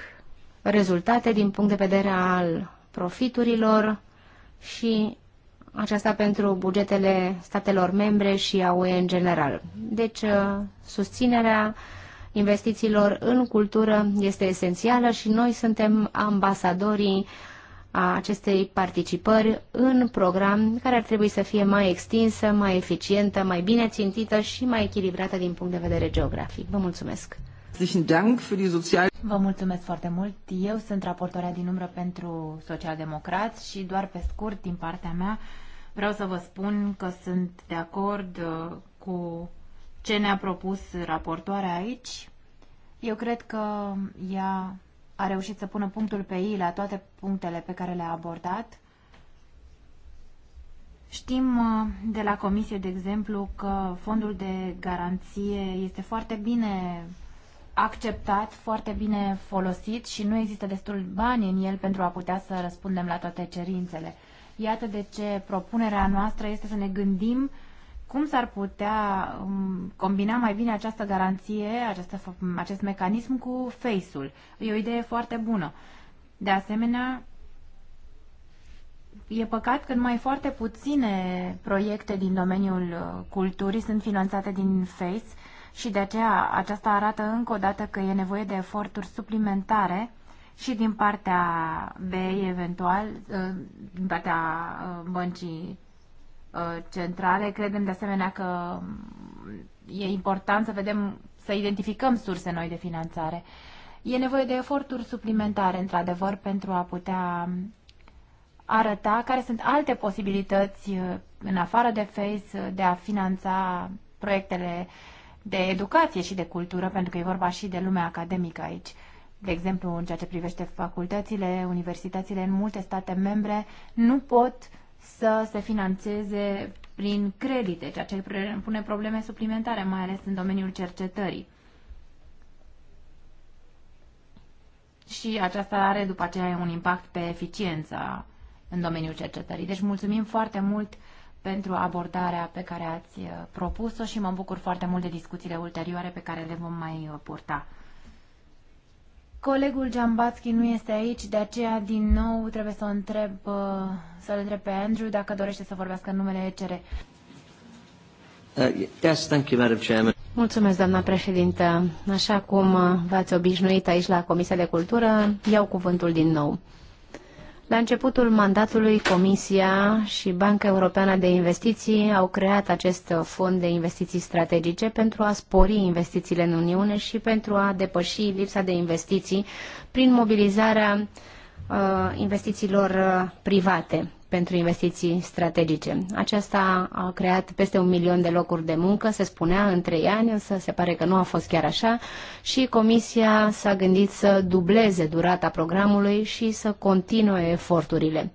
rezultate din punct de vedere al profiturilor și aceasta pentru bugetele statelor membre și a UE în general. Deci, uh, susținerea investițiilor în cultură este esențială și noi suntem ambasadorii uh, a acestei participări în program care ar trebui să fie mai extinsă, mai eficientă, mai bine țintită și mai echilibrată din punct de vedere geografic. Vă mulțumesc! Vă mulțumesc foarte mult. Eu sunt raportoarea din umbră pentru socialdemocrați și doar pe scurt din partea mea vreau să vă spun că sunt de acord uh, cu ce ne-a propus raportoarea aici. Eu cred că ea a reușit să pună punctul pe ei la toate punctele pe care le-a abordat. Știm uh, de la comisie, de exemplu, că fondul de garanție este foarte bine acceptat, foarte bine folosit și nu există destul bani în el pentru a putea să răspundem la toate cerințele. Iată de ce propunerea noastră este să ne gândim uh, cum s-ar putea um, combina mai bine această garanție, această, acest mecanism cu Face-ul? E o idee foarte bună. De asemenea, e păcat că numai foarte puține proiecte din domeniul uh, culturii sunt finanțate din Face și de aceea aceasta arată încă o dată că e nevoie de eforturi suplimentare și din partea BEI eventual, uh, din partea uh, băncii Uh, centrale. Credem de asemenea că mm, e important să vedem, să identificăm surse noi de finanțare. E nevoie de eforturi suplimentare, într-adevăr, pentru a putea mm, arăta care sunt alte posibilități uh, în afară de FACE uh, de a finanța proiectele de educație și de cultură, pentru că e vorba și de lumea academică aici. De exemplu, în ceea ce privește facultățile, universitățile în multe state membre nu pot să se financeze prin credite, ceea ce pune probleme suplimentare, mai ales în domeniul cercetării. Și aceasta are după aceea un impact pe eficiența în domeniul cercetării. Deci mulțumim foarte mult pentru abordarea pe care ați uh, propus-o și mă bucur foarte mult de discuțiile ulterioare pe care le vom mai uh, purta. Colegul Giambatski nu este aici, de aceea din nou trebuie să o întreb, uh, să întreb pe Andrew dacă dorește să vorbească în numele ECR. Uh, yes, thank you, Madam Chairman. Mulțumesc, doamna președintă. Așa cum uh, v-ați obișnuit aici la Comisia de Cultură, iau cuvântul din nou. La începutul mandatului, Comisia și Banca Europeană de Investiții au creat acest fond de investiții strategice pentru a spori investițiile în Uniune și pentru a depăși lipsa de investiții prin mobilizarea uh, investițiilor uh, private pentru investiții strategice. Aceasta a creat peste un milion de locuri de muncă, se spunea, în trei ani, însă se pare că nu a fost chiar așa și Comisia s-a gândit să dubleze durata programului și să continue eforturile.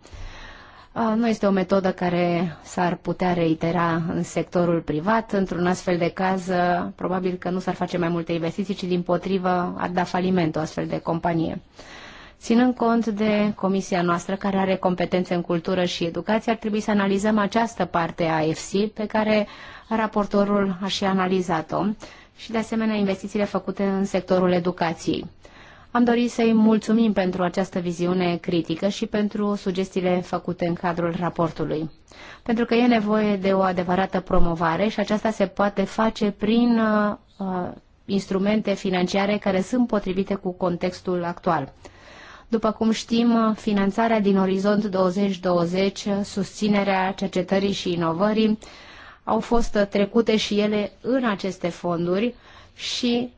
Nu este o metodă care s-ar putea reitera în sectorul privat. Într-un astfel de caz, probabil că nu s-ar face mai multe investiții, ci din potrivă ar da faliment o astfel de companie. Ținând cont de comisia noastră care are competențe în cultură și educație, ar trebui să analizăm această parte a EFSI pe care raportorul a și analizat-o și de asemenea investițiile făcute în sectorul educației. Am dorit să-i mulțumim pentru această viziune critică și pentru sugestiile făcute în cadrul raportului. Pentru că e nevoie de o adevărată promovare și aceasta se poate face prin uh, instrumente financiare care sunt potrivite cu contextul actual. După cum știm, finanțarea din Orizont 2020, susținerea cercetării și inovării, au fost trecute și ele în aceste fonduri și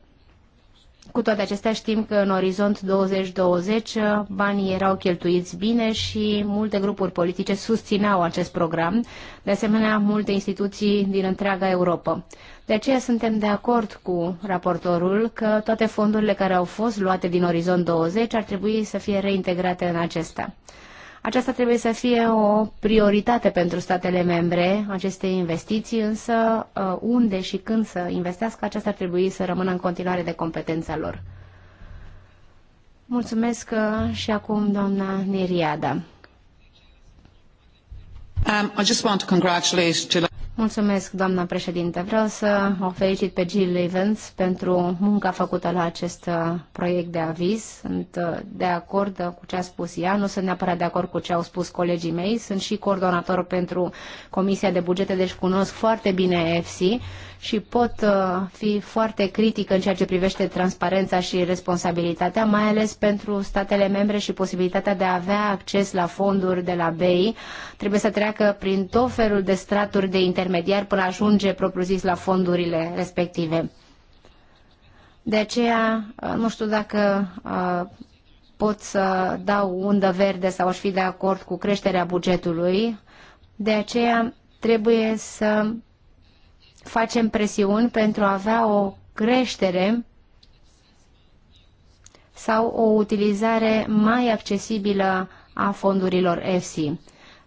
cu toate acestea știm că în orizont 2020 uh, banii erau cheltuiți bine și multe grupuri politice susțineau acest program, de asemenea multe instituții din întreaga Europa. De aceea suntem de acord cu raportorul că toate fondurile care au fost luate din orizont 20 ar trebui să fie reintegrate în acesta. Aceasta trebuie să fie o prioritate pentru statele membre, aceste investiții, însă uh, unde și când să investească, aceasta ar trebui să rămână în continuare de competența lor. Mulțumesc uh, și acum doamna Neriada. Um, I just want to congratulate Mulțumesc, doamna președinte. Vreau să o felicit pe Jill Evans pentru munca făcută la acest uh, proiect de aviz. Sunt uh, de acord uh, cu ce a spus ea, nu sunt neapărat de acord cu ce au spus colegii mei. Sunt și coordonator pentru Comisia de Bugete, deci cunosc foarte bine EFSI și pot uh, fi foarte critică în ceea ce privește transparența și responsabilitatea, mai ales pentru statele membre și posibilitatea de a avea acces la fonduri de la BEI. Trebuie să treacă prin tot felul de straturi de intermediar până ajunge propriu-zis la fondurile respective. De aceea, uh, nu știu dacă uh, pot să dau undă verde sau aș fi de acord cu creșterea bugetului. De aceea, trebuie să facem presiuni pentru a avea o creștere sau o utilizare mai accesibilă a fondurilor EFSI.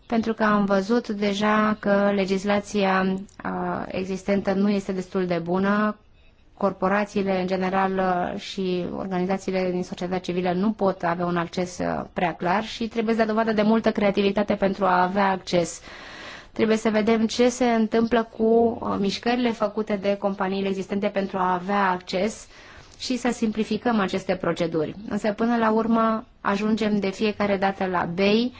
Pentru că am văzut deja că legislația existentă nu este destul de bună, corporațiile în general și organizațiile din societatea civilă nu pot avea un acces prea clar și trebuie să dovadă de multă creativitate pentru a avea acces uh, Trebuie să vedem ce se întâmplă cu uh, mișcările făcute de companiile existente pentru a avea acces și să simplificăm aceste proceduri. Însă până la urmă ajungem de fiecare dată la BEI,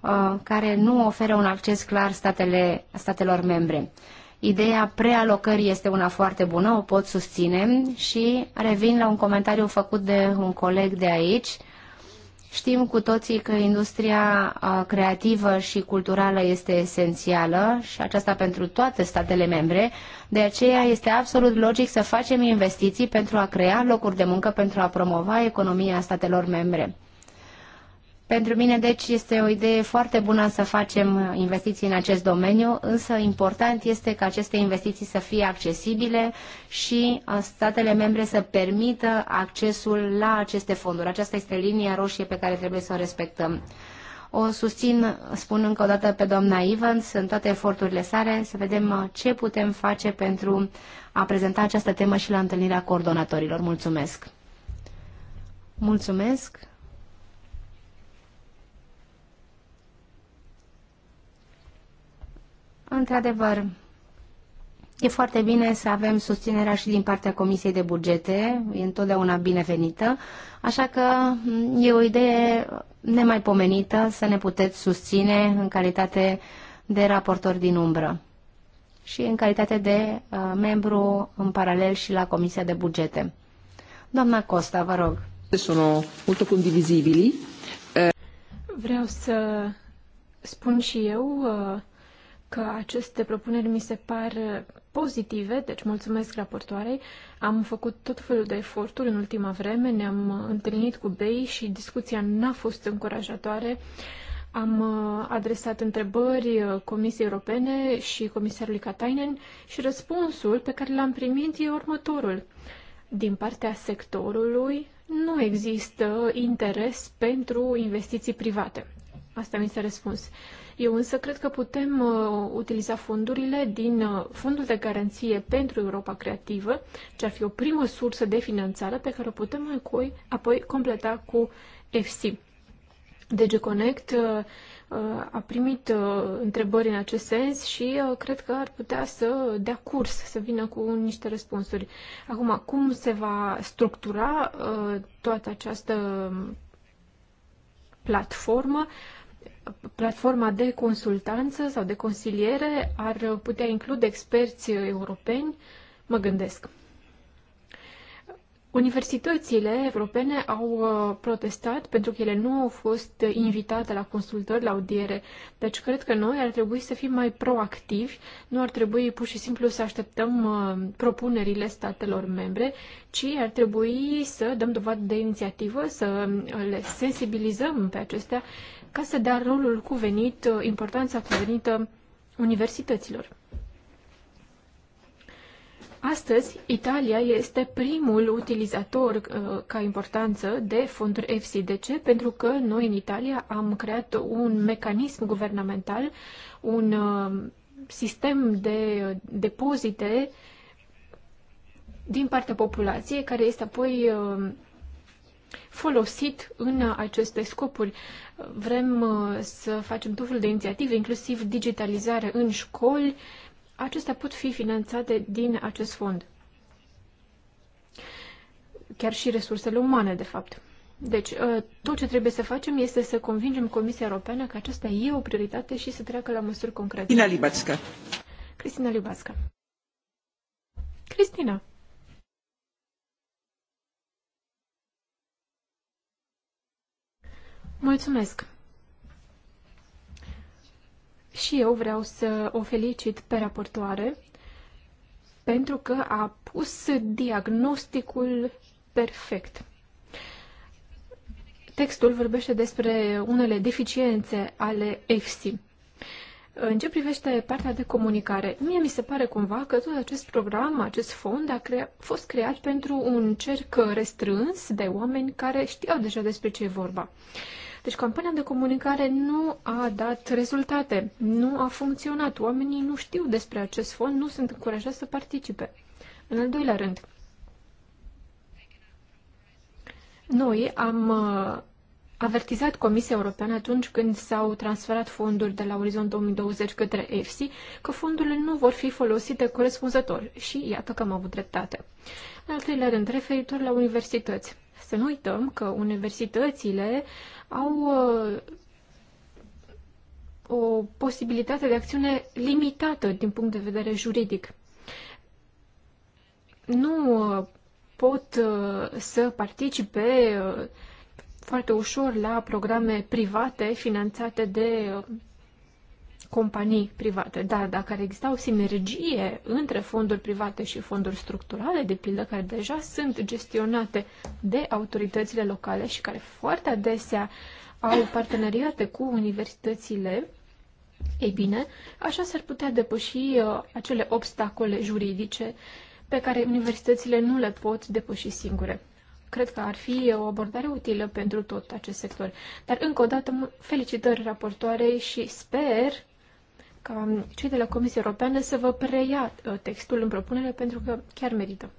uh, care nu oferă un acces clar statele, statelor membre. Ideea prealocării este una foarte bună, o pot susține și revin la un comentariu făcut de un coleg de aici, Știm cu toții că industria creativă și culturală este esențială și aceasta pentru toate statele membre. De aceea este absolut logic să facem investiții pentru a crea locuri de muncă, pentru a promova economia statelor membre. Pentru mine, deci, este o idee foarte bună să facem uh, investiții în acest domeniu, însă important este ca aceste investiții să fie accesibile și uh, statele membre să permită accesul la aceste fonduri. Aceasta este linia roșie pe care trebuie să o respectăm. O susțin, spun încă o dată, pe doamna Evans în toate eforturile sale, să vedem uh, ce putem face pentru a prezenta această temă și la întâlnirea coordonatorilor. Mulțumesc! Mulțumesc! Într-adevăr, e foarte bine să avem susținerea și din partea Comisiei de Bugete, e întotdeauna binevenită, așa că e o idee nemaipomenită să ne puteți susține în calitate de raportor din umbră și în calitate de uh, membru în paralel și la Comisia de Bugete. Doamna Costa, vă rog. Sunt mult condivizibili. Vreau să spun și eu uh, că aceste propuneri mi se par pozitive, deci mulțumesc raportoarei. Am făcut tot felul de eforturi în ultima vreme, ne-am întâlnit cu BEI și discuția n-a fost încurajatoare. Am uh, adresat întrebări uh, Comisiei Europene și Comisarului Katainen și răspunsul pe care l-am primit e următorul. Din partea sectorului nu există interes pentru investiții private. Asta mi s-a răspuns. Eu însă cred că putem uh, utiliza fondurile din uh, fondul de garanție pentru Europa Creativă, ce ar fi o primă sursă de finanțare pe care o putem apoi, apoi completa cu FC. DG deci, Connect uh, a primit întrebări în acest sens și cred că ar putea să dea curs, să vină cu niște răspunsuri. Acum, cum se va structura toată această platformă? platforma de consultanță sau de consiliere ar putea include experți europeni, mă gândesc. Universitățile europene au uh, protestat pentru că ele nu au fost invitate la consultări, la audiere. Deci cred că noi ar trebui să fim mai proactivi, nu ar trebui pur și simplu să așteptăm uh, propunerile statelor membre, ci ar trebui să dăm dovadă de inițiativă, să le sensibilizăm pe acestea ca să dea rolul cuvenit, uh, importanța cuvenită universităților. Astăzi, Italia este primul utilizator uh, ca importanță de fonduri EFSI. De ce? Pentru că noi în Italia am creat un mecanism guvernamental, un uh, sistem de depozite din partea populației, care este apoi folosit în aceste scopuri. Vrem uh, să facem tot felul de inițiative, inclusiv digitalizare în școli. Acestea pot fi finanțate din acest fond. Chiar și resursele umane, de fapt. Deci, uh, tot ce trebuie să facem este să convingem Comisia Europeană că aceasta e o prioritate și să treacă la măsuri concrete. Cristina Libasca. Cristina Libațca. Cristina. Mulțumesc! Și eu vreau să o felicit pe raportoare pentru că a pus diagnosticul perfect. Textul vorbește despre unele deficiențe ale EFSI. În ce privește partea de comunicare, mie mi se pare cumva că tot acest program, acest fond a crea- fost creat pentru un cerc restrâns de oameni care știau deja despre ce e vorba. Uh, deci campania de comunicare nu a dat rezultate, nu a funcționat. Oamenii nu știu despre acest fond, nu sunt încurajați să participe. În al doilea rând, noi am uh, avertizat Comisia Europeană atunci când s-au transferat fonduri de la Orizont 2020 către EFSI că fondurile nu vor fi folosite corespunzător și iată că am avut dreptate. În al treilea rând, referitor la universități. Să nu uităm că universitățile au uh, o posibilitate de acțiune limitată din punct de vedere juridic. Nu uh, pot uh, să participe foarte ușor la programe private finanțate de companii private, dar dacă ar exista o sinergie între fonduri private și fonduri structurale, de pildă, care deja sunt gestionate de autoritățile locale și care foarte adesea au parteneriate cu universitățile, ei bine, așa s-ar putea depăși uh, acele obstacole juridice pe care universitățile nu le pot depăși singure cred că ar fi o abordare utilă pentru tot acest sector. Dar, încă o dată, felicitări raportoarei și sper ca cei de la Comisia Europeană să vă preia uh, textul în propunere pentru că chiar merită.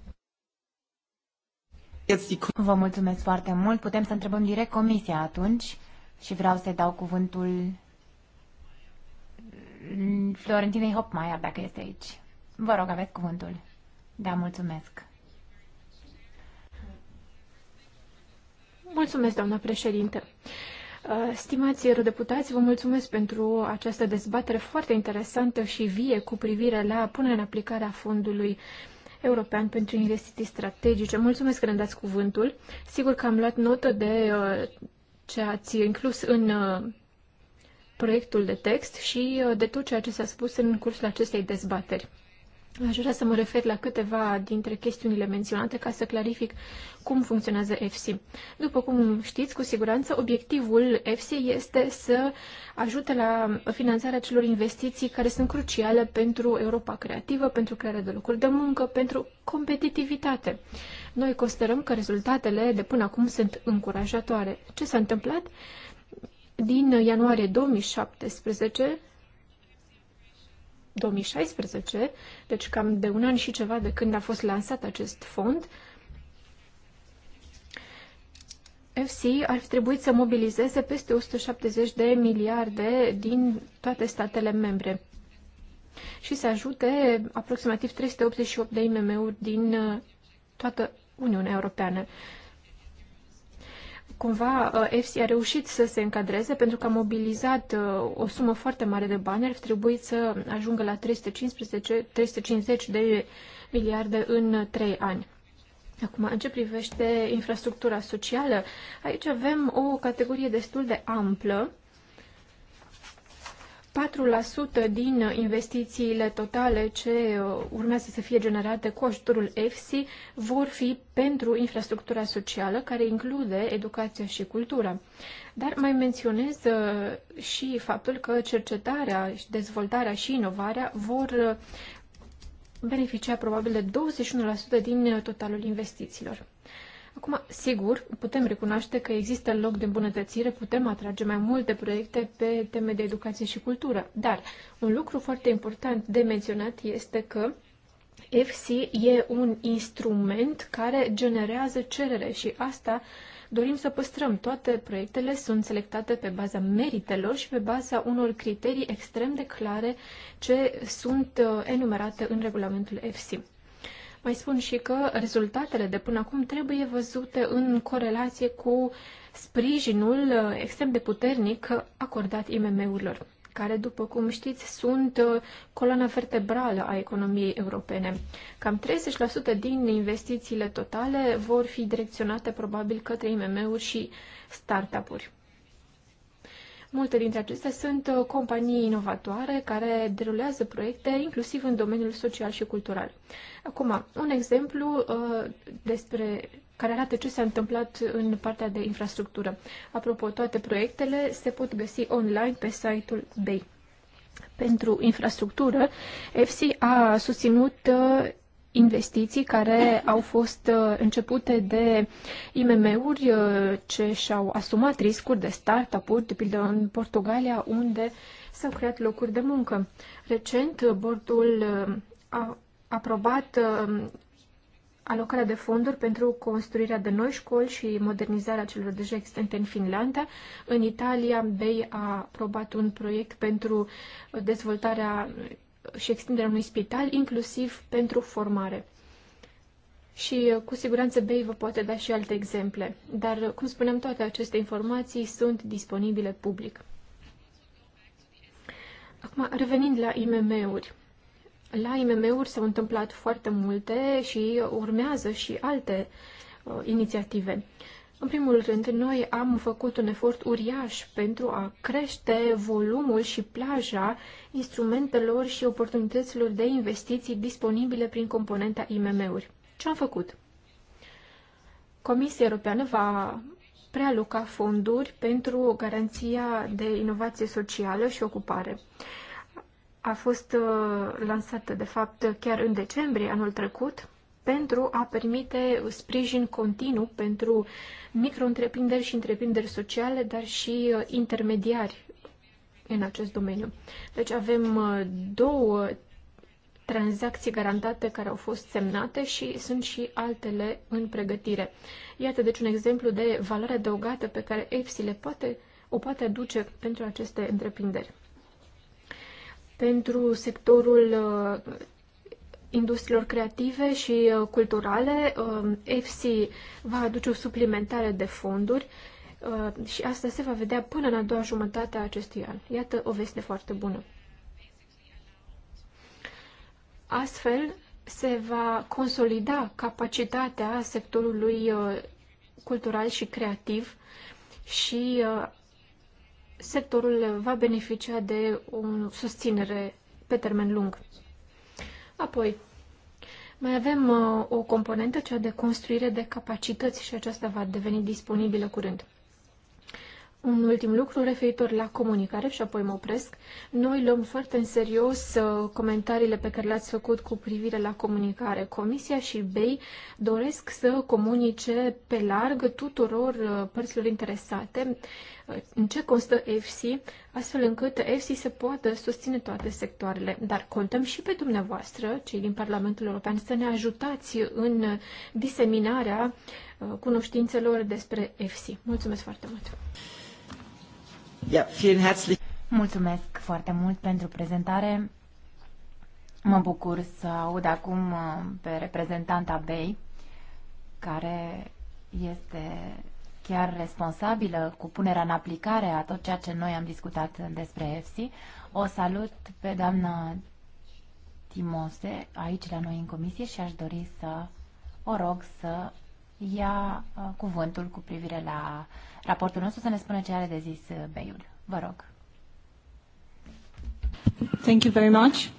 Vă mulțumesc foarte mult. Putem să întrebăm direct Comisia atunci și vreau să dau cuvântul Florentinei Hopmaier, dacă este aici. Vă rog, aveți cuvântul. Da, mulțumesc. Mulțumesc, doamna președinte. Uh, stimați eurodeputați, vă mulțumesc pentru această dezbatere foarte interesantă și vie cu privire la punerea în aplicare a fondului european pentru investiții strategice. Mulțumesc că ne dați cuvântul. Sigur că am luat notă de uh, ce ați inclus în uh, proiectul de text și de tot ceea ce s-a spus în cursul acestei dezbateri. Aș vrea să mă refer la câteva dintre chestiunile menționate ca să clarific cum funcționează EFSI. După cum știți, cu siguranță, obiectivul EFSI este să ajute la finanțarea celor investiții care sunt cruciale pentru Europa creativă, pentru crearea de locuri de muncă, pentru competitivitate. Noi considerăm că rezultatele de până acum sunt încurajatoare. Ce s-a întâmplat? Din ianuarie 2017, 2016, deci cam de un an și ceva de când a fost lansat acest fond, FC ar fi trebuit să mobilizeze peste 170 de miliarde din toate statele membre și să ajute aproximativ 388 de IMM-uri din uh, toată Uniunea Europeană cumva EFSI uh, a reușit să se încadreze pentru că a mobilizat uh, o sumă foarte mare de bani, ar fi trebuit să ajungă la 315, 350 de miliarde în 3 ani. Acum, în ce privește infrastructura socială, aici avem o categorie destul de amplă 4% din investițiile totale ce uh, urmează să fie generate cu ajutorul EFSI vor fi pentru infrastructura socială, care include educația și cultura. Dar mai menționez uh, și faptul că cercetarea, dezvoltarea și inovarea vor uh, beneficia probabil de 21% din totalul investițiilor. Acum, sigur, putem recunoaște că există loc de îmbunătățire, putem atrage mai multe proiecte pe teme de educație și cultură, dar un lucru foarte important de menționat este că FC e un instrument care generează cerere și asta dorim să păstrăm. Toate proiectele sunt selectate pe baza meritelor și pe baza unor criterii extrem de clare ce sunt uh, enumerate în regulamentul FC. Mai spun și că rezultatele de până acum trebuie văzute în corelație cu sprijinul uh, extrem de puternic acordat IMM-urilor, care, după cum știți, sunt uh, coloana vertebrală a economiei europene. Cam 30% din investițiile totale vor fi direcționate probabil către IMM-uri și startup-uri. Multe dintre acestea sunt uh, companii inovatoare care derulează proiecte inclusiv în domeniul social și cultural. Acum, un exemplu uh, despre care arată ce s-a întâmplat în partea de infrastructură. Apropo, toate proiectele se pot găsi online pe site-ul BEI. Pentru infrastructură, EFSI a susținut uh, investiții care au fost uh, începute de IMM-uri uh, ce și-au asumat riscuri de up uri de pildă în Portugalia, unde s-au creat locuri de muncă. Recent, uh, bordul a aprobat alocarea de fonduri pentru construirea de noi școli și modernizarea celor deja existente în Finlanda. În Italia, BEI a aprobat un proiect pentru dezvoltarea și extinderea unui spital, inclusiv pentru formare. Și uh, cu siguranță Bei vă poate da și alte exemple, dar, uh, cum spuneam, toate aceste informații sunt disponibile public. Acum, revenind la IMM-uri. La IMM-uri s-au întâmplat foarte multe și urmează și alte uh, inițiative. Uh, în primul rând, noi am făcut un efort uriaș pentru a crește volumul și plaja instrumentelor și oportunităților de investiții disponibile prin componenta IMM-uri. Ce am făcut? Comisia Europeană va prealuca fonduri pentru garanția de inovație socială și ocupare. A fost uh, lansată, de fapt, chiar în decembrie anul trecut pentru a permite sprijin continuu pentru micro-întreprinderi și întreprinderi sociale, dar și uh, intermediari în acest domeniu. Deci avem uh, două tranzacții garantate care au fost semnate și sunt și altele în pregătire. Iată deci un exemplu de valoare adăugată pe care EFSI le poate, o poate aduce pentru aceste întreprinderi. Pentru sectorul uh, industriilor creative și uh, culturale. Um, FC va aduce o suplimentare de fonduri uh, și asta se va vedea până în a doua jumătate a acestui an. Iată o veste foarte bună. Astfel, se va consolida capacitatea sectorului uh, cultural și creativ și sectorul va beneficia de o susținere pe termen lung. Apoi, mai avem uh, o componentă, cea de construire de capacități și aceasta va deveni disponibilă curând. Un ultim lucru referitor la comunicare și apoi mă opresc. Noi luăm foarte în serios uh, comentariile pe care le-ați făcut cu privire la comunicare. Comisia și BEI doresc să comunice pe larg tuturor uh, părților interesate în ce constă EFSI, astfel încât EFSI să poată susține toate sectoarele. Dar contăm și pe dumneavoastră, cei din Parlamentul European, să ne ajutați în diseminarea uh, cunoștințelor despre EFSI. Mulțumesc foarte mult! Mulțumesc foarte mult pentru prezentare. Mă bucur să aud acum uh, pe reprezentanta BEI, care este chiar responsabilă cu punerea în aplicare a tot ceea ce noi am discutat despre EFSI. O salut pe doamna Timose aici la noi în comisie și aș dori să o rog să ia uh, cuvântul cu privire la raportul nostru, să ne spună ce are de zis uh, Beiul. Vă rog. Thank you very much.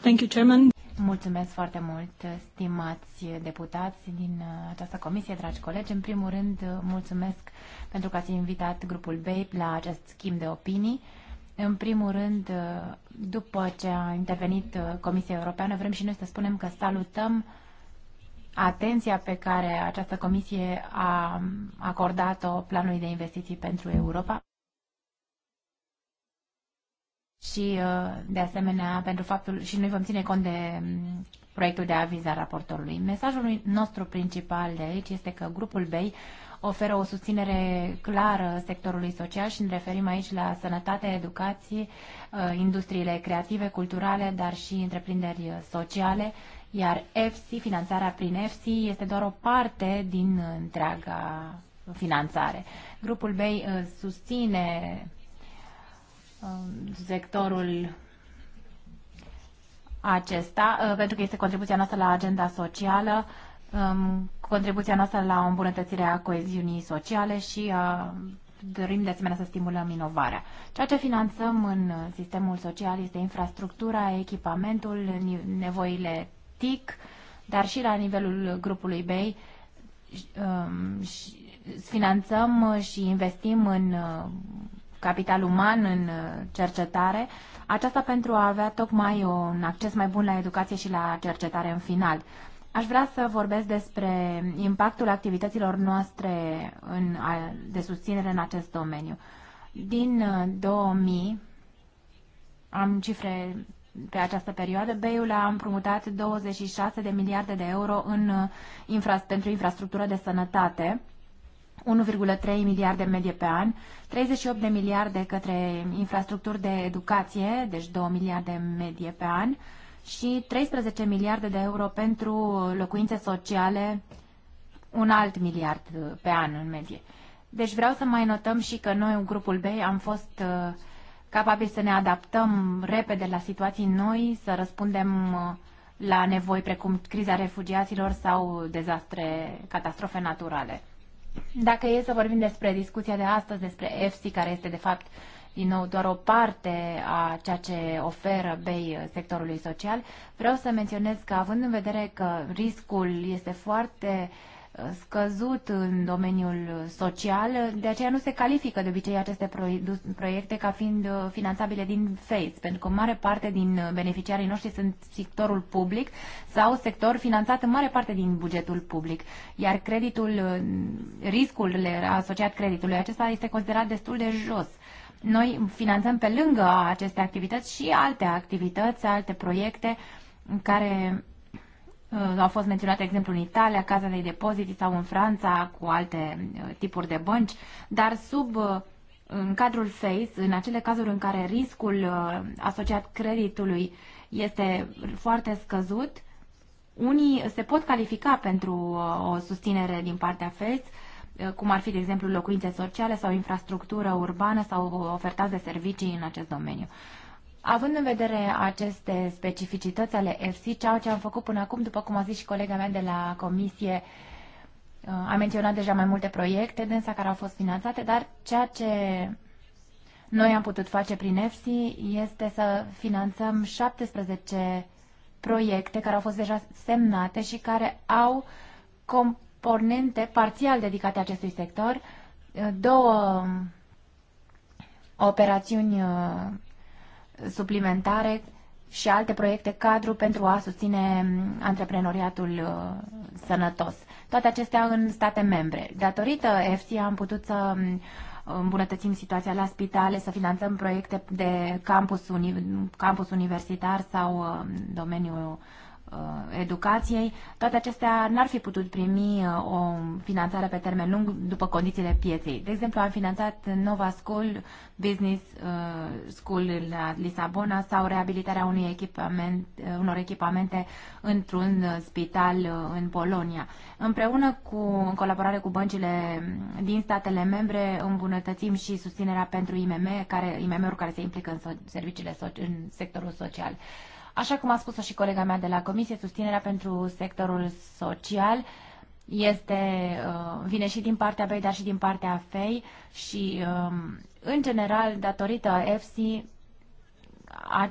Thank you, Chairman. Mulțumesc foarte mult, stimați deputați din uh, această comisie, dragi colegi. În primul rând, uh, mulțumesc pentru că ați invitat grupul BAPE la acest schimb de opinii. În primul rând, uh, după ce a intervenit Comisia Europeană, vrem și noi să spunem că salutăm atenția pe care această comisie a acordat-o planului de investiții pentru Europa și, uh, de asemenea, pentru faptul și noi vom ține cont de mm, proiectul de aviz al raportorului. Mesajul nostru principal de aici este că grupul BEI oferă o susținere clară sectorului social și ne referim aici la sănătate, educație, uh, industriile creative, culturale, dar și întreprinderi sociale, iar EFSI, finanțarea prin EFSI, este doar o parte din întreaga finanțare. Grupul BEI uh, susține Um, sectorul acesta, uh, pentru că este contribuția noastră la agenda socială, um, contribuția noastră la îmbunătățirea coeziunii sociale și uh, dorim de asemenea să stimulăm inovarea. Ceea ce finanțăm în sistemul social este infrastructura, echipamentul, nevoile TIC, dar și la nivelul grupului BEI um, finanțăm și investim în uh, capital uman în uh, cercetare, aceasta pentru a avea tocmai un acces mai bun la educație și la cercetare în final. Aș vrea să vorbesc despre impactul activităților noastre în, de susținere în acest domeniu. Din 2000, uh, am cifre pe această perioadă, BEIUL a împrumutat 26 de miliarde de euro în, uh, infra, pentru infrastructură de sănătate 1,3 miliarde medie pe an, 38 de miliarde către infrastructuri de educație, deci 2 miliarde medie pe an, și 13 miliarde de euro pentru locuințe sociale, un alt miliard pe an în medie. Deci vreau să mai notăm și că noi, în grupul B, am fost uh, capabili să ne adaptăm repede la situații noi, să răspundem uh, la nevoi precum criza refugiaților sau dezastre, catastrofe naturale. Dacă e să vorbim despre discuția de astăzi, despre EFSI, care este de fapt din nou doar o parte a ceea ce oferă BEI sectorului social, vreau să menționez că având în vedere că riscul este foarte uh, scăzut în domeniul social, de aceea nu se califică de obicei aceste proiecte ca fiind uh, finanțabile din FACE, pentru că o mare parte din uh, beneficiarii noștri sunt sectorul public sau sector finanțat în mare parte din bugetul public, iar creditul, uh, riscul asociat creditului acesta este considerat destul de jos noi finanțăm pe lângă aceste activități și alte activități, alte proiecte care Uh, au fost menționate exemplu în Italia, Casa de depozit sau în Franța cu alte uh, tipuri de bănci, dar sub uh, în cadrul FACE, în acele cazuri în care riscul asociat creditului este foarte scăzut, unii se pot califica pentru o susținere din partea FACE, cum ar fi, de exemplu, locuințe sociale sau infrastructură urbană sau ofertați de servicii în acest domeniu. Având în vedere aceste specificități ale FC, ceea ce am făcut până acum, după cum a zis și colega mea de la comisie, uh, a menționat deja mai multe proiecte, dânsa care au fost finanțate, dar ceea ce noi am putut face prin EFSI este să finanțăm 17 proiecte care au fost deja semnate și care au componente parțial dedicate acestui sector, uh, două operațiuni uh, suplimentare și alte proiecte cadru pentru a susține mm, antreprenoriatul uh, sănătos. Toate acestea în state membre. Datorită EFSI am putut să mm, îmbunătățim situația la spitale, să finanțăm proiecte de campus, uni, campus universitar sau uh, domeniul Uh, educației, toate acestea n-ar fi putut primi uh, o finanțare pe termen lung după condițiile pieței. De exemplu, am finanțat Nova School, Business uh, School la Lisabona sau reabilitarea unui echipament, unor echipamente într-un spital în Polonia. Împreună cu, în colaborare cu băncile din statele membre, îmbunătățim și susținerea pentru IMM, care, IMM-uri care se implică în, so- serviciile în sectorul social. Așa cum a spus-o și colega mea de la Comisie, susținerea pentru sectorul social este, uh, vine și din partea BEI, dar și din partea FEI și, um, în general, datorită EFSI,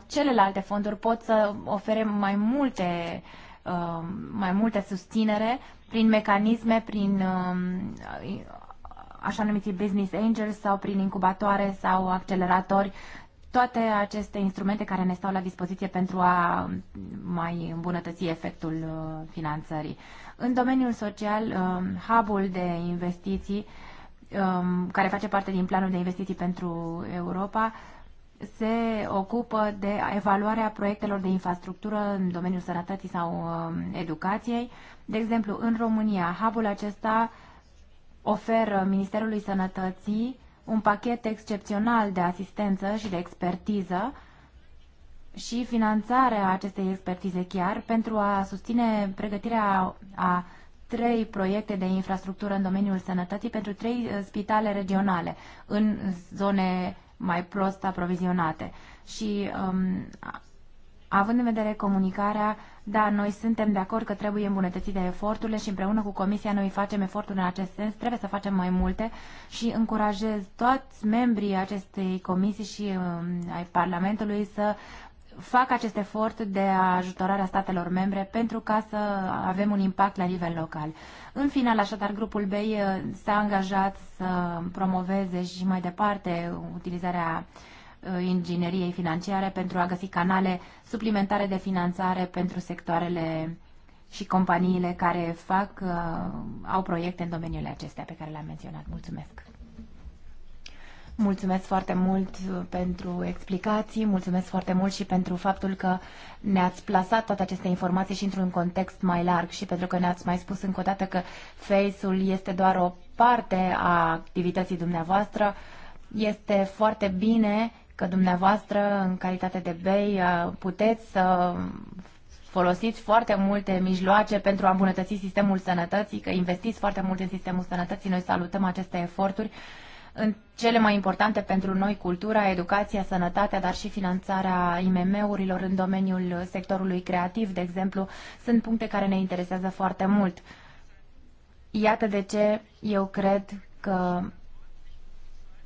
celelalte fonduri pot să ofere mai multe, um, mai multe susținere prin mecanisme, prin um, așa numiții business angels sau prin incubatoare sau acceleratori toate aceste instrumente care ne stau la dispoziție pentru a mai îmbunătăți efectul uh, finanțării. În domeniul social, um, hub-ul de investiții, um, care face parte din planul de investiții pentru Europa, se ocupă de evaluarea proiectelor de infrastructură în domeniul sănătății sau um, educației. De exemplu, în România, hub-ul acesta oferă Ministerului Sănătății un pachet excepțional de asistență și de expertiză și finanțarea acestei expertize chiar pentru a susține pregătirea a trei proiecte de infrastructură în domeniul sănătății pentru trei uh, spitale regionale în zone mai prost aprovizionate. Și um, Având în vedere comunicarea, da, noi suntem de acord că trebuie îmbunătățite eforturile și împreună cu Comisia noi facem eforturi în acest sens, trebuie să facem mai multe și încurajez toți membrii acestei comisii și uh, ai Parlamentului să fac acest efort de ajutorarea statelor membre pentru ca să avem un impact la nivel local. În final, așadar, grupul BEI uh, s-a angajat să promoveze și mai departe utilizarea uh, Uh, ingineriei financiare pentru a găsi canale suplimentare de finanțare pentru sectoarele și companiile care fac, uh, au proiecte în domeniul acestea pe care le-am menționat. Mulțumesc! Mulțumesc foarte mult uh, pentru explicații, mulțumesc foarte mult și pentru faptul că ne-ați plasat toate aceste informații și într-un context mai larg și pentru că ne-ați mai spus încă o dată că Face-ul este doar o parte a activității dumneavoastră. Este foarte bine că dumneavoastră, în calitate de bei, uh, puteți să folosiți foarte multe mijloace pentru a îmbunătăți sistemul sănătății, că investiți foarte mult în sistemul sănătății. Noi salutăm aceste eforturi. În cele mai importante pentru noi, cultura, educația, sănătatea, dar și finanțarea IMM-urilor în domeniul sectorului creativ, de exemplu, sunt puncte care ne interesează foarte mult. Iată de ce eu cred că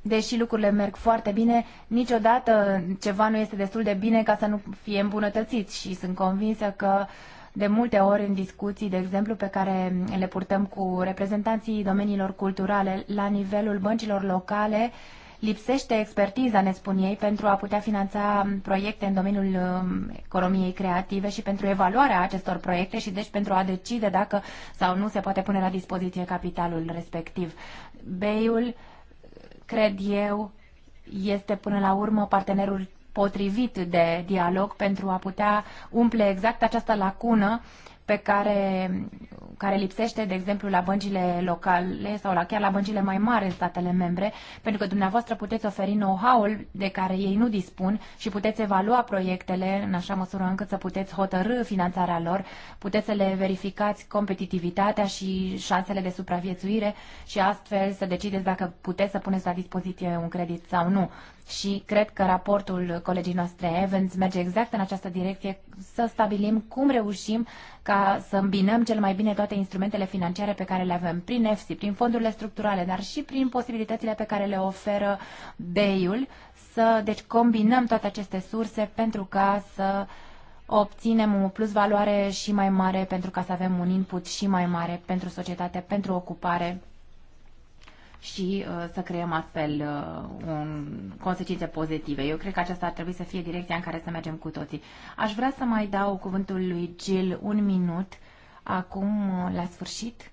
deși lucrurile merg foarte bine, niciodată ceva nu este destul de bine ca să nu fie îmbunătățit și sunt convinsă că de multe ori în discuții, de exemplu, pe care le purtăm cu reprezentanții domeniilor culturale la nivelul băncilor locale, lipsește expertiza, ne spun ei, pentru a putea finanța proiecte în domeniul um, economiei creative și pentru evaluarea acestor proiecte și deci pentru a decide dacă sau nu se poate pune la dispoziție capitalul respectiv. Beiul cred eu, este până la urmă partenerul potrivit de dialog pentru a putea umple exact această lacună pe care, care lipsește, de exemplu, la băncile locale sau la, chiar la băncile mai mari în statele membre, pentru că dumneavoastră puteți oferi know-how-ul de care ei nu dispun și puteți evalua proiectele în așa măsură încât să puteți hotărâ finanțarea lor, puteți să le verificați competitivitatea și șansele de supraviețuire și astfel să decideți dacă puteți să puneți la dispoziție un credit sau nu și cred că raportul colegii noastre Evans merge exact în această direcție să stabilim cum reușim ca să îmbinăm cel mai bine toate instrumentele financiare pe care le avem prin EFSI, prin fondurile structurale, dar și prin posibilitățile pe care le oferă BEI-ul, să deci combinăm toate aceste surse pentru ca să obținem o plus valoare și mai mare pentru ca să avem un input și mai mare pentru societate, pentru ocupare și uh, să creăm astfel uh, un, consecințe pozitive. Eu cred că aceasta ar trebui să fie direcția în care să mergem cu toții. Aș vrea să mai dau cuvântul lui Gil un minut acum uh, la sfârșit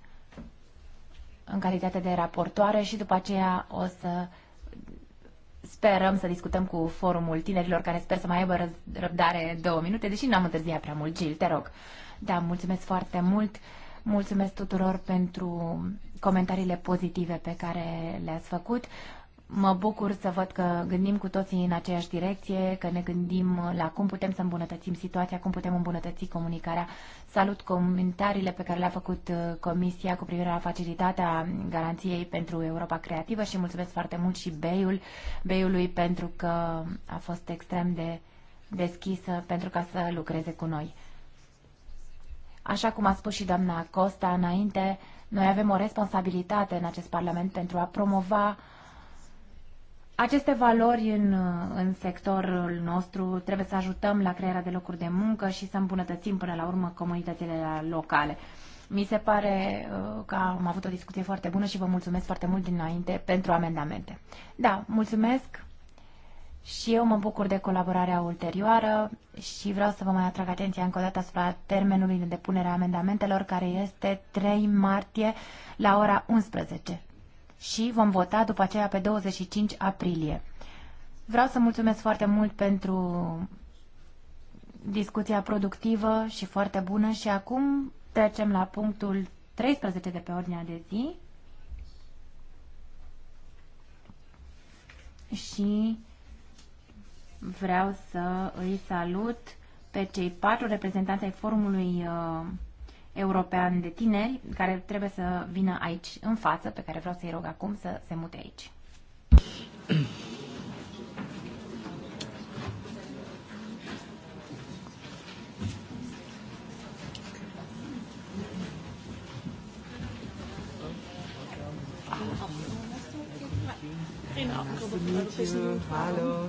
în calitate de raportoare și după aceea o să sperăm să discutăm cu forumul tinerilor care sper să mai aibă răbdare două minute, deși n-am întârziat prea mult. Gil, te rog. Da, mulțumesc foarte mult. Mulțumesc tuturor pentru comentariile pozitive pe care le-ați făcut. Mă bucur să văd că gândim cu toții în aceeași direcție, că ne gândim la cum putem să îmbunătățim situația, cum putem îmbunătăți comunicarea. Salut comentariile pe care le-a făcut uh, Comisia cu privire la facilitatea garanției pentru Europa Creativă și mulțumesc foarte mult și Beiul, Beiului pentru că a fost extrem de deschisă pentru ca să lucreze cu noi. Așa cum a spus și doamna Costa înainte, noi avem o responsabilitate în acest Parlament pentru a promova aceste valori în, în sectorul nostru. Trebuie să ajutăm la crearea de locuri de muncă și să îmbunătățim până la urmă comunitățile locale. Mi se pare uh, că am avut o discuție foarte bună și vă mulțumesc foarte mult dinainte pentru amendamente. Da, mulțumesc! și eu mă bucur de colaborarea ulterioară și vreau să vă mai atrag atenția încă o dată asupra termenului de depunere a amendamentelor, care este 3 martie la ora 11. Și vom vota după aceea pe 25 aprilie. Vreau să mulțumesc foarte mult pentru discuția productivă și foarte bună și acum trecem la punctul 13 de pe ordinea de zi. Și vreau să îi salut pe cei patru reprezentanți ai Forumului uh, European de Tineri, care trebuie să vină aici în față, pe care vreau să-i rog acum să se mute aici. Hallo.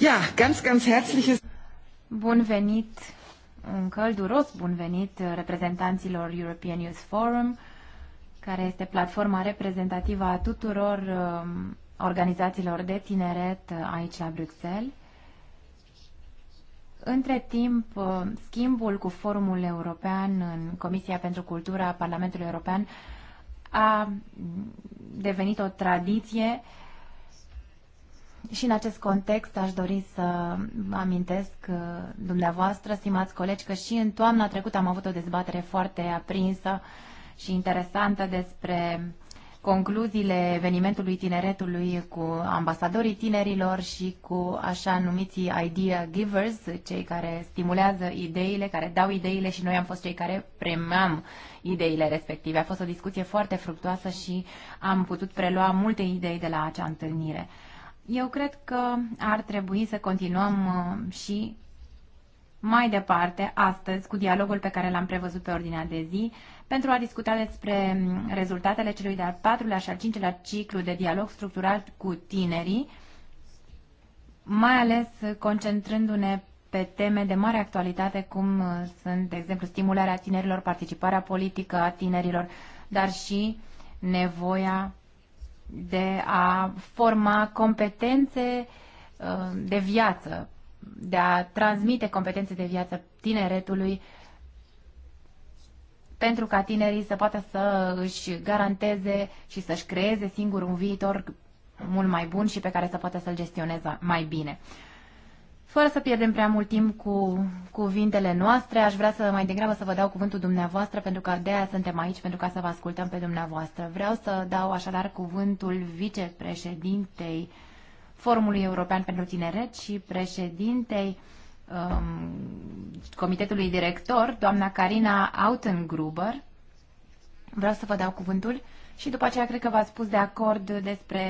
Ja, ganz, ganz herzliches Bun venit un călduros bun venit reprezentanților European Youth Forum, care este platforma reprezentativă a tuturor um, organizațiilor de tineret aici la Bruxelles. Între timp, uh, schimbul cu Forumul European în Comisia pentru Cultura a Parlamentului European a devenit o tradiție uh, și în acest context aș dori să amintesc uh, dumneavoastră, stimați colegi, că și în toamna trecută am avut o dezbatere foarte aprinsă și interesantă despre concluziile evenimentului tineretului cu ambasadorii tinerilor și cu așa numiții idea givers, cei care stimulează ideile, care dau ideile și noi am fost cei care premiam ideile respective. A fost o discuție foarte fructuoasă și am putut prelua multe idei de la acea întâlnire. Eu cred că ar trebui să continuăm uh, și mai departe astăzi cu dialogul pe care l-am prevăzut pe ordinea de zi pentru a discuta despre um, rezultatele celui de-al patrulea și al cincilea ciclu de dialog structurat cu tinerii, mai ales concentrându-ne pe teme de mare actualitate, cum uh, sunt, de exemplu, stimularea tinerilor, participarea politică a tinerilor, dar și nevoia de a forma competențe uh, de viață, de a transmite competențe de viață tineretului pentru ca tinerii să poată să își garanteze și să-și creeze singur un viitor mult mai bun și pe care să poată să-l gestioneze mai bine. Fără să pierdem prea mult timp cu cuvintele noastre, aș vrea să mai degrabă să vă dau cuvântul dumneavoastră, pentru că de aia suntem aici, pentru ca să vă ascultăm pe dumneavoastră. Vreau să dau așadar cuvântul vicepreședintei Forumului European pentru Tineret și președintei um, Comitetului Director, doamna Carina Autengruber. Vreau să vă dau cuvântul și după aceea cred că v-ați pus de acord despre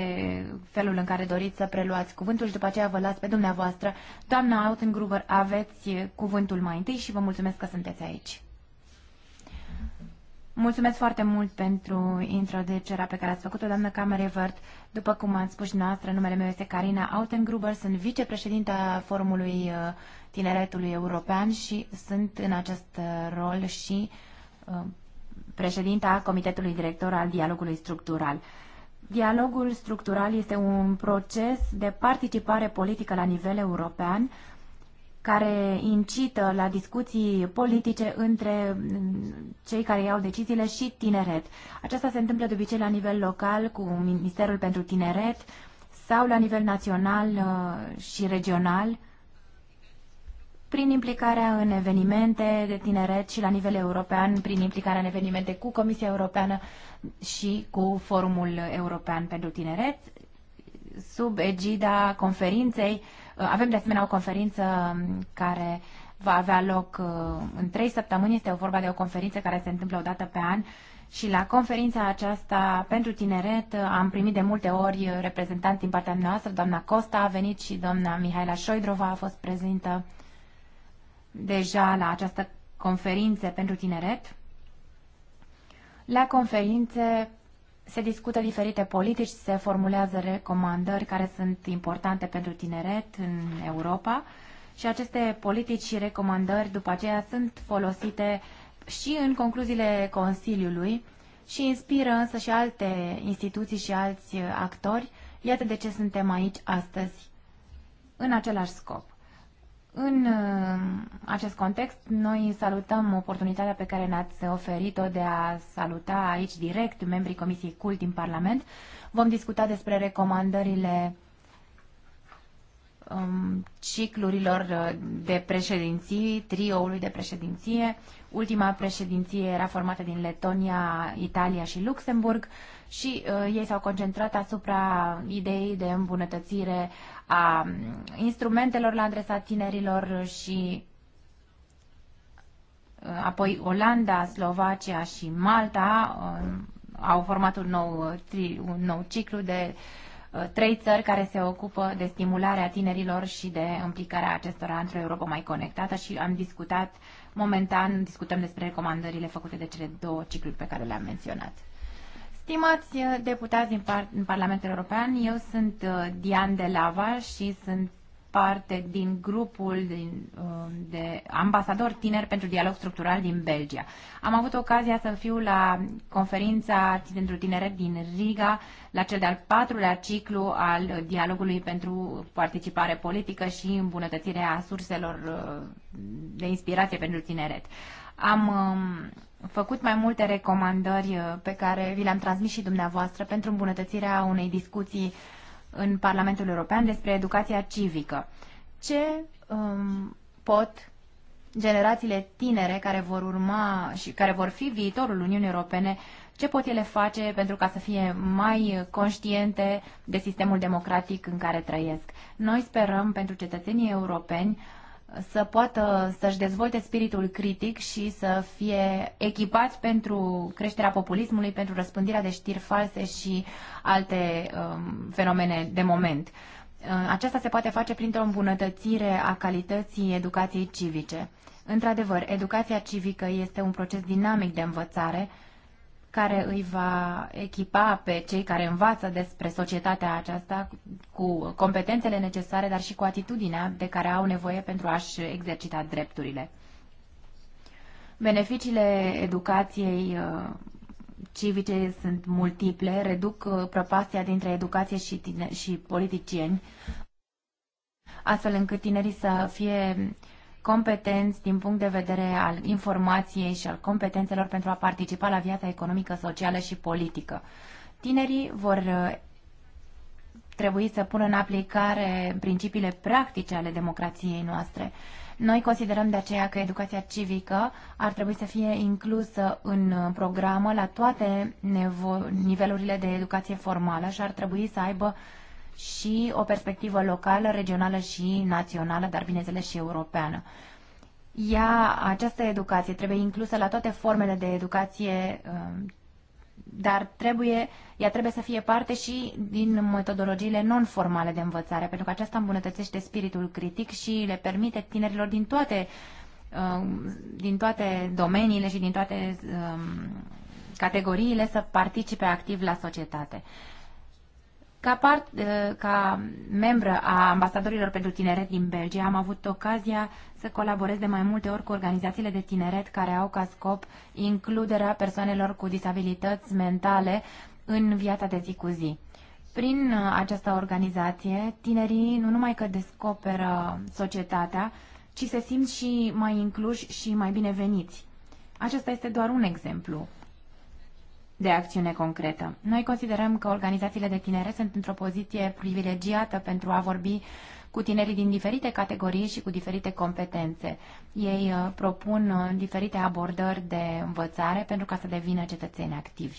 felul în care doriți să preluați cuvântul și după aceea vă las pe dumneavoastră. Doamna Autengruber, aveți cuvântul mai întâi și vă mulțumesc că sunteți aici. Mulțumesc foarte mult pentru introducerea pe care ați făcut-o, doamnă Camerevert. După cum ați spus noastră, numele meu este Carina Autengruber, sunt vicepreședinta Forumului uh, Tineretului European și sunt în acest uh, rol și uh, președinta Comitetului Director al Dialogului Structural. Dialogul structural este un proces de participare politică la nivel european care incită la discuții politice între cei care iau deciziile și tineret. Aceasta se întâmplă de obicei la nivel local cu Ministerul pentru Tineret sau la nivel național uh, și regional prin implicarea în evenimente de tineret și la nivel european, prin implicarea în evenimente cu Comisia Europeană și cu Forumul European pentru Tineret, sub egida conferinței. Uh, avem de asemenea o conferință um, care va avea loc uh, în trei săptămâni. Este vorba de o conferință care se întâmplă o dată pe an și la conferința aceasta pentru tineret uh, am primit de multe ori reprezentanți din partea noastră. Doamna Costa a venit și doamna Mihaela Șoidrova a fost prezentă deja la această conferință pentru tineret. La conferințe se discută diferite politici, se formulează recomandări care sunt importante pentru tineret în Europa și aceste politici și recomandări după aceea sunt folosite și în concluziile Consiliului și inspiră însă și alte instituții și alți actori. Iată de ce suntem aici astăzi în același scop. În uh, acest context, noi salutăm oportunitatea pe care ne-ați oferit-o de a saluta aici direct membrii Comisiei Cult din Parlament. Vom discuta despre recomandările um, ciclurilor uh, de președinții, trioului de președinție. Ultima președinție era formată din Letonia, Italia și Luxemburg și uh, ei s-au concentrat asupra ideii de îmbunătățire a um, instrumentelor la adresa tinerilor și uh, apoi Olanda, Slovacia și Malta uh, au format un nou, uh, tri, un nou ciclu de uh, Uh, trei țări care se ocupă de stimularea tinerilor și de implicarea acestora într-o Europa mai conectată și am discutat momentan, discutăm despre recomandările făcute de cele două cicluri pe care le-am menționat. Stimați uh, deputați din par- în Parlamentul European, eu sunt uh, Dian de Lava și sunt parte din grupul din, um, de ambasador tineri pentru dialog structural din Belgia. Am avut ocazia să fiu la conferința pentru tineret din Riga, la cel de-al patrulea ciclu al dialogului pentru participare politică și îmbunătățirea surselor uh, de inspirație pentru tineret. Am um, făcut mai multe recomandări uh, pe care vi le-am transmis și dumneavoastră pentru îmbunătățirea unei discuții uh, în Parlamentul European despre educația civică. Ce um, pot generațiile tinere care vor urma și care vor fi viitorul Uniunii Europene, ce pot ele face pentru ca să fie mai conștiente de sistemul democratic în care trăiesc. Noi sperăm pentru cetățenii europeni să poată să-și dezvolte spiritul critic și să fie echipați pentru creșterea populismului, pentru răspândirea de știri false și alte um, fenomene de moment. Uh, aceasta se poate face printr-o îmbunătățire a calității educației civice. Într-adevăr, educația civică este un proces dinamic de învățare care îi va echipa pe cei care învață despre societatea aceasta cu competențele necesare, dar și cu atitudinea de care au nevoie pentru a-și exercita drepturile. Beneficiile educației uh, civice sunt multiple, reduc uh, prăpastia dintre educație și, tine- și politicieni, astfel încât tinerii să fie competenți din punct de vedere al informației și al competențelor pentru a participa la viața economică, socială și politică. Tinerii vor uh, trebui să pună în aplicare principiile practice ale democrației noastre. Noi considerăm de aceea că educația civică ar trebui să fie inclusă în programă la toate nivelurile de educație formală și ar trebui să aibă și o perspectivă locală, regională și națională, dar bineînțeles și europeană. Ea, această educație trebuie inclusă la toate formele de educație, um, dar trebuie, ea trebuie să fie parte și din metodologiile non-formale de învățare, pentru că aceasta îmbunătățește spiritul critic și le permite tinerilor din toate, um, din toate domeniile și din toate um, categoriile să participe activ la societate. Ca, part, ca membră a ambasadorilor pentru tineret din Belgia, am avut ocazia să colaborez de mai multe ori cu organizațiile de tineret care au ca scop includerea persoanelor cu disabilități mentale în viața de zi cu zi. Prin uh, această organizație, tinerii nu numai că descoperă societatea, ci se simt și mai incluși și mai bineveniți. Acesta este doar un exemplu de acțiune concretă. Noi considerăm că organizațiile de tinere sunt într-o poziție privilegiată pentru a vorbi cu tinerii din diferite categorii și cu diferite competențe. Ei uh, propun uh, diferite abordări de învățare pentru ca să devină cetățeni activi.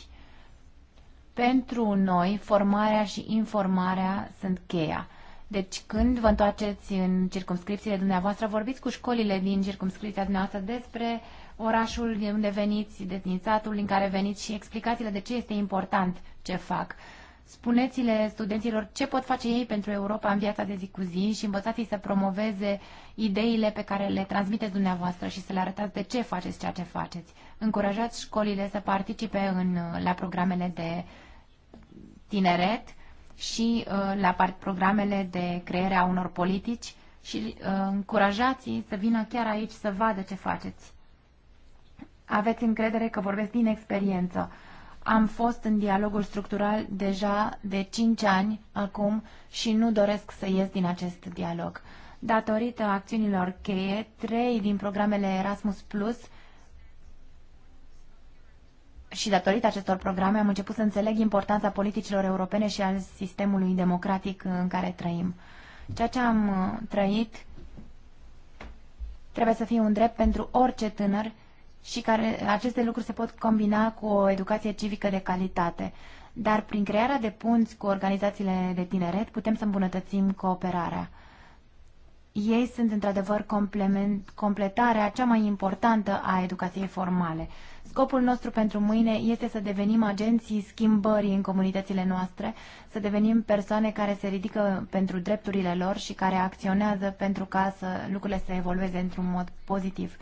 Pentru noi, formarea și informarea sunt cheia. Deci când vă întoarceți în circumscripțiile dumneavoastră, vorbiți cu școlile din circumscripția dumneavoastră despre uh, orașul de unde veniți, de din satul din care veniți și explicați-le de ce este important ce fac. Spuneți-le studenților ce pot face ei pentru Europa în viața de zi cu zi și învățați-i să promoveze ideile pe care le transmiteți dumneavoastră și să le arătați de ce faceți ceea ce faceți. Încurajați școlile să participe în, la programele de tineret și uh, la programele de creare a unor politici și uh, încurajați să vină chiar aici să vadă ce faceți aveți încredere că vorbesc din experiență. Am fost în dialogul structural deja de 5 ani acum și nu doresc să ies din acest dialog. Datorită acțiunilor cheie, trei din programele Erasmus Plus și datorită acestor programe am început să înțeleg importanța politicilor europene și al sistemului democratic în care trăim. Ceea ce am uh, trăit trebuie să fie un drept pentru orice tânăr și care aceste lucruri se pot combina cu o educație civică de calitate. Dar prin crearea de punți cu organizațiile de tineret putem să îmbunătățim cooperarea. Ei sunt într-adevăr completarea cea mai importantă a educației formale. Scopul nostru pentru mâine este să devenim agenții schimbării în comunitățile noastre, să devenim persoane care se ridică pentru drepturile lor și care acționează pentru ca să lucrurile să evolueze într-un mod pozitiv.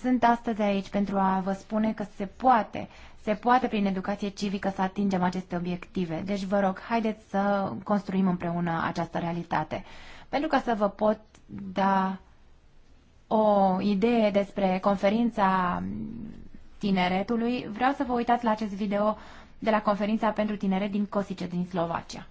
Sunt astăzi aici pentru a vă spune că se poate, se poate prin educație civică să atingem aceste obiective. Deci vă rog, haideți să construim împreună această realitate. Pentru ca să vă pot da o idee despre conferința tineretului, vreau să vă uitați la acest video de la conferința pentru tineret din Cosice, din Slovacia.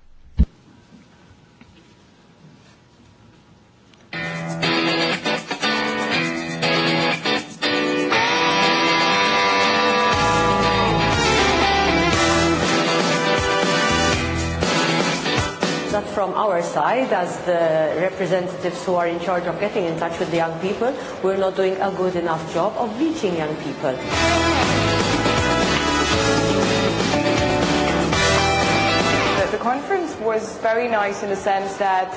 from our side, as the representatives who are in charge of getting in touch with the young people, we're not doing a good enough job of reaching young people. The conference was very nice in the sense that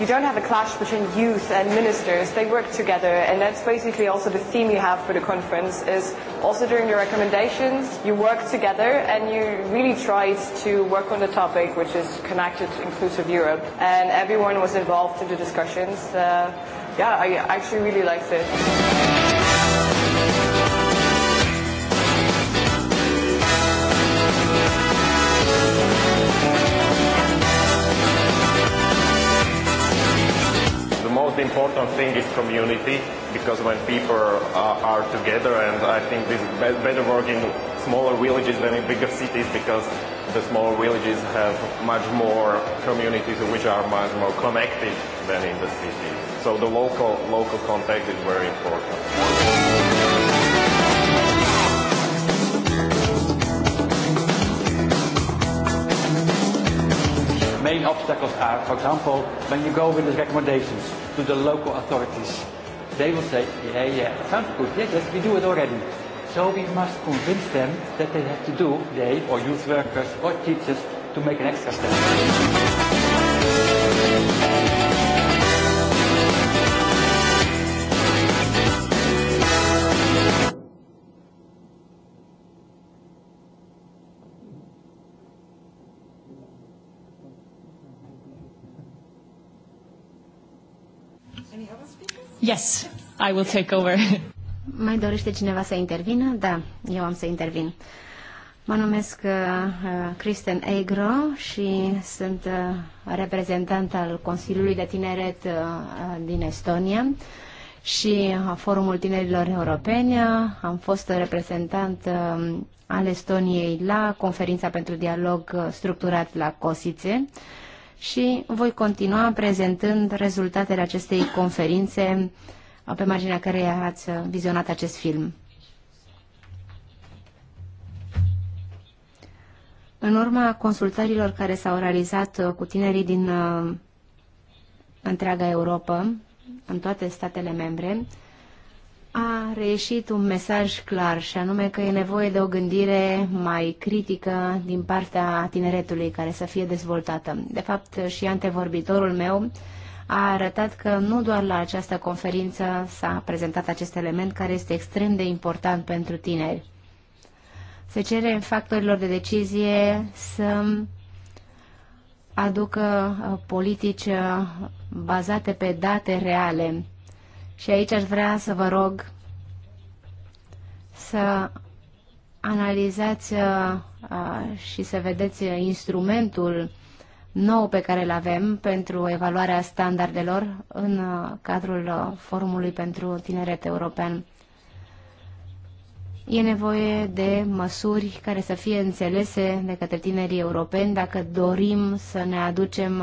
you don't have a clash between youth and ministers. They work together, and that's basically also the theme you have for the conference. Is also during the recommendations, you work together and you really tried to work on the topic, which is connected, inclusive Europe, and everyone was involved in the discussions. Uh, yeah, I actually really liked it. the important thing is community, because when people are, are together, and I think this is better work in smaller villages than in bigger cities, because the smaller villages have much more communities which are much more connected than in the city. So the local, local contact is very important. main obstacles are, for example, when you go with the recommendations, to the local authorities. They will say, yeah, yeah, sounds good, yes, yes, we do it already. So we must convince them that they have to do, they or youth workers or teachers, to make an extra step. Yes, I will take over. Mai dorește cineva să intervină? Da, eu am să intervin. Mă numesc uh, uh, Kristen Egro și sunt uh, reprezentant al Consiliului de Tineret din Estonia și a Forumul Tinerilor Europeni. Am fost reprezentant al Estoniei la conferința pentru dialog structurat la Cosițe și voi continua prezentând rezultatele acestei conferințe pe marginea care ați vizionat acest film. În urma consultărilor care s-au realizat cu tinerii din uh, întreaga Europa, în toate statele membre, a reieșit un mesaj clar și anume că e nevoie de o gândire mai critică din partea tineretului care să fie dezvoltată. De fapt, și antevorbitorul meu a arătat că nu doar la această conferință s-a prezentat acest element care este extrem de important pentru tineri. Se cere factorilor de decizie să aducă uh, politici uh, bazate pe date reale și aici aș vrea să vă rog să analizați uh, și să vedeți uh, instrumentul nou pe care îl avem pentru evaluarea standardelor în uh, cadrul Forumului pentru Tineret European. E nevoie de măsuri care să fie înțelese de către tinerii europeni dacă dorim să ne aducem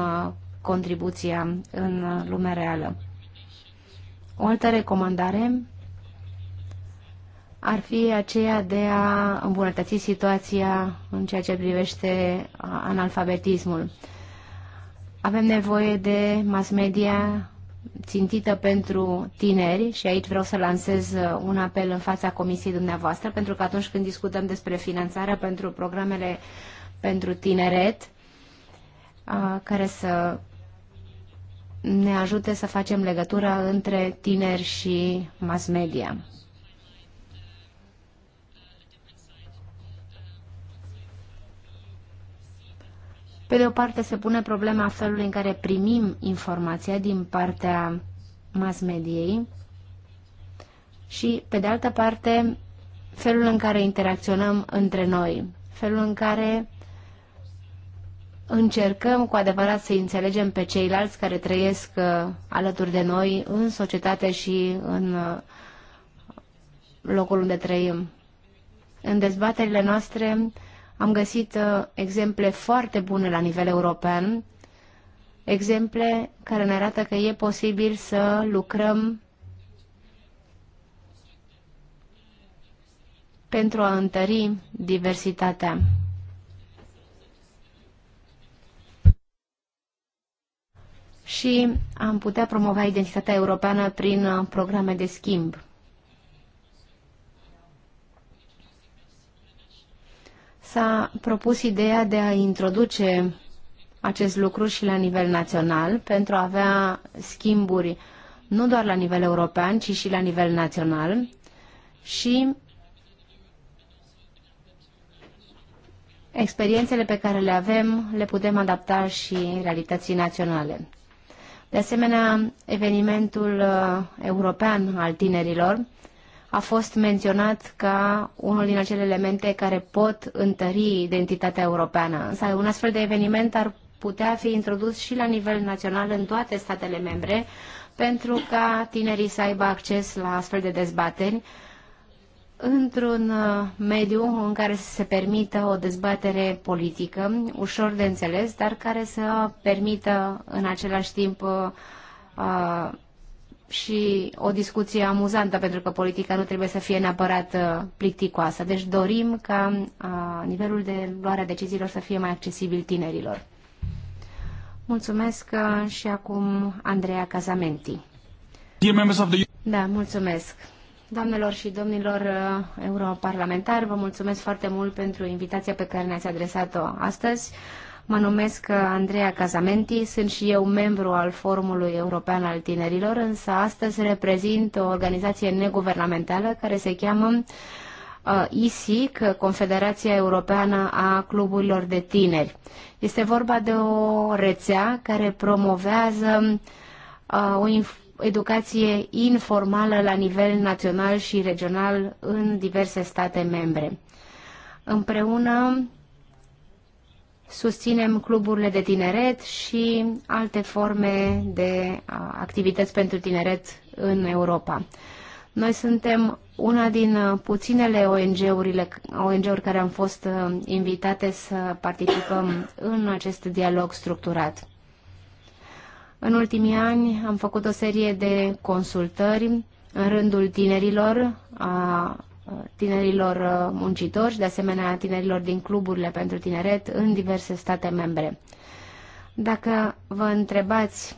contribuția în lumea reală. O altă recomandare ar fi aceea de a îmbunătăți situația în ceea ce privește analfabetismul. Avem nevoie de mass media țintită pentru tineri și aici vreau să lansez un apel în fața comisiei dumneavoastră, pentru că atunci când discutăm despre finanțarea pentru programele pentru tineret, care să ne ajute să facem legătura între tineri și mass media. Pe de o parte se pune problema felului în care primim informația din partea mass mediei și, pe de altă parte, felul în care interacționăm între noi, felul în care încercăm cu adevărat să înțelegem pe ceilalți care trăiesc uh, alături de noi în societate și în uh, locul unde trăim. În dezbaterile noastre am găsit uh, exemple foarte bune la nivel european, exemple care ne arată că e posibil să lucrăm pentru a întări diversitatea. și am putea promova identitatea europeană prin uh, programe de schimb. S-a propus ideea de a introduce acest lucru și la nivel național pentru a avea schimburi nu doar la nivel european, ci și la nivel național și experiențele pe care le avem le putem adapta și realității naționale. De asemenea, evenimentul uh, european al tinerilor a fost menționat ca unul din acele elemente care pot întări identitatea europeană. Însă un astfel de eveniment ar putea fi introdus și la nivel național în toate statele membre pentru ca tinerii să aibă acces la astfel de dezbateri într-un uh, mediu în care să se permită o dezbatere politică, ușor de înțeles, dar care să permită în același timp uh, uh și o discuție amuzantă, pentru că politica nu trebuie să fie neapărat uh, plicticoasă. Deci dorim ca uh, nivelul de luare a deciziilor să fie mai accesibil tinerilor. Mulțumesc și acum Andreea Cazamenti. Da, mulțumesc. Doamnelor și domnilor uh, europarlamentari, vă mulțumesc foarte mult pentru invitația pe care ne-ați adresat-o astăzi. Mă numesc uh, Andreea Casamenti, sunt și eu membru al Forumului European al Tinerilor, însă astăzi reprezint o organizație neguvernamentală care se cheamă uh, ISIC, Confederația Europeană a Cluburilor de Tineri. Este vorba de o rețea care promovează o, educație informală la nivel național și regional în diverse state membre. Împreună susținem cluburile de tineret și alte forme de activități pentru tineret în Europa. Noi suntem una din puținele ONG-urile, ONG-uri care am fost invitate să participăm în acest dialog structurat. În ultimii ani am făcut o serie de consultări în rândul tinerilor, a tinerilor uh, muncitori, de asemenea tinerilor din cluburile pentru tineret în diverse state membre. Dacă vă întrebați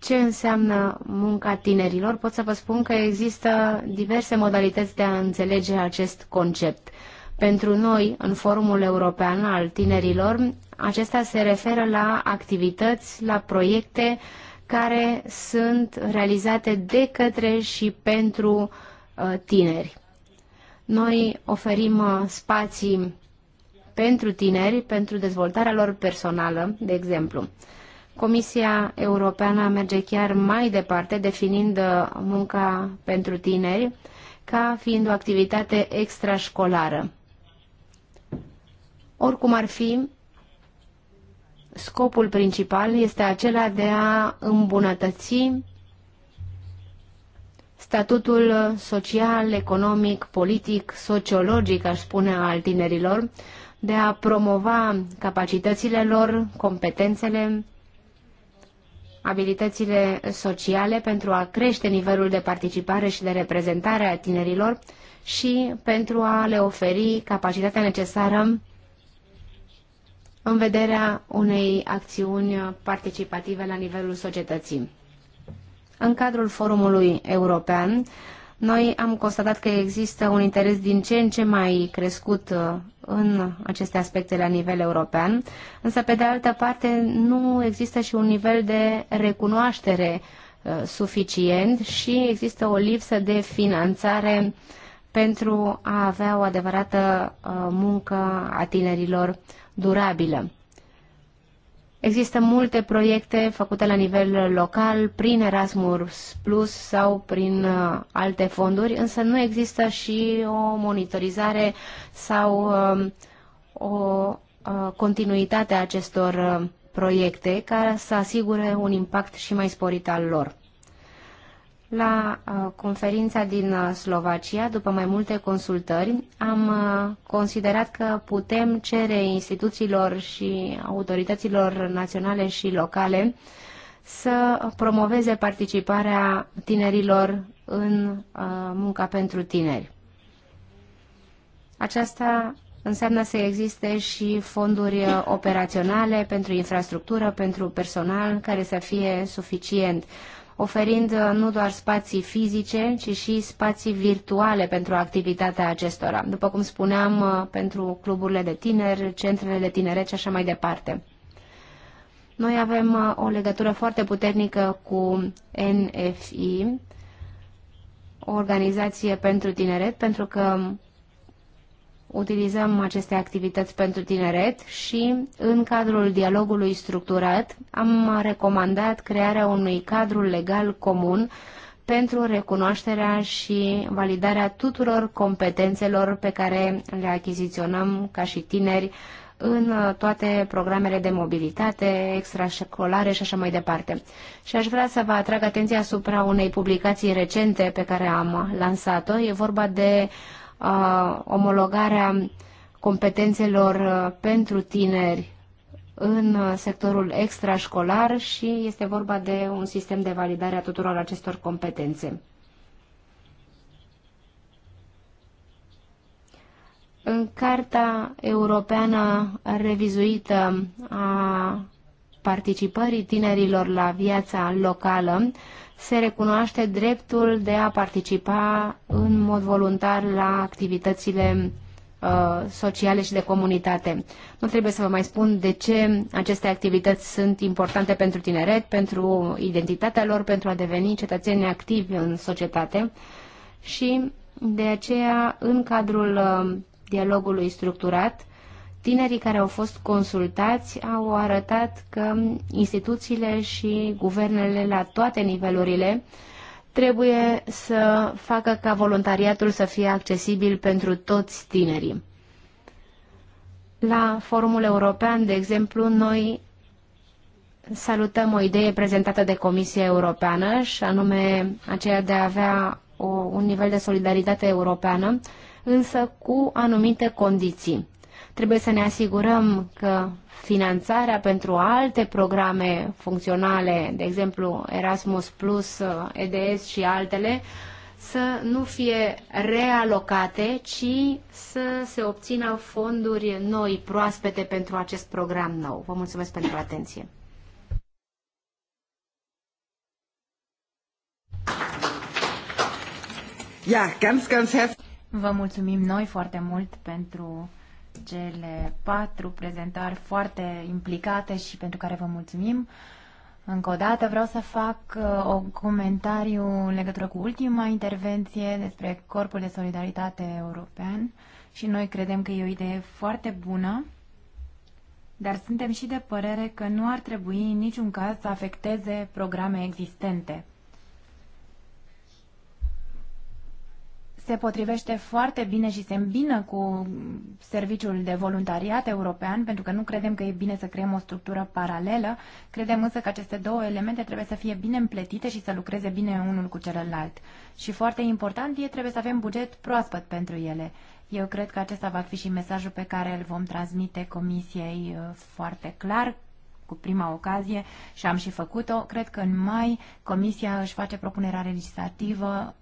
ce înseamnă munca tinerilor, pot să vă spun că există diverse modalități de a înțelege acest concept. Pentru noi, în Forumul European al Tinerilor, acesta se referă la activități, la proiecte care sunt realizate de către și pentru uh, tineri. Noi oferim uh, spații pentru tineri, pentru dezvoltarea lor personală, de exemplu. Comisia Europeană merge chiar mai departe, definind uh, munca pentru tineri ca fiind o activitate extrașcolară. Oricum ar fi, scopul principal este acela de a îmbunătăți statutul social, economic, politic, sociologic, aș spune, al tinerilor, de a promova capacitățile lor, competențele, abilitățile sociale pentru a crește nivelul de participare și de reprezentare a tinerilor și pentru a le oferi capacitatea necesară în vederea unei acțiuni participative la nivelul societății. În cadrul Forumului European, noi am constatat că există un interes din ce în ce mai crescut uh, în aceste aspecte la nivel european, însă, pe de altă parte, nu există și un nivel de recunoaștere uh, suficient și există o lipsă de finanțare uh, pentru a avea o adevărată uh, muncă a tinerilor durabilă. Există multe proiecte făcute la nivel local prin Erasmus Plus sau prin uh, alte fonduri, însă nu există și o monitorizare sau um, o uh, continuitate a acestor proiecte care să asigure un impact și mai sporit al lor. La uh, conferința din uh, Slovacia, după mai multe consultări, am uh, considerat că putem cere instituțiilor și autorităților naționale și locale să promoveze participarea tinerilor în munca pentru tineri. Aceasta înseamnă să existe și fonduri operaționale pentru infrastructură, pentru personal care să fie suficient oferind uh, nu doar spații fizice, ci și spații virtuale pentru activitatea acestora, după cum spuneam, uh, pentru cluburile de tineri, centrele de tineret și așa mai departe. Noi avem uh, o legătură foarte puternică cu NFI, o organizație pentru tineret, pentru că utilizăm aceste activități pentru tineret și în cadrul dialogului structurat am recomandat crearea unui cadru legal comun pentru recunoașterea și validarea tuturor competențelor pe care le achiziționăm ca și tineri în toate programele de mobilitate, extrașcolare și așa mai departe. Și aș vrea să vă atrag atenția asupra unei publicații recente pe care am lansat-o. E vorba de uh, omologarea competențelor uh, pentru tineri în uh, sectorul extrașcolar și este vorba de un sistem de validare a tuturor acestor competențe. În Carta Europeană revizuită a participării tinerilor la viața locală se recunoaște dreptul de a participa în mod voluntar la activitățile uh, sociale și de comunitate. Nu trebuie să vă mai spun de ce aceste activități sunt importante pentru tineret, pentru identitatea lor, pentru a deveni cetățeni activi în societate și de aceea în cadrul uh, dialogului structurat Tinerii care au fost consultați au arătat că instituțiile și guvernele la toate nivelurile trebuie să facă ca voluntariatul să fie accesibil pentru toți tinerii. La Forumul European, de exemplu, noi salutăm o idee prezentată de Comisia Europeană și anume aceea de a avea o, un nivel de solidaritate europeană, însă cu anumite condiții. Trebuie să ne asigurăm că finanțarea pentru alte programe funcționale, de exemplu Erasmus Plus, EDS și altele, să nu fie realocate, ci să se obțină fonduri noi, proaspete pentru acest program nou. Vă mulțumesc pentru atenție. Ja, ganz, ganz Vă mulțumim noi foarte mult pentru cele patru prezentări foarte implicate și pentru care vă mulțumim. Încă o dată vreau să fac uh, o comentariu în legătură cu ultima intervenție despre Corpul de Solidaritate European și noi credem că e o idee foarte bună, dar suntem și de părere că nu ar trebui în niciun caz să afecteze programe existente. se potrivește foarte bine și se îmbină cu serviciul de voluntariat european, pentru că nu credem că e bine să creăm o structură paralelă. Credem însă că aceste două elemente trebuie să fie bine împletite și să lucreze bine unul cu celălalt. Și foarte important e trebuie să avem buget proaspăt pentru ele. Eu cred că acesta va fi și mesajul pe care îl vom transmite comisiei uh, foarte clar cu prima ocazie și am și făcut-o. Cred că în mai comisia își face propunerea legislativă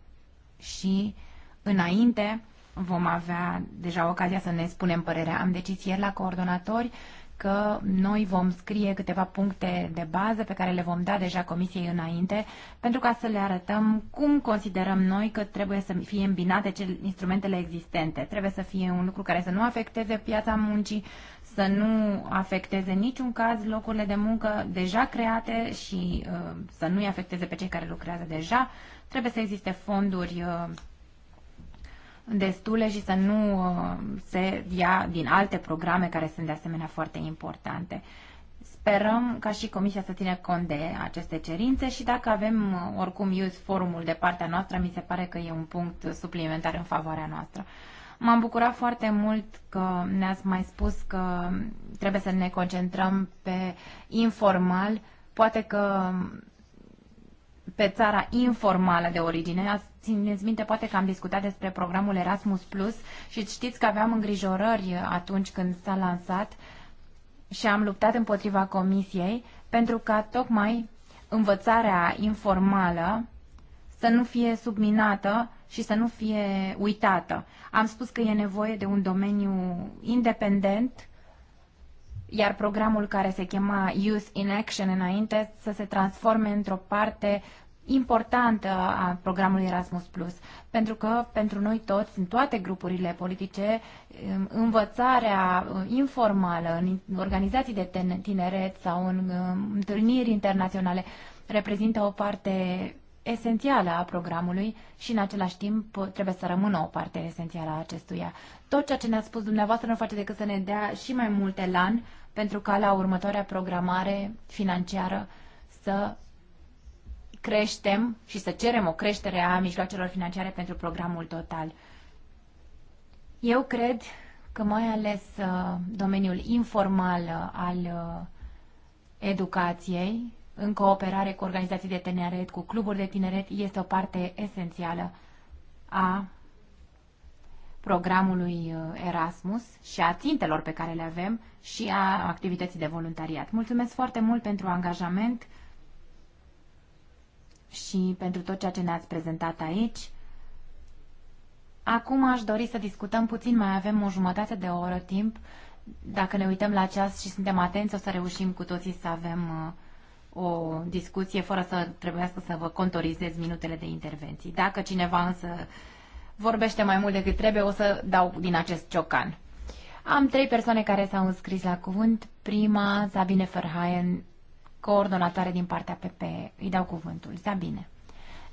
și uh, înainte vom avea deja ocazia să ne spunem părerea. Am decis ieri la coordonatori că noi vom scrie câteva puncte de bază pe care le vom da deja comisiei înainte, pentru ca să le arătăm cum considerăm noi că trebuie să fie îmbinate cel, instrumentele existente. Trebuie să fie un lucru care să nu afecteze piața muncii, să nu afecteze niciun caz locurile de muncă deja create și uh, să nu-i afecteze pe cei care lucrează deja. Trebuie să existe fonduri uh, destule și să nu uh, se ia din alte programe care sunt de asemenea foarte importante. Sperăm ca și Comisia să ține cont de aceste cerințe și dacă avem uh, oricum use forumul de partea noastră, mi se pare că e un punct suplimentar în favoarea noastră. M-am bucurat foarte mult că ne-ați mai spus că trebuie să ne concentrăm pe informal. Poate că pe țara informală de origine. Țineți minte, poate că am discutat despre programul Erasmus Plus și știți că aveam îngrijorări atunci când s-a lansat și am luptat împotriva comisiei pentru ca tocmai învățarea informală să nu fie subminată și să nu fie uitată. Am spus că e nevoie de un domeniu independent iar programul care se chema Youth in Action înainte să se transforme într-o parte importantă a programului Erasmus+, pentru că pentru noi toți, în toate grupurile politice, învățarea uh, informală în organizații de tineret sau în uh, întâlniri internaționale reprezintă o parte esențială a programului și în același timp trebuie să rămână o parte esențială a acestuia. Tot ceea ce ne-a spus dumneavoastră nu face decât să ne dea și mai multe lan pentru ca la următoarea programare financiară să creștem și să cerem o creștere a mijloacelor financiare pentru programul total. Eu cred că mai ales uh, domeniul informal uh, al uh, educației în cooperare cu organizații de tineret, cu cluburi de tineret, este o parte esențială a programului uh, Erasmus și a țintelor pe care le avem și a activității de voluntariat. Mulțumesc foarte mult pentru angajament și pentru tot ceea ce ne-ați prezentat aici. Acum aș dori să discutăm puțin, mai avem o jumătate de oră timp. Dacă ne uităm la ceas și suntem atenți, o să reușim cu toții să avem uh, o discuție fără să trebuiască să vă contorizez minutele de intervenții. Dacă cineva însă vorbește mai mult decât trebuie, o să dau din acest ciocan. Am trei persoane care s-au înscris la cuvânt. Prima, Sabine Ferhaien, coordonatoare din partea PP. Îi dau cuvântul. Sabine.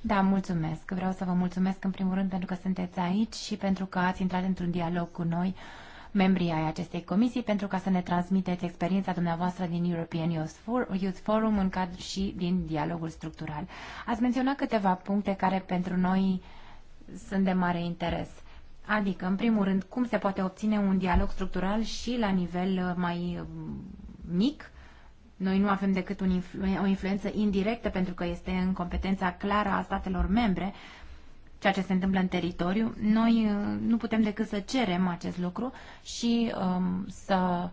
Da, mulțumesc. Vreau să vă mulțumesc în primul rând pentru că sunteți aici și pentru că ați intrat într-un dialog cu noi membrii ai acestei comisii pentru ca să ne transmiteți experiența dumneavoastră din European Youth Forum în cadrul și din dialogul structural. Ați menționat câteva puncte care pentru noi sunt de mare interes. Adică, în primul rând, cum se poate obține un dialog structural și la nivel uh, mai uh, mic, noi nu avem decât un influ- o influență indirectă pentru că este în competența clară a statelor membre, ceea ce se întâmplă în teritoriu, noi uh, nu putem decât să cerem acest lucru și um, să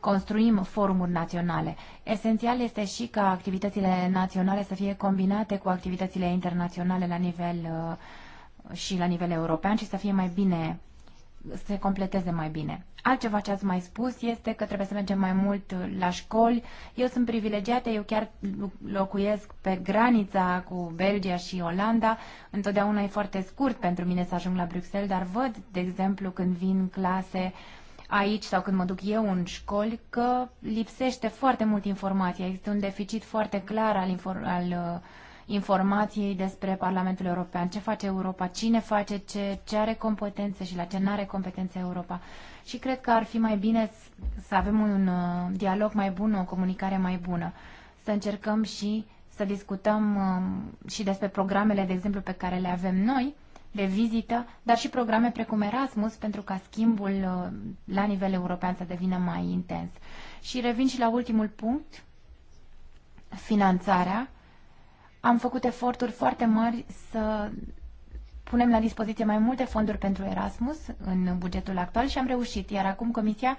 construim forumuri naționale. Esențial este și ca activitățile naționale să fie combinate cu activitățile internaționale la nivel uh, și la nivel european și să fie mai bine, să se completeze mai bine. Altceva ce ați mai spus este că trebuie să mergem mai mult uh, la școli. Eu sunt privilegiată, eu chiar locuiesc pe granița cu Belgia și Olanda. Întotdeauna e foarte scurt pentru mine să ajung la Bruxelles, dar văd, de exemplu, când vin clase aici sau când mă duc eu în școli, că lipsește foarte mult informație. Există un deficit foarte clar al, al uh, informației despre Parlamentul European, ce face Europa, cine face ce, ce are competențe și la ce nu are competențe Europa. Și cred că ar fi mai bine să avem un uh, dialog mai bun, o comunicare mai bună. Să încercăm și să discutăm um, și despre programele, de exemplu, pe care le avem noi de vizită, dar și programe precum Erasmus pentru ca schimbul uh, la nivel european să devină mai intens. Și revin și la ultimul punct, finanțarea. Am făcut eforturi foarte mari să punem la dispoziție mai multe fonduri pentru Erasmus în bugetul actual și am reușit, iar acum Comisia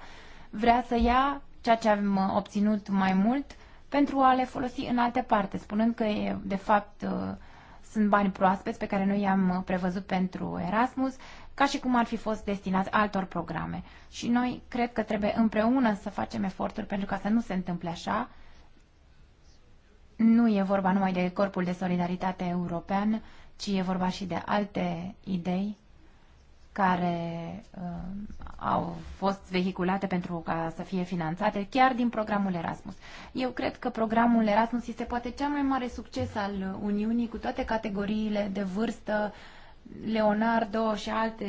vrea să ia ceea ce am obținut mai mult pentru a le folosi în alte parte, spunând că, de fapt, uh, sunt bani proaspeți pe care noi i-am prevăzut pentru Erasmus, ca și cum ar fi fost destinați altor programe. Și noi cred că trebuie împreună să facem eforturi pentru ca să nu se întâmple așa nu e vorba numai de Corpul de Solidaritate European, ci e vorba și de alte idei care uh, au fost vehiculate pentru ca să fie finanțate chiar din programul Erasmus. Eu cred că programul Erasmus este poate cel mai mare succes al Uniunii cu toate categoriile de vârstă, Leonardo și alte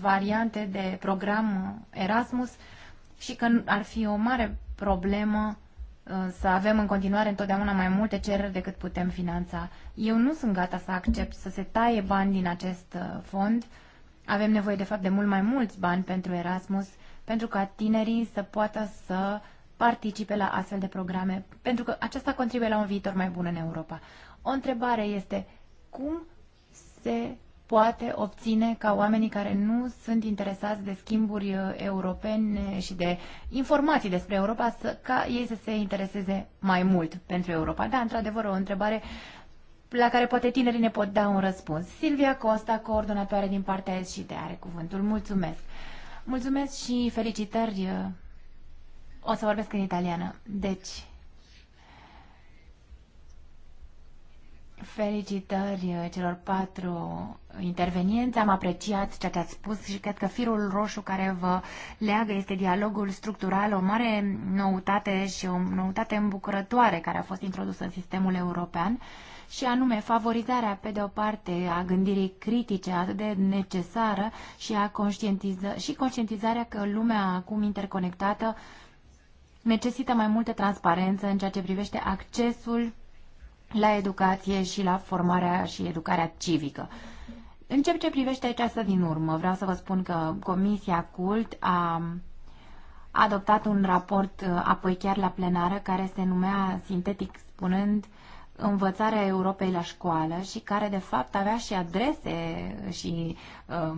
variante de program Erasmus și că ar fi o mare problemă să avem în continuare întotdeauna mai multe cereri decât putem finanța. Eu nu sunt gata să accept să se taie bani din acest uh, fond. Avem nevoie, de fapt, de mult mai mulți bani pentru Erasmus, pentru ca tinerii să poată să participe la astfel de programe, pentru că aceasta contribuie la un viitor mai bun în Europa. O întrebare este cum se poate obține ca oamenii care nu sunt interesați de schimburi uh, europene și de informații despre Europa, să, ca ei să se intereseze mai mult pentru Europa. Da, într-adevăr, o întrebare la care poate tinerii ne pot da un răspuns. Silvia Costa, coordonatoare din partea de are cuvântul. Mulțumesc! Mulțumesc și felicitări! Uh, o să vorbesc în italiană. Deci, Felicitări uh, celor patru intervenienți. Am apreciat ceea ce ați spus și cred că firul roșu care vă leagă este dialogul structural, o mare noutate și o noutate îmbucurătoare care a fost introdusă în sistemul european și anume favorizarea, pe de o parte, a gândirii critice atât de necesară și, a conștientiza- și conștientizarea că lumea acum interconectată necesită mai multă transparență în ceea ce privește accesul la educație și la formarea și educarea civică. În ceea ce privește aceasta din urmă, vreau să vă spun că Comisia CULT a adoptat un raport uh, apoi chiar la plenară care se numea, sintetic spunând, învățarea Europei la școală și care, de fapt, avea și adrese și um,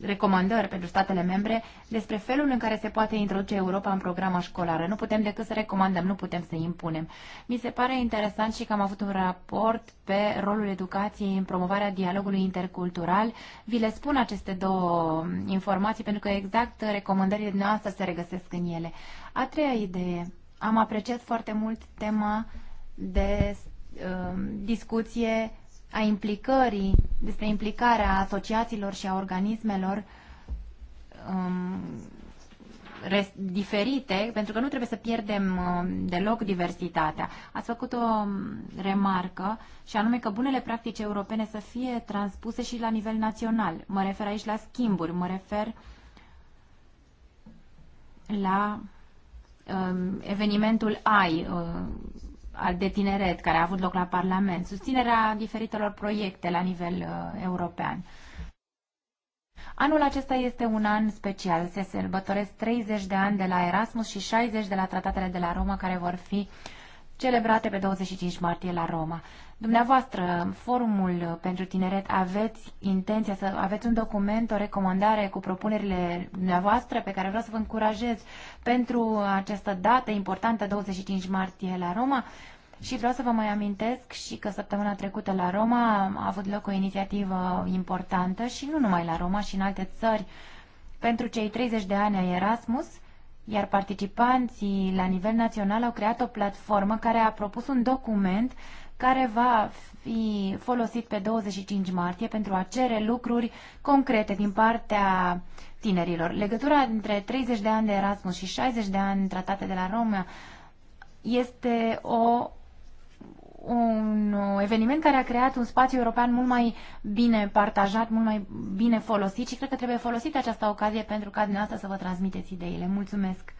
recomandări pentru statele membre despre felul în care se poate introduce Europa în programa școlară. Nu putem decât să recomandăm, nu putem să impunem. Mi se pare interesant și că am avut un raport pe rolul educației în promovarea dialogului intercultural. Vi le spun aceste două informații pentru că exact recomandările noastre se regăsesc în ele. A treia idee. Am apreciat foarte mult tema de Um, discuție a implicării, despre implicarea asociațiilor și a organismelor um, diferite, pentru că nu trebuie să pierdem um, deloc diversitatea. Ați făcut o um, remarcă și anume că bunele practici europene să fie transpuse și la nivel național. Mă refer aici la schimburi, mă refer la um, evenimentul AI, um, uh, de tineret care a avut loc la Parlament, susținerea diferitelor proiecte la nivel uh, european. Anul acesta este un an special. Se sărbătoresc 30 de ani de la Erasmus și 60 de la tratatele de la Roma care vor fi celebrate pe 25 martie la Roma. Dumneavoastră, Forumul pentru Tineret, aveți intenția să aveți un document, o recomandare cu propunerile dumneavoastră pe care vreau să vă încurajez pentru această dată importantă, 25 martie la Roma. Și vreau să vă mai amintesc și că săptămâna trecută la Roma a avut loc o inițiativă importantă și nu numai la Roma, și în alte țări pentru cei 30 de ani ai Erasmus, iar participanții la nivel național au creat o platformă care a propus un document care va fi folosit pe 25 martie pentru a cere lucruri concrete din partea tinerilor. Legătura între 30 de ani de Erasmus și 60 de ani tratate de la Roma este o un eveniment care a creat un spațiu european mult mai bine partajat, mult mai bine folosit și cred că trebuie folosită această ocazie pentru ca dumneavoastră să vă transmiteți ideile. Mulțumesc!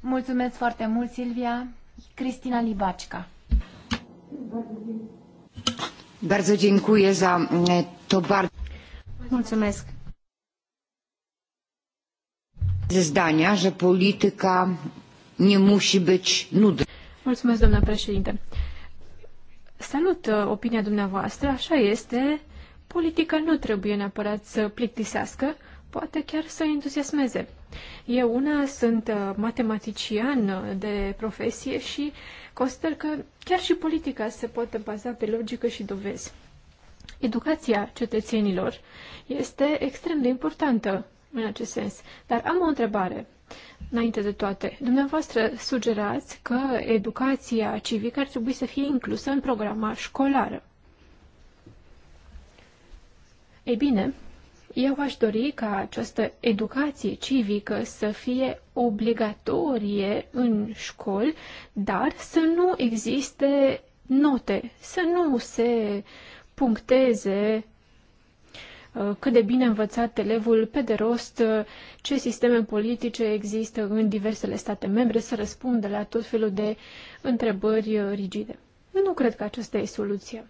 Mulțumesc foarte mult, Silvia! Cristina Libacica. Mulțumesc! zdania, że polityka nie musi być nudna. Mulțumesc, doamna președinte. Salut uh, opinia dumneavoastră, așa este. Politica nu trebuie neapărat să plictisească, poate chiar să entuziasmeze. Eu una sunt uh, matematician uh, de profesie și consider că chiar și politica se poate baza pe logică și dovezi. Educația cetățenilor este extrem de importantă în acest sens, dar am o întrebare. Înainte de toate, dumneavoastră sugerați că educația civică ar trebui să fie inclusă în programa școlară. Ei bine, eu aș dori ca această educație civică să fie obligatorie în școli, dar să nu existe note, să nu se puncteze Uh, cât de bine învățat elevul pe de rost uh, ce sisteme politice există în diversele state membre, să răspundă la tot felul de întrebări uh, rigide. Eu nu cred că aceasta e soluția.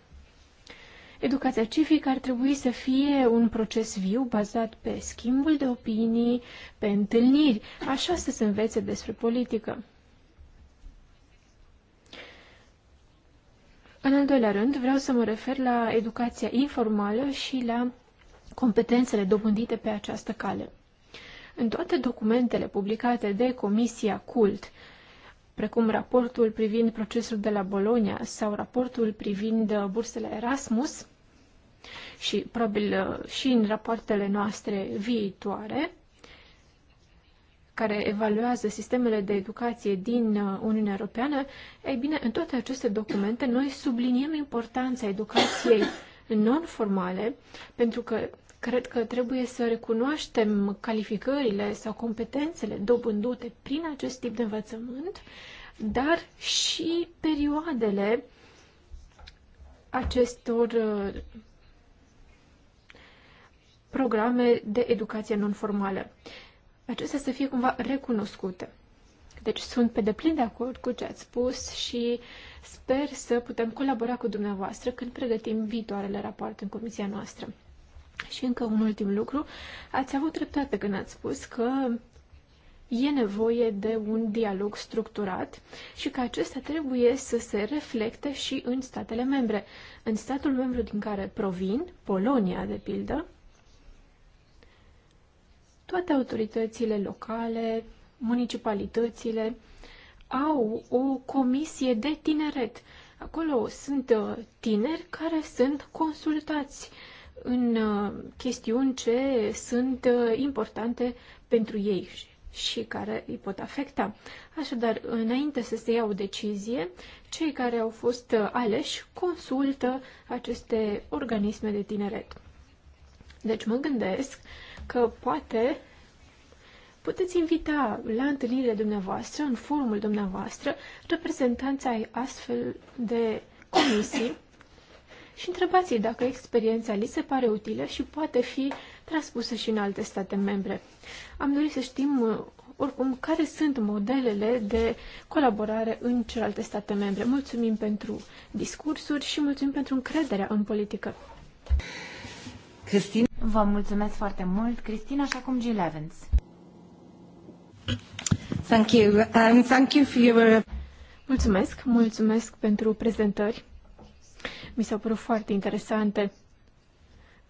Educația civică ar trebui să fie un proces viu bazat pe schimbul de opinii, pe întâlniri, așa să se învețe despre politică. În al doilea rând, vreau să mă refer la educația informală și la competențele dobândite pe această cale. În toate documentele publicate de Comisia CULT, precum raportul privind procesul de la Bologna sau raportul privind bursele Erasmus, și probabil uh, și în rapoartele noastre viitoare, care evaluează sistemele de educație din uh, Uniunea Europeană, ei bine, în toate aceste documente noi subliniem importanța educației non-formale, pentru că Cred că trebuie să recunoaștem calificările sau competențele dobândute prin acest tip de învățământ, dar și perioadele acestor uh, programe de educație non-formală. Acestea să fie cumva recunoscute. Deci sunt pe deplin de acord cu ce ați spus și sper să putem colabora cu dumneavoastră când pregătim viitoarele rapoarte în comisia noastră. Și încă un ultim lucru. Ați avut dreptate când ați spus că e nevoie de un dialog structurat și că acesta trebuie să se reflecte și în statele membre. În statul membru din care provin, Polonia, de pildă, toate autoritățile locale, municipalitățile, au o comisie de tineret. Acolo sunt uh, tineri care sunt consultați în uh, chestiuni ce sunt uh, importante pentru ei și care îi pot afecta. Așadar, înainte să se ia o decizie, cei care au fost uh, aleși consultă aceste organisme de tineret. Deci mă gândesc că poate puteți invita la întâlnirile dumneavoastră, în forumul dumneavoastră, reprezentanța ai astfel de comisii și întrebați dacă experiența li se pare utilă și poate fi transpusă și în alte state membre. Am dorit să știm uh, oricum care sunt modelele de colaborare în celelalte state membre. Mulțumim pentru discursuri și mulțumim pentru încrederea în politică. Cristina. Vă mulțumesc foarte mult, Cristina, așa cum Jill Evans. Thank you. Um, thank you for your... Mulțumesc, mulțumesc pentru prezentări mi s-au părut foarte interesante,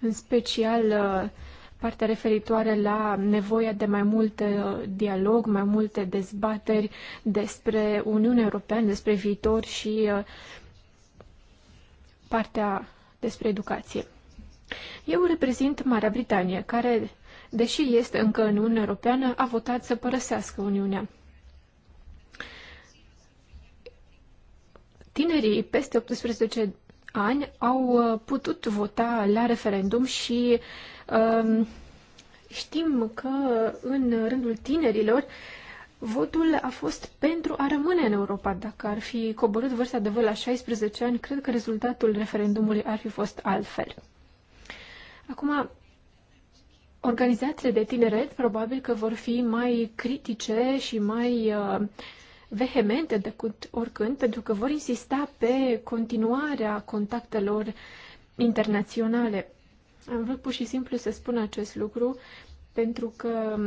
în special uh, partea referitoare la nevoia de mai mult uh, dialog, mai multe dezbateri despre Uniunea Europeană, despre viitor și uh, partea despre educație. Eu reprezint Marea Britanie, care, deși este încă în Uniunea Europeană, a votat să părăsească Uniunea. Tinerii peste 18 ani au uh, putut vota la referendum și um, știm că în rândul tinerilor votul a fost pentru a rămâne în Europa. Dacă ar fi coborât vârsta de vot la 16 ani, cred că rezultatul referendumului ar fi fost altfel. Acum, organizațiile de tineret probabil că vor fi mai critice și mai uh, vehemente decât oricând, pentru că vor insista pe continuarea contactelor internaționale. Am vrut pur și simplu să spun acest lucru pentru că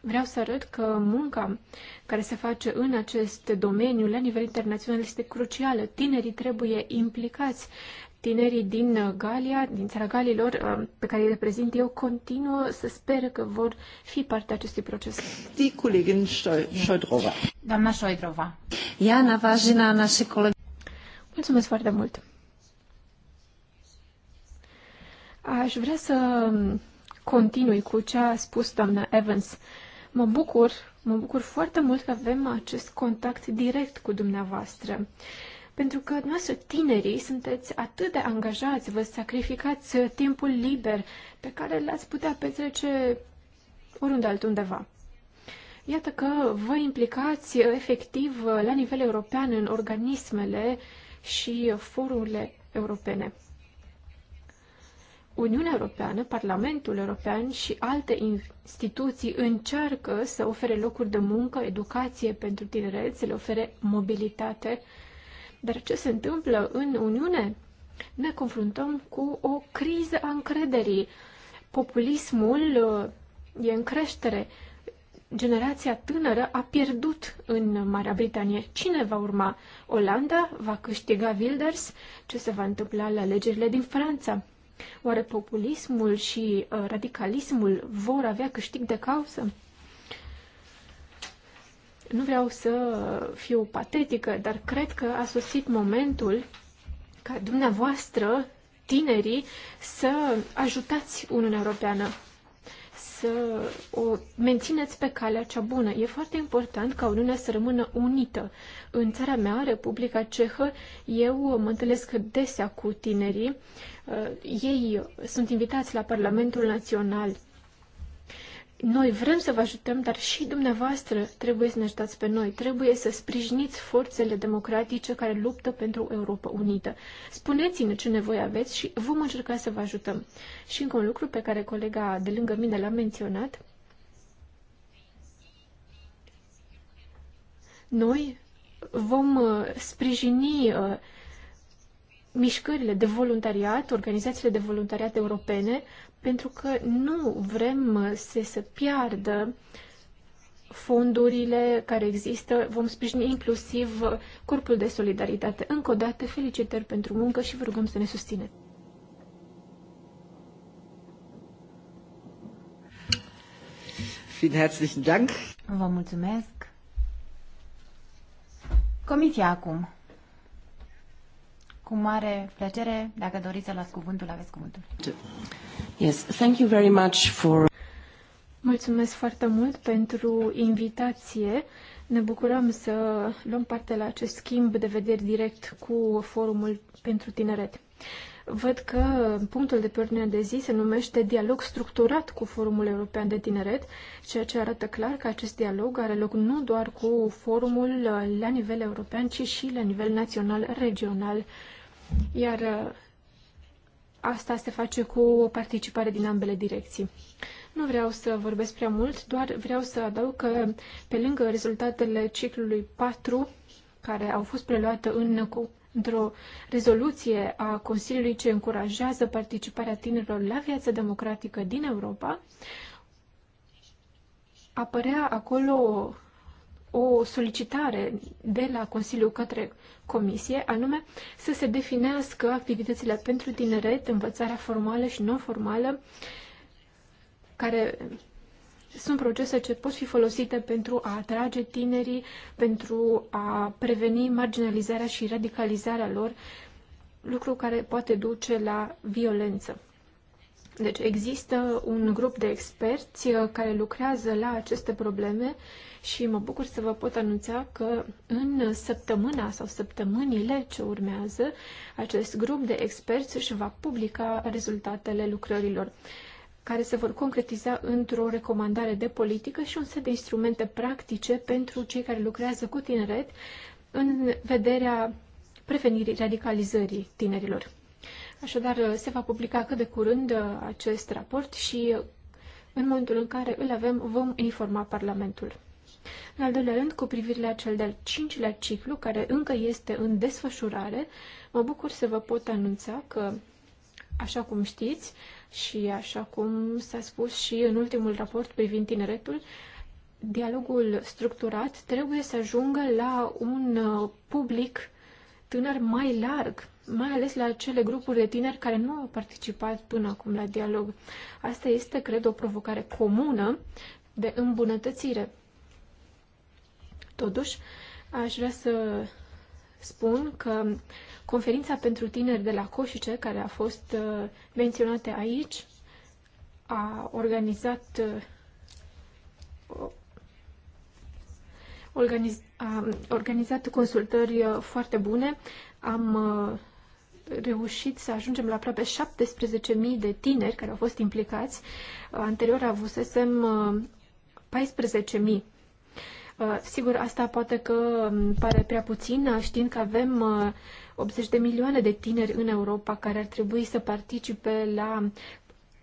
vreau să arăt că munca care se face în acest domeniu la nivel internațional este crucială. Tinerii trebuie implicați tinerii din uh, Galia, din țara Galilor, uh, pe care îi reprezint eu, continuă să sper că vor fi parte acestui proces. Colegin Șoidrova. Doamna Șoidrova. Iana Vajina, nașe colegi. Mulțumesc foarte mult. Aș vrea să um, continui cu ce a spus doamna Evans. Mă bucur, mă bucur foarte mult că avem acest contact direct cu dumneavoastră. Pentru că noastră tinerii sunteți atât de angajați, vă sacrificați uh, timpul liber pe care l-ați putea petrece oriunde altundeva. Iată că vă implicați uh, efectiv uh, la nivel european în organismele și forurile europene. Uniunea Europeană, Parlamentul European și alte instituții încearcă să ofere locuri de muncă, educație pentru tineret, să le ofere mobilitate dar ce se întâmplă în Uniune? Ne confruntăm cu o criză a încrederii. Populismul uh, e în creștere. Generația tânără a pierdut în Marea Britanie. Cine va urma? Olanda va câștiga Wilders? Ce se va întâmpla la alegerile din Franța? Oare populismul și uh, radicalismul vor avea câștig de cauză? Nu vreau să fiu patetică, dar cred că a sosit momentul ca dumneavoastră, tinerii, să ajutați Uniunea Europeană să o mențineți pe calea cea bună. E foarte important ca Uniunea să rămână unită. În țara mea, Republica Cehă, eu mă întâlnesc desea cu tinerii. Uh, ei sunt invitați la Parlamentul Național noi vrem să vă ajutăm, dar și dumneavoastră trebuie să ne ajutați pe noi. Trebuie să sprijiniți forțele democratice care luptă pentru Europa Unită. Spuneți-ne ce nevoie aveți și vom încerca să vă ajutăm. Și încă un lucru pe care colega de lângă mine l-a menționat. Noi vom uh, sprijini uh, mișcările de voluntariat, organizațiile de voluntariat europene, pentru că nu vrem uh, să se piardă fondurile care există. Vom sprijini inclusiv uh, Corpul de Solidaritate. Încă o dată, felicitări pentru muncă și vă rugăm să ne susțineți. Vielen herzlichen Dank. Vă mulțumesc. Comisia acum. Cu mare plăcere, dacă doriți să luați cuvântul, aveți cuvântul. Yes, thank you very much for... Mulțumesc foarte mult pentru invitație. Ne bucurăm să luăm parte la acest schimb de vederi direct cu Forumul pentru Tineret. Văd că punctul de pe ordinea de zi se numește dialog structurat cu Forumul European de Tineret, ceea ce arată clar că acest dialog are loc nu doar cu forumul la nivel european, ci și la nivel național, regional. Iar asta se face cu o participare din ambele direcții. Nu vreau să vorbesc prea mult, doar vreau să adaug că pe lângă rezultatele ciclului 4, care au fost preluate în, într-o rezoluție a Consiliului ce încurajează participarea tinerilor la viața democratică din Europa, apărea acolo o solicitare de la Consiliu către Comisie, anume să se definească activitățile pentru tineret, învățarea formală și non-formală, care sunt procese ce pot fi folosite pentru a atrage tinerii, pentru a preveni marginalizarea și radicalizarea lor, lucru care poate duce la violență. Deci există un grup de experți uh, care lucrează la aceste probleme și mă bucur să vă pot anunța că în săptămâna sau săptămânile ce urmează, acest grup de experți își va publica rezultatele lucrărilor care se vor concretiza într-o recomandare de politică și un set de instrumente practice pentru cei care lucrează cu tineret în vederea prevenirii radicalizării tinerilor. Așadar, se va publica cât de curând uh, acest raport și uh, în momentul în care îl avem, vom informa Parlamentul. În al doilea rând, cu privire la cel de-al cincilea ciclu, care încă este în desfășurare, mă bucur să vă pot anunța că, așa cum știți și așa cum s-a spus și în ultimul raport privind tineretul, dialogul structurat trebuie să ajungă la un uh, public tânăr mai larg mai ales la cele grupuri de tineri care nu au participat până acum la dialog. Asta este, cred, o provocare comună de îmbunătățire. Totuși, aș vrea să spun că conferința pentru tineri de la Coșice, care a fost uh, menționată aici, a organizat uh, organiz, a organizat consultări uh, foarte bune. Am reușit să ajungem la aproape 17.000 de tineri care au fost implicați. Anterior avusesem 14.000. Uh, uh, sigur, asta poate că um, pare prea puțin, uh, știind că avem 80 de milioane de tineri în Europa care ar trebui să participe la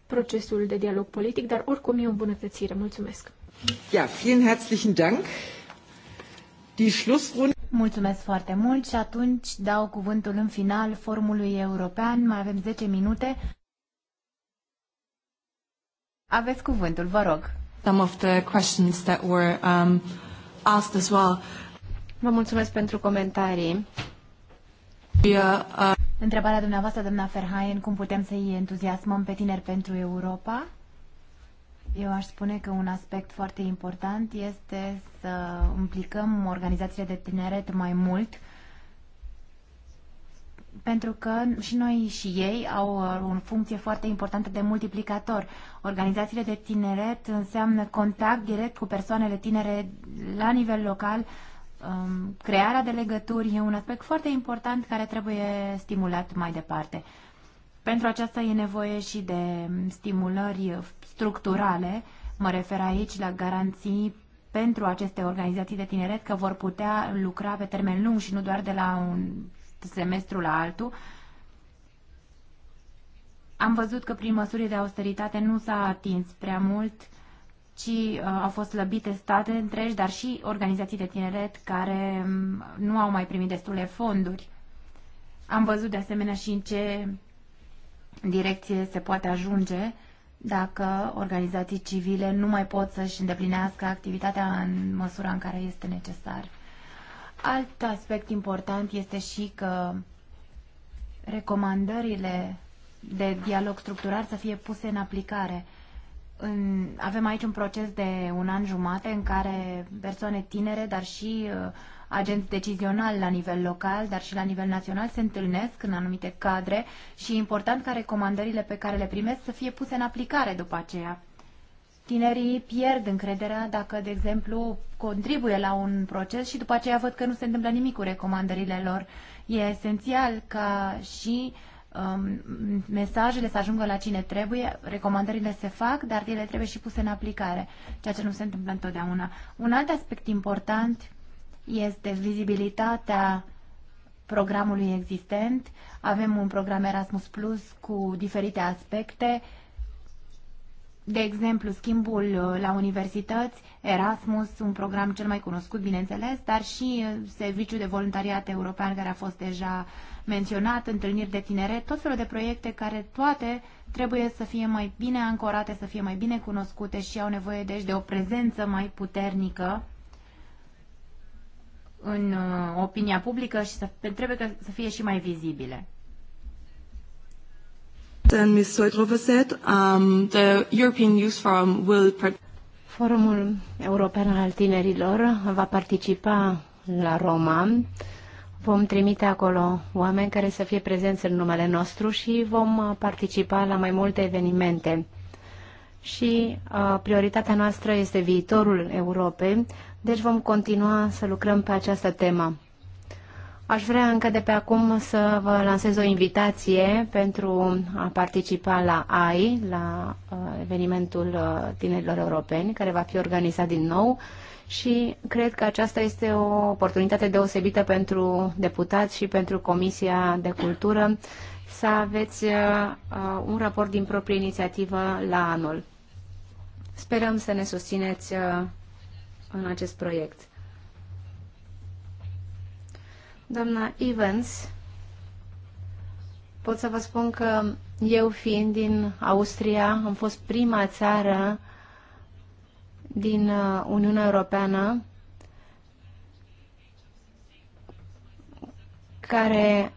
procesul de dialog politic, dar oricum e o îmbunătățire. Mulțumesc! Ja, vielen herzlichen Dank. Die Schlussrunde. Mulțumesc foarte mult și atunci dau cuvântul în final Forumului European. Mai avem 10 minute. Aveți cuvântul, vă rog. Some of the questions that were um, asked as well. Vă mulțumesc pentru comentarii. Uh, Întrebarea dumneavoastră, doamna Ferhaien, cum putem să-i entuziasmăm pe tineri pentru Europa? Eu aș spune că un aspect foarte important este să implicăm organizațiile de tineret mai mult pentru că și noi și ei au o funcție foarte importantă de multiplicator. Organizațiile de tineret înseamnă contact direct cu persoanele tinere la nivel local, um, crearea de legături e un aspect foarte important care trebuie stimulat mai departe. Pentru aceasta e nevoie și de stimulări structurale, mă refer aici la garanții pentru aceste organizații de tineret că vor putea lucra pe termen lung și nu doar de la un semestru la altul. Am văzut că prin măsuri de austeritate nu s-a atins prea mult, ci uh, au fost slăbite state întregi, dar și organizații de tineret care mm, nu au mai primit destule fonduri. Am văzut de asemenea și în ce direcție se poate ajunge dacă organizații civile nu mai pot să-și îndeplinească activitatea în măsura în care este necesar. Alt aspect important este și că recomandările de dialog structurat să fie puse în aplicare. În, avem aici un proces de un an jumate în care persoane tinere, dar și uh, agenți decizionali la nivel local, dar și la nivel național se întâlnesc în anumite cadre și e important ca recomandările pe care le primesc să fie puse în aplicare după aceea. Tinerii pierd încrederea dacă, de exemplu, contribuie la un proces și după aceea văd că nu se întâmplă nimic cu recomandările lor. E esențial ca și um, mesajele să ajungă la cine trebuie, recomandările se fac, dar ele trebuie și puse în aplicare, ceea ce nu se întâmplă întotdeauna. Un alt aspect important este vizibilitatea programului existent. Avem un program Erasmus Plus cu diferite aspecte, de exemplu, schimbul uh, la universități, Erasmus, un program cel mai cunoscut, bineînțeles, dar și uh, Serviciul de Voluntariat European, care a fost deja menționat, întâlniri de tinere, tot felul de proiecte care toate trebuie să fie mai bine ancorate, să fie mai bine cunoscute și au nevoie, deci, de o prezență mai puternică în uh, opinia publică și să, trebuie că să fie și mai vizibile. Then Ms. Soitrova said, um, the European Youth Forum will Forumul European al Tinerilor va participa la Roma. Vom trimite acolo oameni care să fie prezenți în numele nostru și vom uh, participa la mai multe evenimente. Și uh, prioritatea noastră este viitorul Europei, deci vom continua să lucrăm pe această temă. Aș vrea încă de pe acum să vă lansez o invitație pentru a participa la AI, la uh, evenimentul uh, tinerilor europeni, care va fi organizat din nou și cred că aceasta este o oportunitate deosebită pentru deputați și pentru Comisia de Cultură să aveți uh, un raport din proprie inițiativă la anul. Sperăm să ne susțineți în acest proiect. Doamna Evans, pot să vă spun că eu fiind din Austria, am fost prima țară din uh, Uniunea Europeană care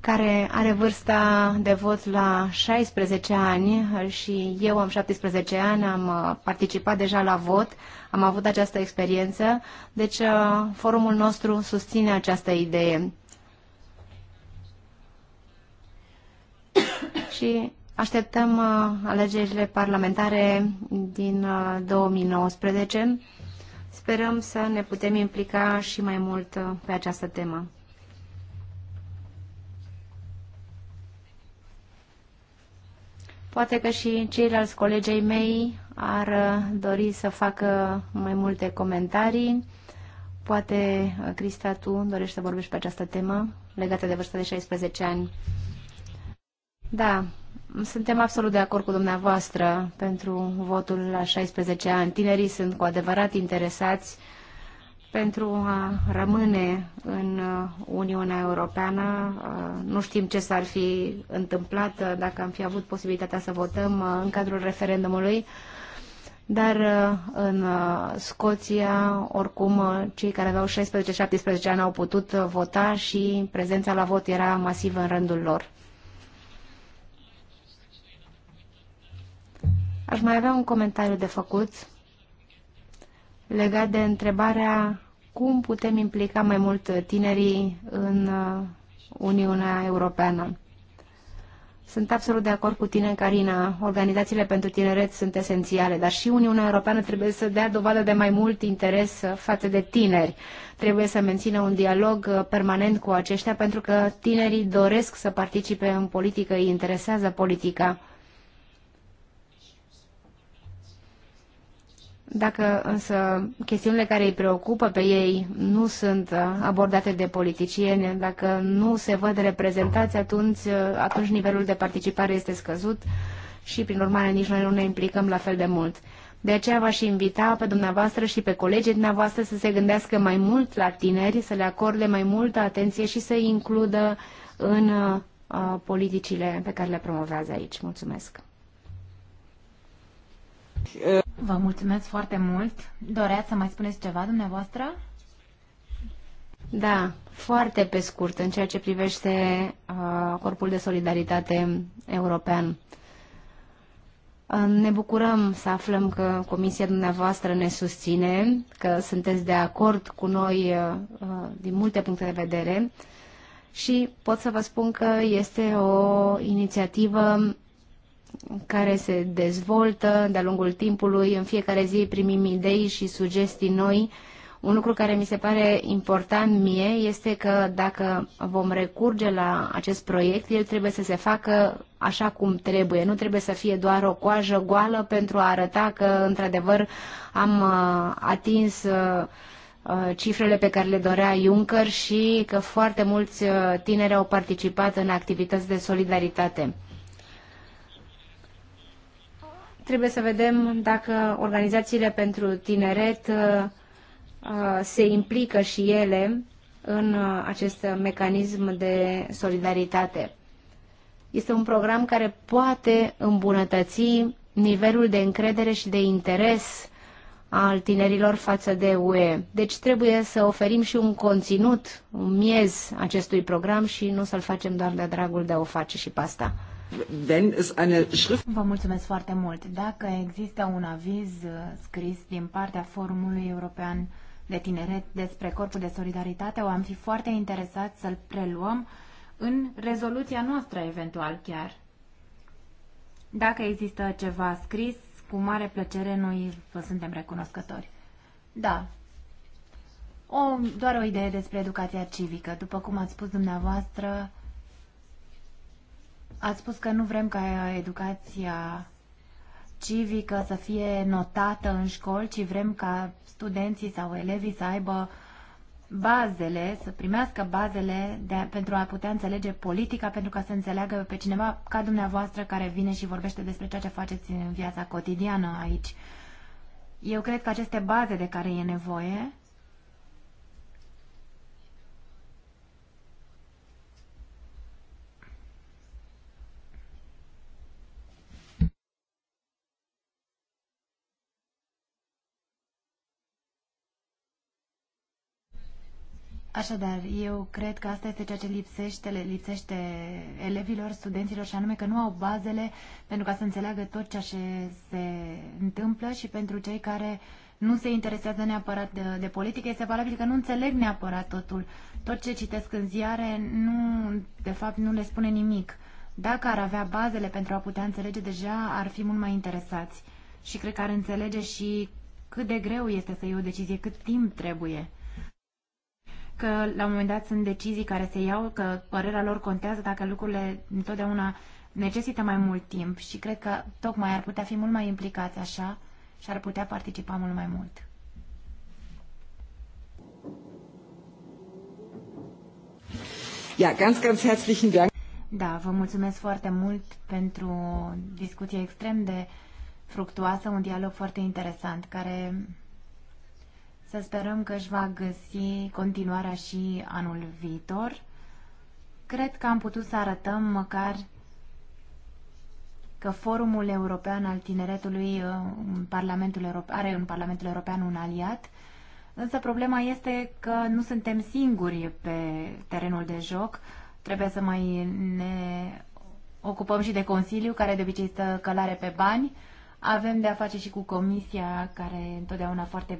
care are vârsta de vot la 16 ani și eu am 17 ani, am uh, participat deja la vot, am avut această experiență, deci uh, forumul nostru susține această idee. și așteptăm uh, alegerile parlamentare din 2019. Sperăm să ne putem implica și mai mult pe această temă. Poate că și ceilalți colegei mei ar uh, dori să facă mai multe comentarii. Poate, uh, Crista, tu dorești să vorbești pe această temă legată de vârsta de 16 ani. Da, suntem absolut de acord cu dumneavoastră pentru votul la 16 ani. Tinerii sunt cu adevărat interesați uh, pentru a rămâne în Uniunea Europeană. Nu știm ce s-ar fi întâmplat dacă am fi avut posibilitatea să votăm în cadrul referendumului, dar în Scoția, oricum, cei care aveau 16-17 ani au putut vota și prezența la vot era masivă în rândul lor. Aș mai avea un comentariu de făcut legat de întrebarea cum putem implica mai mult tinerii în uh, Uniunea Europeană. Sunt absolut de acord cu tine, Carina. Organizațiile pentru tineret sunt esențiale, dar și Uniunea Europeană trebuie să dea dovadă de mai mult interes uh, față de tineri. Trebuie să mențină un dialog uh, permanent cu aceștia pentru că tinerii doresc să participe în politică, îi interesează politica. Dacă însă chestiunile care îi preocupă pe ei nu sunt uh, abordate de politicieni, dacă nu se văd reprezentați, atunci, uh, atunci nivelul de participare este scăzut și, prin urmare, nici noi nu ne implicăm la fel de mult. De aceea v-aș invita pe dumneavoastră și pe colegii dumneavoastră să se gândească mai mult la tineri, să le acorde mai multă atenție și să-i includă în uh, politicile pe care le promovează aici. Mulțumesc! Uh, Vă mulțumesc foarte mult. Doreați să mai spuneți ceva dumneavoastră? Da, foarte pe scurt în ceea ce privește uh, Corpul de Solidaritate European. Uh, ne bucurăm să aflăm că comisia dumneavoastră ne susține, că sunteți de acord cu noi uh, uh, din multe puncte de vedere și pot să vă spun că este o inițiativă care se dezvoltă de-a lungul timpului. În fiecare zi primim idei și sugestii noi. Un lucru care mi se pare important mie este că dacă vom recurge la acest proiect, el trebuie să se facă așa cum trebuie. Nu trebuie să fie doar o coajă goală pentru a arăta că, într-adevăr, am uh, atins uh, uh, cifrele pe care le dorea Juncker și că foarte mulți tineri au participat în activități de solidaritate. Trebuie să vedem dacă organizațiile pentru tineret uh, uh, se implică și ele în uh, acest mecanism de solidaritate. Este un program care poate îmbunătăți nivelul de încredere și de interes al tinerilor față de UE. Deci trebuie să oferim și un conținut, un miez acestui program și nu să-l facem doar de dragul de a o face și pasta wenn es eine Schrift... Vă mulțumesc foarte mult. Dacă există un aviz uh, scris din partea Forumului European de Tineret despre Corpul de Solidaritate, o am fi foarte interesat să-l preluăm în rezoluția noastră, eventual chiar. Dacă există ceva scris, cu mare plăcere noi vă suntem recunoscători. Da. O, doar o idee despre educația civică. După cum ați spus dumneavoastră, Ați spus că nu vrem ca educația civică să fie notată în școli, ci vrem ca studenții sau elevii să aibă bazele, să primească bazele de a, pentru a putea înțelege politica, pentru ca să înțeleagă pe cineva ca dumneavoastră care vine și vorbește despre ceea ce faceți în viața cotidiană aici. Eu cred că aceste baze de care e nevoie Așadar, eu cred că asta este ceea ce lipsește, lipsește elevilor, studenților și anume că nu au bazele pentru ca să înțeleagă tot ceea ce se întâmplă și pentru cei care nu se interesează neapărat de, de politică, este valabil că nu înțeleg neapărat totul. Tot ce citesc în ziare, nu, de fapt, nu le spune nimic. Dacă ar avea bazele pentru a putea înțelege deja, ar fi mult mai interesați. Și cred că ar înțelege și cât de greu este să iei o decizie, cât timp trebuie că la un moment dat sunt decizii care se iau, că părerea lor contează dacă lucrurile întotdeauna necesită mai mult timp și cred că tocmai ar putea fi mult mai implicați așa și ar putea participa mult mai mult. Ja, ganz, ganz herzlichen Dank. Da, vă mulțumesc foarte mult pentru o discuție extrem de fructuoasă, un dialog foarte interesant, care să sperăm că își va găsi continuarea și anul viitor. Cred că am putut să arătăm măcar că Forumul European al Tineretului uh, în Parlamentul European, are în Parlamentul European un aliat, însă problema este că nu suntem singuri pe terenul de joc. Trebuie să mai ne ocupăm și de Consiliu, care de obicei stă călare pe bani. Avem de a face și cu Comisia, care e întotdeauna foarte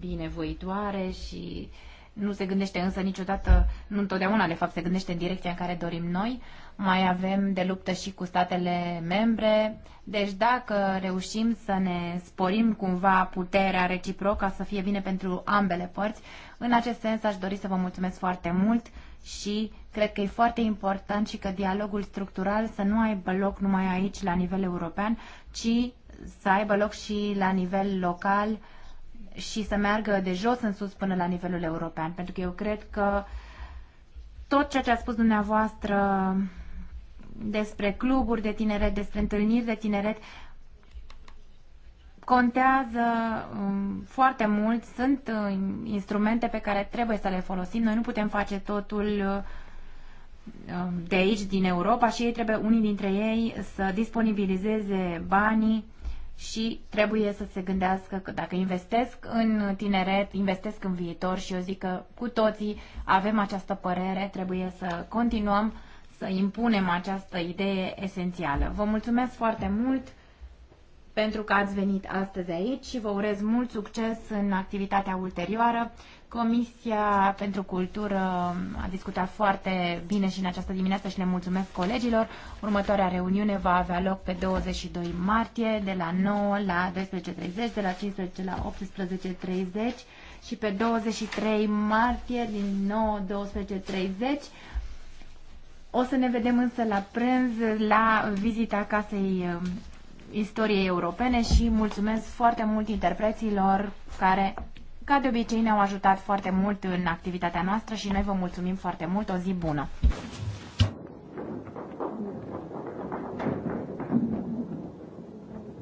binevoitoare și nu se gândește însă niciodată, nu întotdeauna de fapt se gândește în direcția în care dorim noi. Mai avem de luptă și cu statele membre. Deci dacă reușim să ne sporim cumva puterea reciprocă să fie bine pentru ambele părți, în acest sens aș dori să vă mulțumesc foarte mult și cred că e foarte important și că dialogul structural să nu aibă loc numai aici la nivel european, ci să aibă loc și la nivel local și să meargă de jos în sus până la nivelul european, pentru că eu cred că tot ceea ce a spus dumneavoastră despre cluburi de tineret, despre întâlniri de tineret, contează um, foarte mult, sunt uh, instrumente pe care trebuie să le folosim. Noi nu putem face totul uh, um, de aici, din Europa și ei trebuie, unii dintre ei, să disponibilizeze banii și trebuie să se gândească că dacă investesc în tineret, investesc în viitor și eu zic că cu toții avem această părere, trebuie să continuăm să impunem această idee esențială. Vă mulțumesc foarte mult pentru că ați venit astăzi aici și vă urez mult succes în activitatea ulterioară Comisia pentru Cultură a discutat foarte bine și în această dimineață și le mulțumesc colegilor. Următoarea reuniune va avea loc pe 22 martie de la 9 la 12.30, de la 15 la 18.30 și pe 23 martie din 9 12.30. O să ne vedem însă la prânz la vizita casei um, istoriei europene și mulțumesc foarte mult interpreților care ca de obicei ne-au ajutat foarte mult în activitatea noastră și noi vă mulțumim foarte mult. O zi bună!